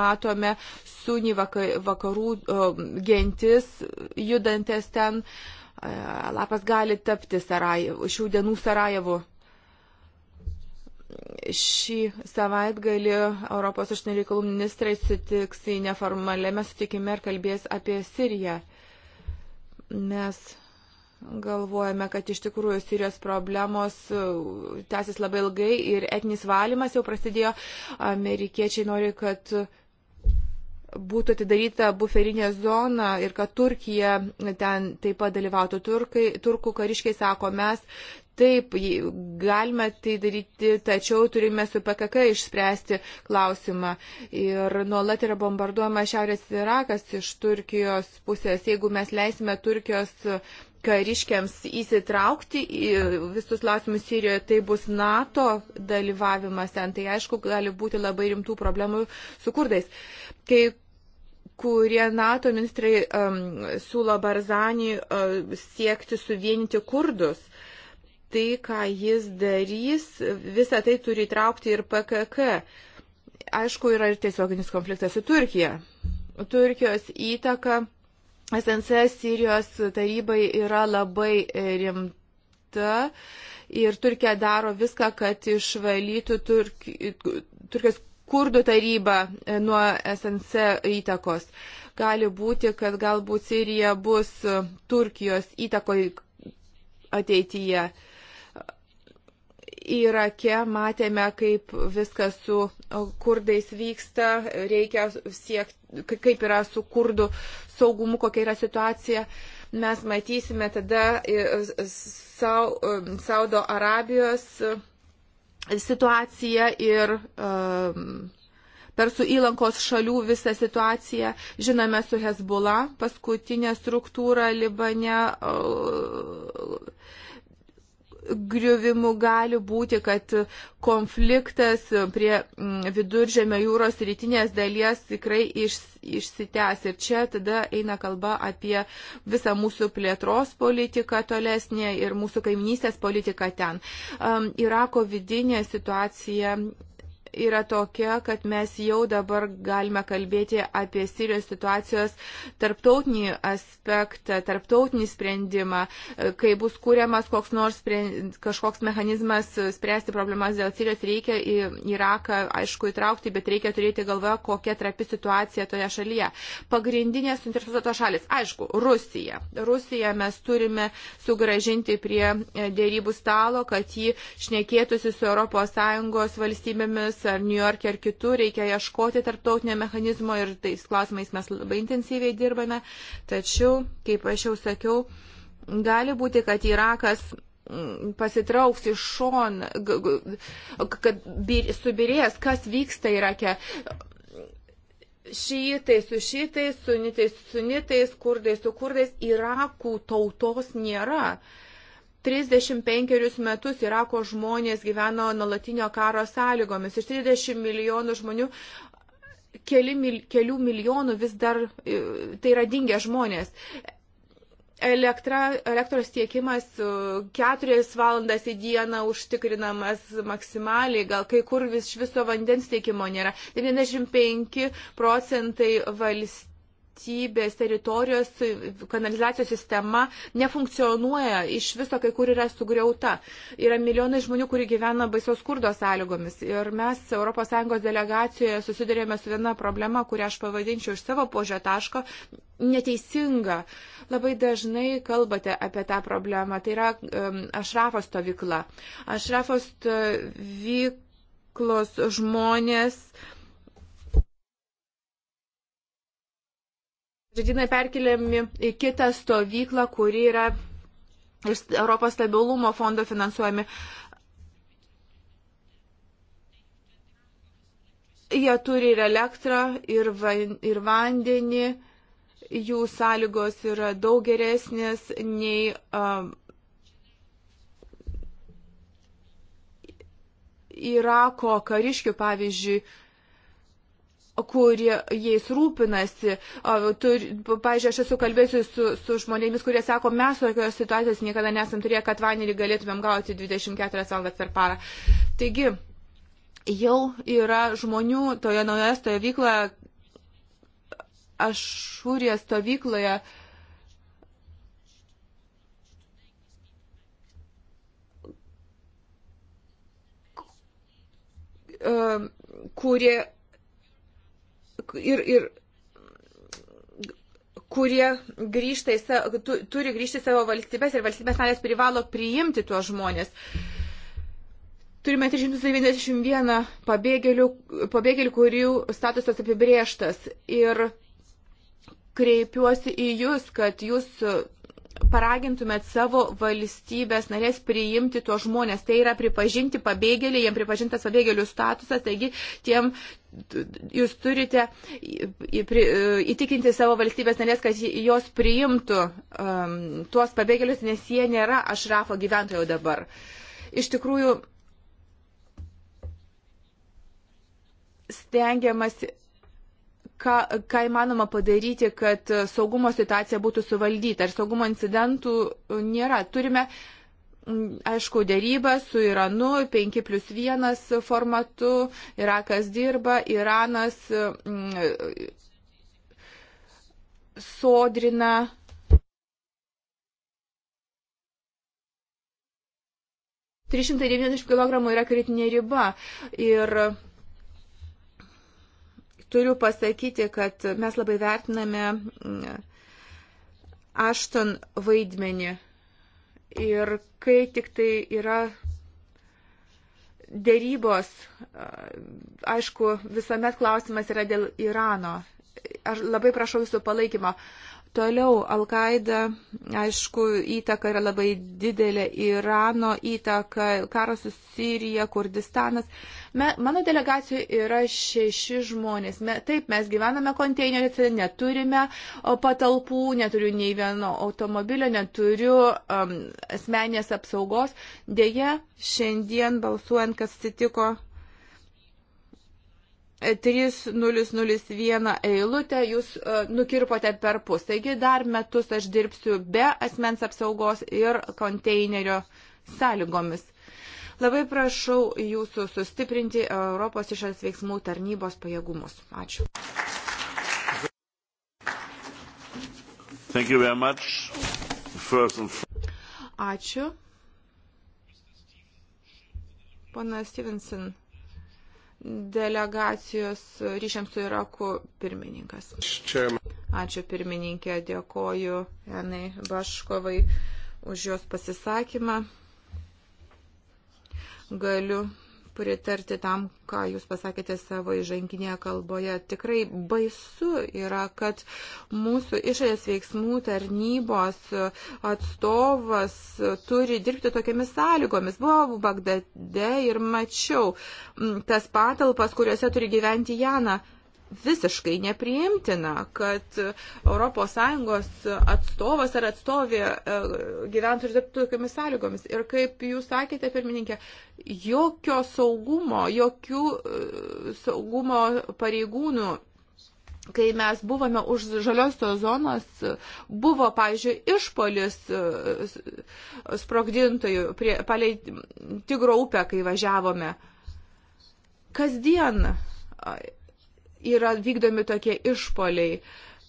matome sunį vakarų e, gentis judantės ten. Lapas gali tapti Sarajevo, šių dienų Sarajevo šį savaitgalį Europos užsienio reikalų ministrai sutiks į neformaliame sutikime ir kalbės apie Siriją. Mes galvojame, kad iš tikrųjų Sirijos problemos uh, tęsis labai ilgai ir etnis valymas jau prasidėjo. Amerikiečiai nori, kad būtų atidaryta buferinė zona ir kad Turkija ten taip pat dalyvautų. Turkai, turkų kariškiai sako, mes Taip, galime tai daryti, tačiau turime su PKK išspręsti klausimą. Ir nuolat yra bombarduojama Šiaurės Irakas iš Turkijos pusės. Jeigu mes leisime Turkijos kariškiams įsitraukti į visus klausimus Sirijoje, tai bus NATO dalyvavimas ten. Tai aišku, gali būti labai rimtų problemų su kurdais. Kai kurie NATO ministrai um, siūlo Barzanį uh, siekti suvienyti kurdus tai, ką jis darys, visą tai turi įtraukti ir PKK. Aišku, yra ir tiesioginis konfliktas su Turkija. Turkijos įtaka SNC Sirijos tarybai yra labai e, rimta ir Turkija daro viską, kad išvalytų Turk... Turkijos kurdų tarybą e, nuo SNC įtakos. Gali būti, kad galbūt Sirija bus Turkijos įtakoj ateityje. Irake matėme, kaip viskas su kurdais vyksta, reikia siekti, kaip yra su kurdų saugumu, kokia yra situacija. Mes matysime tada um, Saudo Arabijos e, situaciją ir um, Persų įlankos šalių visą situaciją. Žinome su Hezbollah, paskutinė struktūra Libane griuvimu gali būti, kad konfliktas prie mm, viduržėmio jūros rytinės dalies tikrai iš, išsitęs. Ir čia tada eina kalba apie visą mūsų plėtros politiką tolesnė ir mūsų kaiminystės politiką ten. Um, Irako vidinė situacija yra tokia, kad mes jau dabar galime kalbėti apie Sirijos situacijos tarptautinį aspektą, tarptautinį sprendimą, e, kai bus kūriamas koks nors kažkoks mechanizmas spręsti problemas dėl Sirijos, reikia į Iraką, aišku, įtraukti, bet reikia turėti galvoje, kokia trapi situacija toje šalyje. Pagrindinės suinteresuotos šalis, aišku, Rusija. Rusiją mes turime sugražinti prie e, dėrybų stalo, kad ji šnekėtųsi su ES valstybėmis ar New York e, ar kitur, reikia ieškoti tarptautinio mechanizmo ir tais klausimais mes labai intensyviai dirbame. Tačiau, kaip aš jau sakiau, gali būti, kad Irakas mm, pasitrauks iš šon, kad subirės, kas vyksta Irake šitai su šitais, sunitais su sunitais, kurdai su kurdais, Irakų tautos nėra. Uh, 35 metus Irako žmonės gyveno nuolatinio karo sąlygomis. Iš 30 milijonų žmonių keli, mil, kelių milijonų vis dar e, tai yra dingę žmonės. Elektra, elektros tiekimas e, keturias valandas į dieną užtikrinamas maksimaliai, gal kai kur vis viso vandens tiekimo nėra. 95 procentai valstybės valstybės teritorijos kanalizacijos sistema nefunkcionuoja, iš viso kai kur yra sugriauta. Yra milijonai žmonių, kurie gyvena baisios skurdo sąlygomis. Ir mes ES delegacijoje susidurėme su viena problema, kurią aš pavadinčiau iš savo požio taško neteisinga. Labai dažnai kalbate apie tą problemą. Tai yra um, Ašrafo stovykla. Ašrafo stovyklos žmonės. Um, Žaidimai perkeliami į kitą stovyklą, kuri yra iš Europos stabilumo fondo finansuojami. Jie turi ir elektrą, ir, van, ir vandenį, jų sąlygos yra daug geresnės nei. Um, Irako kariškių, pavyzdžiui, uh, kurie jais rūpinasi. Pavyzdžiui, aš esu kalbėjusi su, su žmonėmis, kurie sako, mes tokios situacijos niekada nesam turėję, kad vandenį galėtumėm gauti 24 valandas per parą. Taigi, jau yra žmonių toje naujoje stovykloje, ašūrėje stovykloje, e, kurie ir, ir kurie grįžta į savo, tu, turi grįžti į savo valstybės ir valstybės narės privalo priimti tuos žmonės. Turime 391 pabėgėlių, pabėgėlių kurių statusas apibrėžtas. Ir kreipiuosi į Jūs, kad Jūs paragintumėt savo valstybės narės priimti tuos žmonės. Tai yra pripažinti pabėgėliai, jiems pripažintas pabėgėlių statusas, taigi tiem jūs turite įtikinti savo valstybės narės, kad jos priimtų um, tuos pabėgėlius, nes jie nėra ašrafo gyventojų dabar. Iš tikrųjų, stengiamasi ką, ką įmanoma padaryti, kad saugumo situacija būtų suvaldyta. Ar saugumo incidentų nėra. Turime, aišku, dėrybą su Iranu, 5 plus 1 formatu, Irakas dirba, Iranas sodrina trys šimtai devyniasdešimt kilogramų yra kritinė riba ir turiu pasakyti, kad mes labai vertiname mm, Ašton vaidmenį. Ir kai tik tai yra dėrybos, aišku, visuomet klausimas yra dėl Irano. Aš labai prašau jūsų palaikymo. Toliau Al-Qaeda, aišku, įtaka yra labai didelė, Irano įtaka, karas su Sirija, Kurdistanas. Me, mano delegacijoje yra šeši žmonės. Me, taip, mes gyvename konteineriuose, neturime patalpų, neturiu nei vieno automobilio, neturiu um, asmenės apsaugos. Deja, šiandien balsuojant, kas atsitiko 3001 eilutę jūs e, nukirpote per pus. Taigi dar metus aš dirbsiu be asmens apsaugos ir konteinerio sąlygomis. Labai prašau jūsų sustiprinti Europos išorės veiksmų tarnybos pajėgumus. Ačiū. Ačiū. Pana Stevenson delegacijos ryšiams su Iraku pirmininkas. Ačiū pirmininkė, dėkoju Enai Baškovai už jos pasisakymą. Galiu pritarti tam, ką Jūs pasakėte savo įžanginėje kalboje. Tikrai baisu yra, kad mūsų išorės veiksmų tarnybos atstovas turi dirbti tokiamis sąlygomis. Buvau Bagdade ir mačiau mm, tas patalpas, kuriuose turi gyventi Jana visiškai nepriimtina, kad ES atstovas ar atstovė e, gyventų ir dirbtų tokiamis sąlygomis. Ir kaip jūs sakėte, pirmininkė, jokio saugumo, jokių e, saugumo pareigūnų kai mes buvome už žaliosios zonos, buvo, pavyzdžiui, išpolis e, sprogdintojų prie, palei Tigro upę, kai važiavome. Kasdien yra vykdomi tokie išpoliai.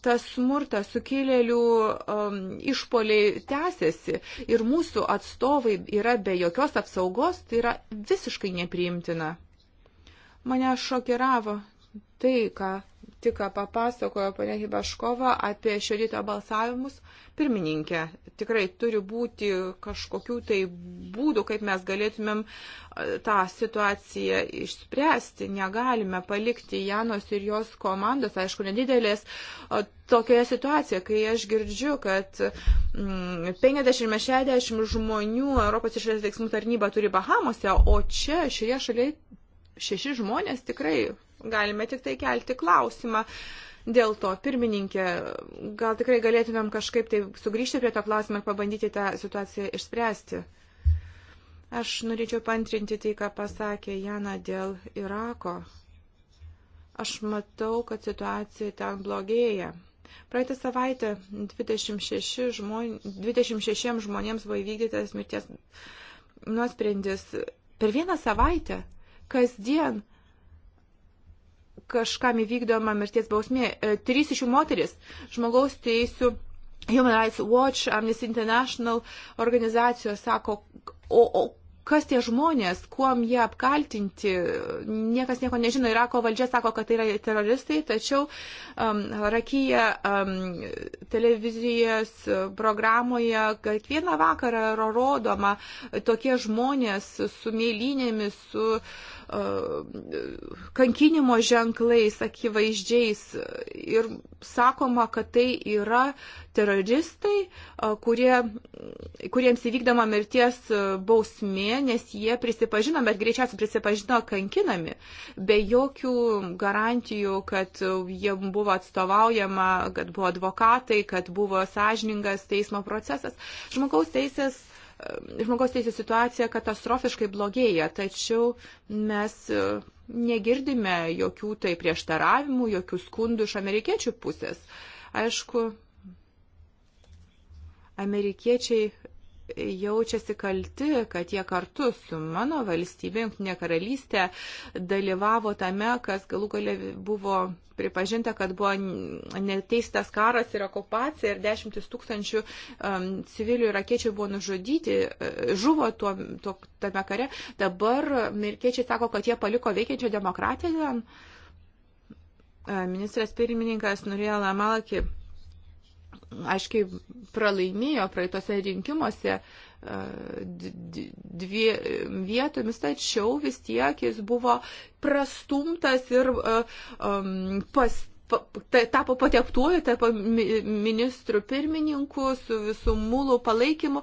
Tas smurtas, sukilėlių um, išpoliai tęsiasi ir mūsų atstovai yra be jokios apsaugos, tai yra visiškai nepriimtina. Mane šokiravo tai, ką tik ką papasakojo ponia Hibaškova apie šio ryto balsavimus. Pirmininkė, tikrai turi būti kažkokių tai būdų, kaip mes galėtumėm e, tą situaciją išspręsti. Negalime palikti Janos ir jos komandos, aišku, nedidelės, e, tokioje situacijoje, kai aš girdžiu, kad 50-60 mm, žmonių Europos išorės veiksmų tarnyba turi Bahamose, o čia šioje šalyje šeši žmonės tikrai galime tik tai kelti klausimą. Dėl to, pirmininkė, gal tikrai galėtumėm kažkaip tai sugrįžti prie to klausimą ir pabandyti tą situaciją išspręsti. Aš norėčiau pantrinti tai, ką pasakė Jana dėl Irako. Aš matau, kad situacija ten blogėja. Praeitą savaitę 26, žmon, 26 žmonėms buvo įvykdytas mirties nuosprendis per vieną savaitę, kasdien kažkam įvykdoma mirties bausmė. E, trys iš jų moteris - žmogaus teisų. Human Rights Watch, Amnesty International organizacijos sako, o, o kas tie žmonės, kuom jie apkaltinti, niekas nieko nežino. Irako valdžia sako, kad tai yra teroristai, tačiau um, Rakija um, televizijos programoje kiekvieną vakarą yra rodoma tokie žmonės su mėlynėmis, su uh, kankinimo ženklais akivaizdžiais ir sakoma, kad tai yra teroristai, kurie, kuriems įvykdama mirties bausmė, nes jie prisipažino, bet greičiausiai prisipažino kankinami, be jokių garantijų, kad jiem buvo atstovaujama, kad buvo advokatai, kad buvo sąžiningas teismo procesas. Žmogaus teisės žmogaus teisų situacija katastrofiškai blogėja, tačiau mes e, negirdime jokių tai prieštaravimų, jokių skundų iš amerikiečių pusės. Aišku, amerikiečiai jaučiasi kalti, kad jie kartu su mano valstybė, Junktinė karalystė, dalyvavo tame, kas galų gale buvo pripažinta, kad buvo neteistas karas ir okupacija ir dešimtis tūkstančių um, civilių irakiečių buvo nužudyti, uh, žuvo tuo, tuo, tame kare. Dabar amerikiečiai sako, kad jie paliko veikiančią demokratiją. Uh, ministras pirmininkas Nurija Lamalaki aiškiai pralaimėjo praeitose rinkimuose e, dvie, vietomis, tačiau vis tiek jis buvo prastumtas ir um, pas, tapo pateptuoju, tapo ministru pirmininku su visų mūlų palaikymu.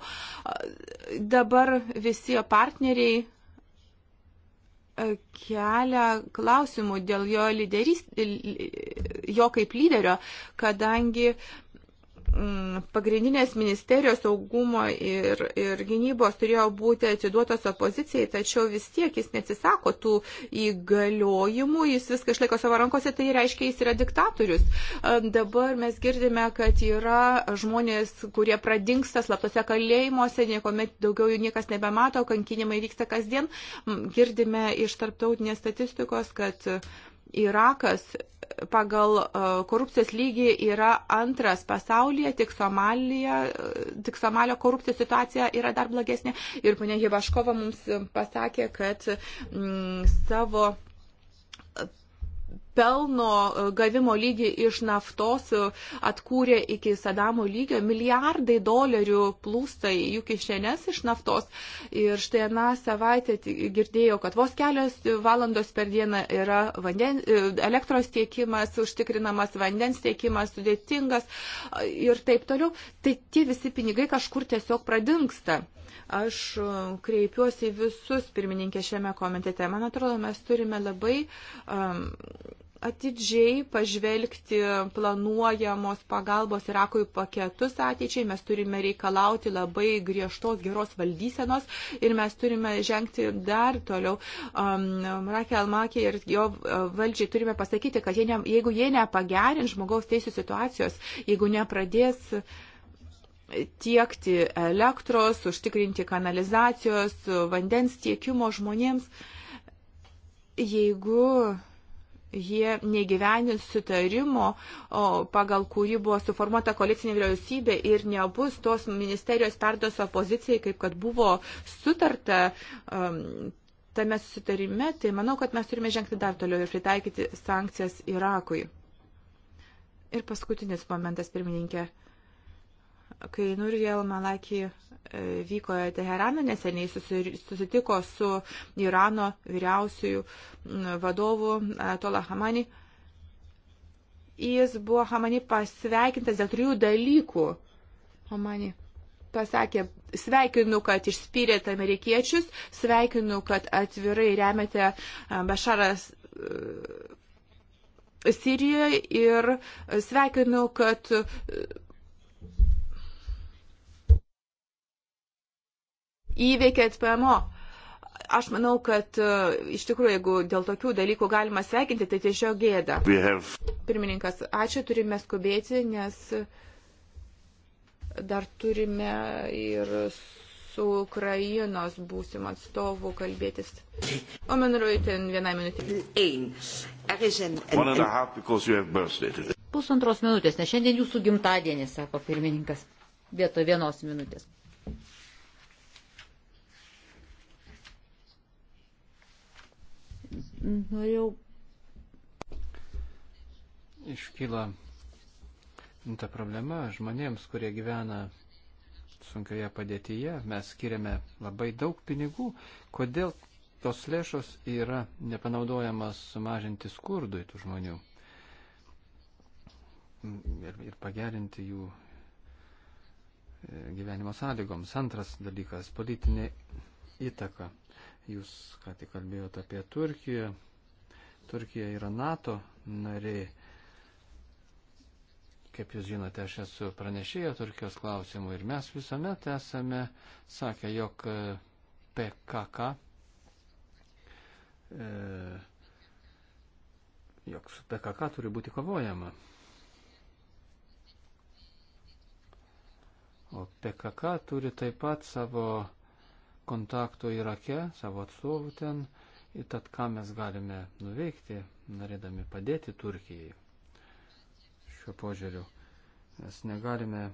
Dabar visi partneriai e, kelia klausimų dėl jo lyderys, jo kaip lyderio, kadangi uh, Mm, pagrindinės ministerijos saugumo ir, ir gynybos turėjo būti atiduotos opozicijai, tačiau vis tiek jis neatsisako tų įgaliojimų, jis viską išlaiko savo rankose, tai reiškia, jis yra diktatorius. Dabar mes girdime, kad yra žmonės, kurie pradingsta slaptose kalėjimuose, niekuomet daugiau jų niekas nebemato, kankinimai vyksta kasdien. Girdime iš tarptautinės statistikos, kad uh, Irakas pagal e, korupcijos lygį yra antras pasaulyje, tik, Somalija, e, tik Somalio korupcijos situacija yra dar blogesnė. Ir ponia Jevaškova mums pasakė, kad m, mm, savo pelno e, gavimo lygį iš naftos e, atkūrė iki Sadamo lygio. Milijardai dolerių plūsta į jų kišenes iš naftos. Ir štai aną savaitę girdėjau, kad vos kelios valandos per dieną yra vanden, e, elektros tiekimas, užtikrinamas vandens tiekimas, sudėtingas ir taip toliau. Tai tie visi pinigai kažkur tiesiog pradingsta aš kreipiuosi visus pirmininkė šiame komitete. Man atrodo, mes turime labai um, atidžiai pažvelgti planuojamos pagalbos Irakui paketus ateičiai. Mes turime reikalauti labai griežtos geros valdysenos ir mes turime žengti dar toliau. Um, Rakė Almakė ir jo valdžiai turime pasakyti, kad jie ne, jeigu jie nepagerins žmogaus teisų situacijos, jeigu nepradės tiekti elektros, užtikrinti kanalizacijos, vandens tiekimo žmonėms, jeigu jie negyvenins sutarimo, pagal kurį buvo suformuota koalicinė vyriausybė ir nebus tos ministerijos perdos opozicijai, kaip kad buvo sutarta um, tame susitarime, tai manau, kad mes turime žengti dar toliau ir pritaikyti sankcijas Irakui. Ir paskutinis momentas, pirmininkė, kai Nurjel Malaki E, vyko Teheraną neseniai, susitiko su Irano vyriausiųjų vadovu Tola Hamani. Jis buvo Hamani pasveikintas dėl trijų dalykų. Hamani pasakė, sveikinu, kad išspyrėt amerikiečius, sveikinu, kad atvirai remiate e, Bašaras e, Sirijoje ir sveikinu, kad įveikėt PMO. Aš manau, kad e, iš tikrųjų, jeigu dėl tokių dalykų galima sveikinti, tai tiesiog gėda. Have... Pirmininkas, ačiū, turime skubėti, nes dar turime ir su Ukrainos būsim atstovų kalbėtis. O man ten vieną minutę. Pusantros minutės, nes šiandien jūsų gimtadienis, sako pirmininkas, vietoj vienos minutės. norėjau. Iškyla ta problema žmonėms, kurie gyvena sunkioje padėtyje, mes skiriame labai daug pinigų. Kodėl tos lėšos yra nepanaudojamas sumažinti skurdui tų žmonių ir, ir pagerinti jų e, gyvenimo sąlygoms? Antras dalykas - politinė įtaka. Jūs ką tik kalbėjote apie Turkiją. Turkija yra NATO nariai. Kaip jūs žinote, aš esu pranešėjo Turkijos klausimų ir mes visuomet esame sakę, jog e, PKK, e, jog su PKK turi būti kovojama. O PKK turi taip pat savo kontakto Irake, savo atstovų ten, ir tad ką mes galime nuveikti, norėdami padėti Turkijai šiuo požiūriu. Mes negalime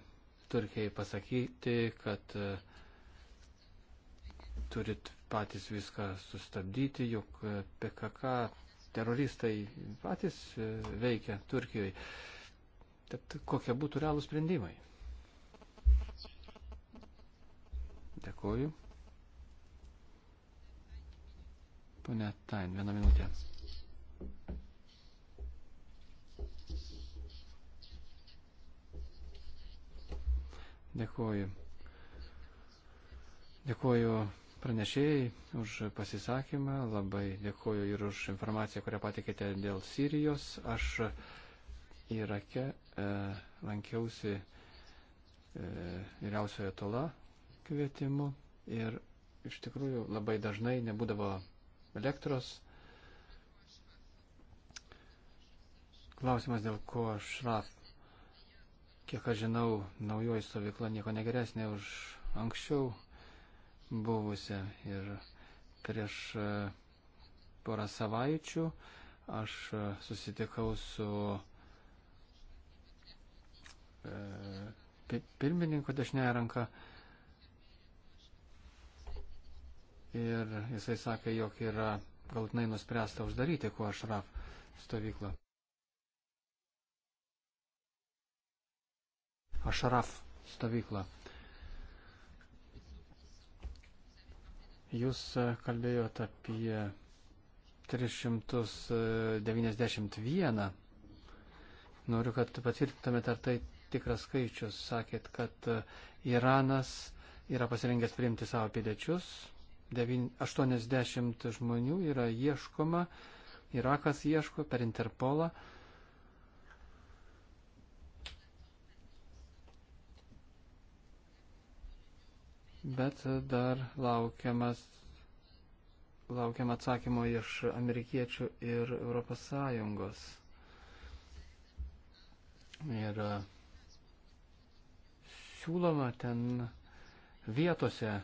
Turkijai pasakyti, kad e, turit patys viską sustabdyti, juk e, PKK teroristai patys e, veikia Turkijoje. Tad kokie būtų realūs sprendimai? Dėkuoju. Pone Tain, vieną minutę. Dėkuoju. Dėkuoju pranešėjai už pasisakymą, labai dėkuoju ir už informaciją, kurią patikėte dėl Sirijos. Aš Irake e, lankiausi e, vyriausiojo tola kvietimu ir iš tikrųjų labai dažnai nebūdavo elektros. Klausimas, dėl ko aš raf. Kiek aš žinau, naujoji stovykla nieko negeresnė už anksčiau buvusią. Ir prieš e, porą savaičių aš e, susitikau su e, pirmininko dešinėje ranka ir jisai sakė, jog yra galtinai nuspręsta uždaryti kuo ašraf stovyklą. Ašraf stovyklą. Jūs e, kalbėjote apie 391. E, Noriu, kad patvirtintumėte, ar tai tikras skaičius. Sakėt, kad e, Iranas yra pasirengęs priimti savo pėdečius, 80 žmonių yra ieškoma, Irakas ieško per Interpolą. Bet dar laukiamas, laukiam atsakymo iš amerikiečių ir Europos Sąjungos. Ir e, siūloma ten vietose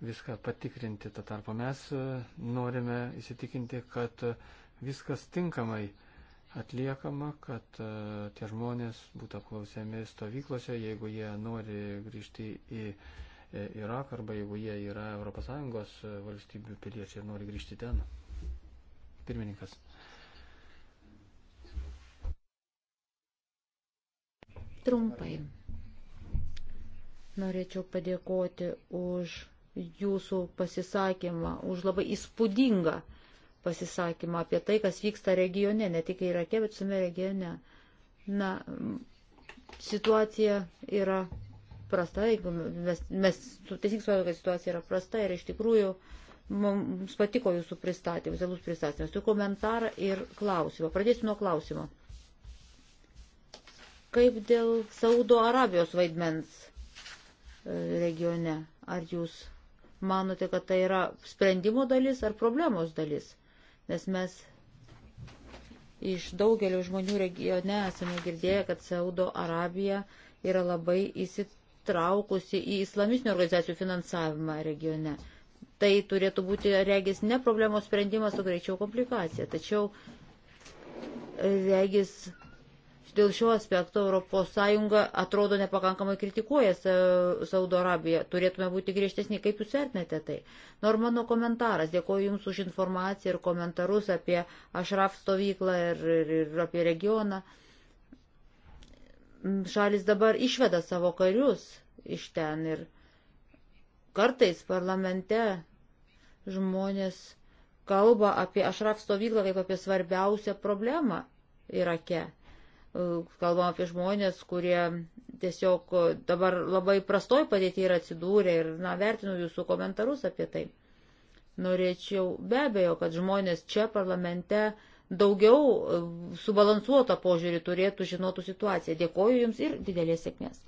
viską patikrinti. Tuo tarpu mes e, norime įsitikinti, kad e, viskas tinkamai atliekama, kad e, tie žmonės būtų apklausiami stovyklose, jeigu jie nori grįžti į Iraką arba jeigu jie yra ES valstybių piliečiai ir nori grįžti ten. Pirmininkas. Trumpai. Norėčiau padėkoti už jūsų pasisakymą, už labai įspūdingą pasisakymą apie tai, kas vyksta regione, ne tik Irake, bet visame regione. Na, situacija yra prasta, mes, mes tiesiog suprantame, kad situacija yra prasta ir iš tikrųjų mums patiko jūsų pristatymas, jūsų pristatymas, jų komentarą ir klausimą. Pradėsiu nuo klausimo. Kaip dėl Saudo Arabijos vaidmens e, regione? Ar jūs Manote, kad tai yra sprendimo dalis ar problemos dalis? Nes mes iš daugelio žmonių regione esame girdėję, kad Saudo Arabija yra labai įsitraukusi į islamistinių organizacijų finansavimą regione. Tai turėtų būti, regis, ne problemos sprendimas, o greičiau komplikacija. Tačiau, regis, dėl šio aspekto ES atrodo nepakankamai kritikuoja Saudo Arabiją. Turėtume būti griežtesni, kaip jūs vertinate tai. Nors mano komentaras, dėkoju Jums už informaciją ir komentarus apie Ašraf stovyklą ir, ir, ir apie regioną. Mm, šalis dabar išveda savo karius iš ten ir kartais parlamente žmonės kalba apie Ašraf stovyklą kaip apie svarbiausią problemą Irake. E, kalbam apie žmonės, kurie tiesiog e, dabar labai prastoj padėti yra atsidūrę ir, na, vertinu jūsų komentarus apie tai. Norėčiau be abejo, kad žmonės čia parlamente daugiau e, subalansuotą požiūrį turėtų žinotų situaciją. Dėkoju Jums ir didelės sėkmės.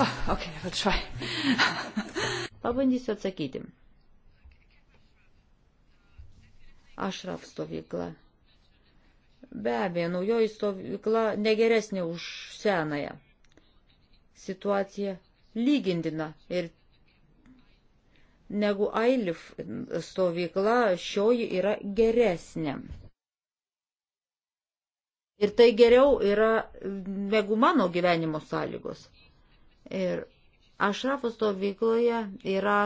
Oh, okay, Pabandysiu atsakyti. Ašraf stovykla. Be abejo, naujoji stovykla negeresnė už senąją. Situacija lygintina ir negu Ailif stovykla šioji yra geresnė. Ir tai geriau yra negu mano gyvenimo sąlygos. Ir Ašrafo stovykloje yra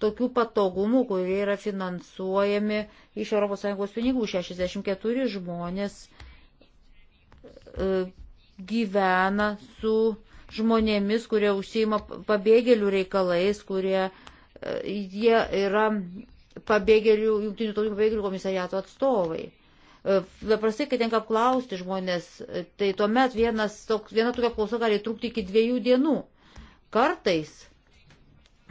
tokių patogumų, kurie yra finansuojami iš ES pinigų. 64 žmonės e, gyvena su žmonėmis, kurie užsima pabėgėlių reikalais, kurie e, jie yra pabėgėlių, jungtinių tautų pabėgėlių komisariato atstovai. E, paprastai, kai tenka apklausti žmonės, tai tuomet vienas, viena tokia apklausa gali trukti iki dviejų dienų. Kartais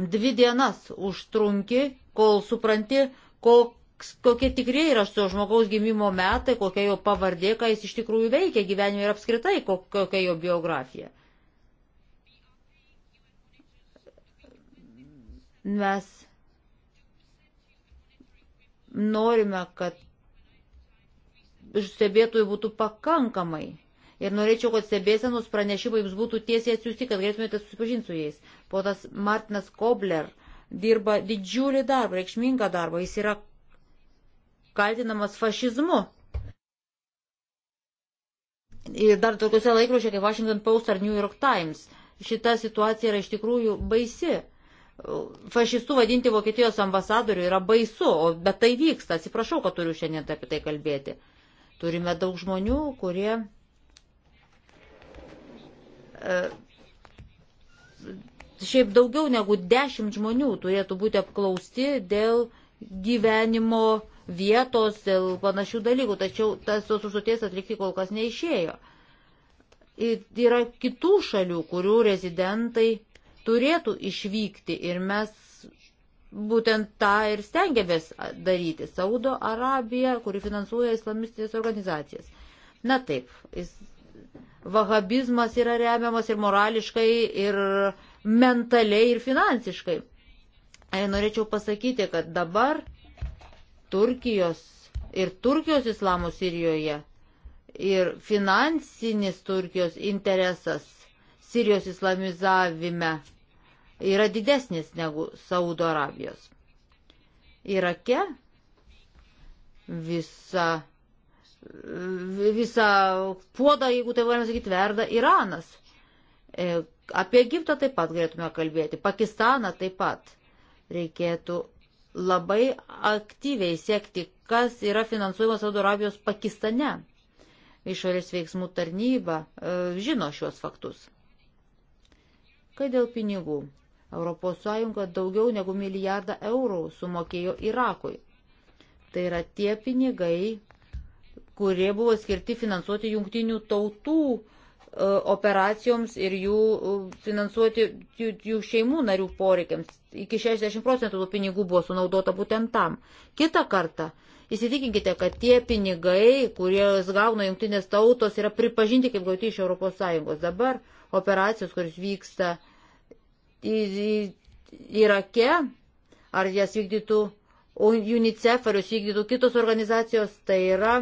dvi dienas užtrunki, kol supranti, koks, kokie tikrai yra su žmogaus gimimo metai, kokia jo pavardė, ką jis iš tikrųjų veikia gyvenime ir apskritai kokia jo biografija. Mes norime, kad stebėtojų būtų pakankamai Ir norėčiau, kad stebėsenos pranešimai jums būtų tiesiai atsiųsti, kad galėtumėte susipažinti su jais. Potas Martinas Kobler dirba didžiulį darbą, reikšmingą darbą. Jis yra kaltinamas fašizmu. Ir dar tokiuose laikraščiuose kaip Washington Post ar New York Times. Šita situacija yra iš tikrųjų baisi. Fašistų vadinti Vokietijos ambasadorių yra baisu, bet tai vyksta. Atsiprašau, kad turiu šiandien apie tai kalbėti. Turime daug žmonių, kurie E, šiaip daugiau negu dešimt žmonių turėtų būti apklausti dėl gyvenimo vietos, dėl panašių dalykų, tačiau tas tos užduoties atlikti kol kas neišėjo. Ir yra kitų šalių, kurių rezidentai turėtų išvykti ir mes būtent tą ir stengiamės daryti. Saudo Arabija, kuri finansuoja islamistinės organizacijas. Na taip, vahabizmas yra remiamas ir morališkai, ir mentaliai, ir finansiškai. Norėčiau pasakyti, kad dabar Turkijos ir Turkijos islamo Sirijoje ir finansinis Turkijos interesas Sirijos islamizavime yra didesnis negu Saudo Arabijos. Irake visa visą puodą, jeigu tai galima sakyti, verda Iranas. E, apie Egiptą taip pat galėtume kalbėti, Pakistaną taip pat. Reikėtų labai aktyviai siekti, kas yra finansuojamas Saudo Arabijos Pakistane. Išorės veiksmų tarnyba e, žino šiuos faktus. Kai dėl pinigų, ES daugiau negu milijardą eurų sumokėjo Irakui. Tai yra tie pinigai, kurie buvo skirti finansuoti jungtinių tautų e, operacijoms ir jų e, finansuoti jų, jų šeimų narių poreikiams. Iki 60 procentų tų pinigų buvo sunaudota būtent tam. Kita kartą įsitikinkite, kad tie pinigai, kuriuos gauna jungtinės tautos, yra pripažinti kaip gauti iš ES. Dabar operacijos, kuris vyksta į, į, Irake, ar jas vykdytų UNICEF, ar jos vykdytų kitos organizacijos, tai yra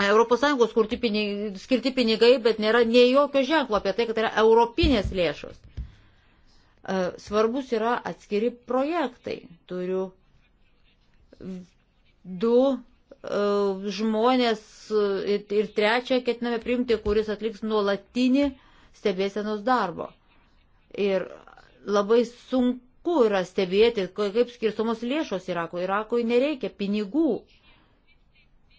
ES kurti pinigai, skirti pinigai, bet nėra nei jokio ženklo apie tai, kad tai yra europinės lėšos. E, svarbus yra atskiri projektai. Turiu du e, žmonės e, ir trečią ketiname priimti, kuris atliks nuolatinį stebėsenos darbo. Ir labai sunku yra stebėti, kaip skirstomos lėšos Irako. Irakui nereikia pinigų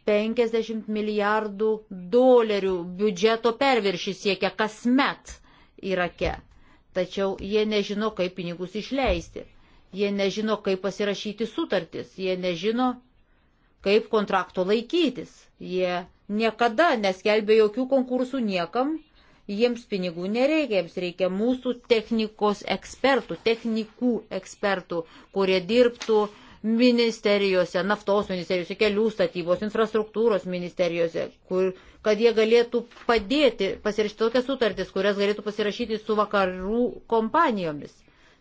50 milijardų dolerių biudžeto perviršys siekia kasmet Irake. Tačiau jie nežino, kaip pinigus išleisti. Jie nežino, kaip pasirašyti sutartis. Jie nežino, kaip kontrakto laikytis. Jie niekada neskelbė jokių konkursų niekam. Jiems pinigų nereikia, jiems reikia mūsų technikos ekspertų, technikų ekspertų, kurie dirbtų uh, ministerijose, naftos ministerijose, kelių statybos, infrastruktūros ministerijose, kur, kad jie galėtų padėti pasirašyti tokias sutartis, kurias galėtų pasirašyti su vakarų kompanijomis.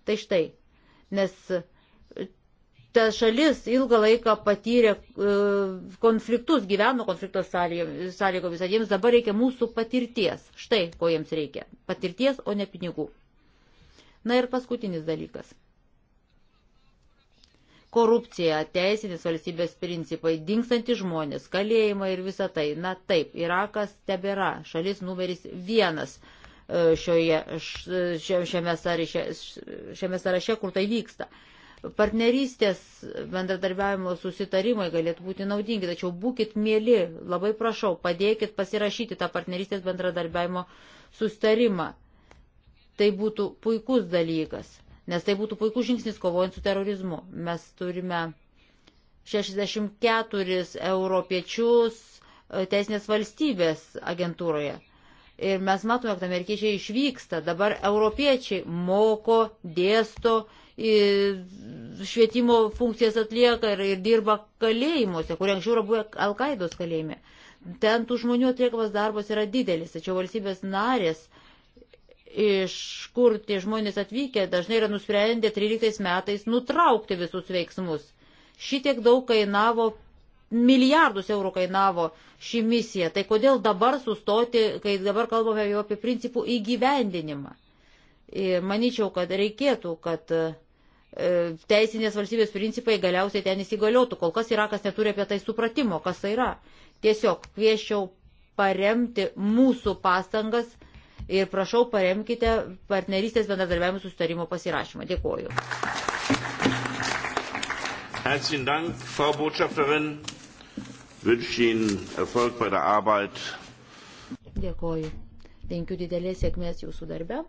Tai štai, nes e, ta šalis ilgą laiką patyrė e, konfliktus, gyveno konflikto sąlygomis, jiems dabar reikia mūsų patirties. Štai, ko jiems reikia. Patirties, o ne pinigų. Na ir paskutinis dalykas korupcija, teisinis valstybės principai, dinkstantys žmonės, kalėjimai ir visa tai. Na taip, Irakas tebėra šalis numeris vienas e, šioje, šiame, sąraše, šiame sąraše, kur tai vyksta. Partnerystės bendradarbiavimo susitarimai galėtų būti naudingi, tačiau būkite mėly, labai prašau, padėkit pasirašyti tą partnerystės bendradarbiavimo susitarimą. Tai būtų puikus dalykas nes tai būtų puikus žingsnis kovojant su terorizmu. Mes turime 64 europiečius e, teisinės valstybės agentūroje. Ir mes matome, kad amerikiečiai išvyksta. Dabar europiečiai moko, dėsto, švietimo funkcijas atlieka ir, ir dirba kalėjimuose, kurie anksčiau yra buvę Alkaidos kalėjime. Ten tų žmonių atliekamas darbas yra didelis, tačiau valstybės narės uh, iš kur tie žmonės atvykę dažnai yra nusprendę 13 metais nutraukti visus veiksmus. Šitiek daug kainavo, milijardus eurų kainavo ši misija. Tai kodėl dabar sustoti, kai dabar kalbame jau apie principų įgyvendinimą? Ir e, manyčiau, kad reikėtų, kad e, teisinės valstybės principai galiausiai ten įsigaliotų. Kol kas Irakas neturi apie tai supratimo, kas tai yra. Tiesiog kvieščiau paremti mūsų pastangas ir prašau paremkite partnerystės bendradarbiavimo sustarimo pasirašymą. Dėkuoju. Herzlichen Dank, Frau Botschafterin. Wünsche Ihnen Erfolg bei der Arbeit. Dėkuoju. Linkiu didelės sėkmės jūsų darbe.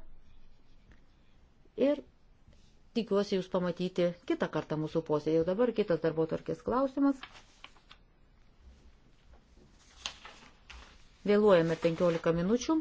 Ir tikiuosi jūs pamatyti kitą kartą mūsų posėdį. Dabar kitas darbo tvarkės klausimas. Vėluojame 15 minučių.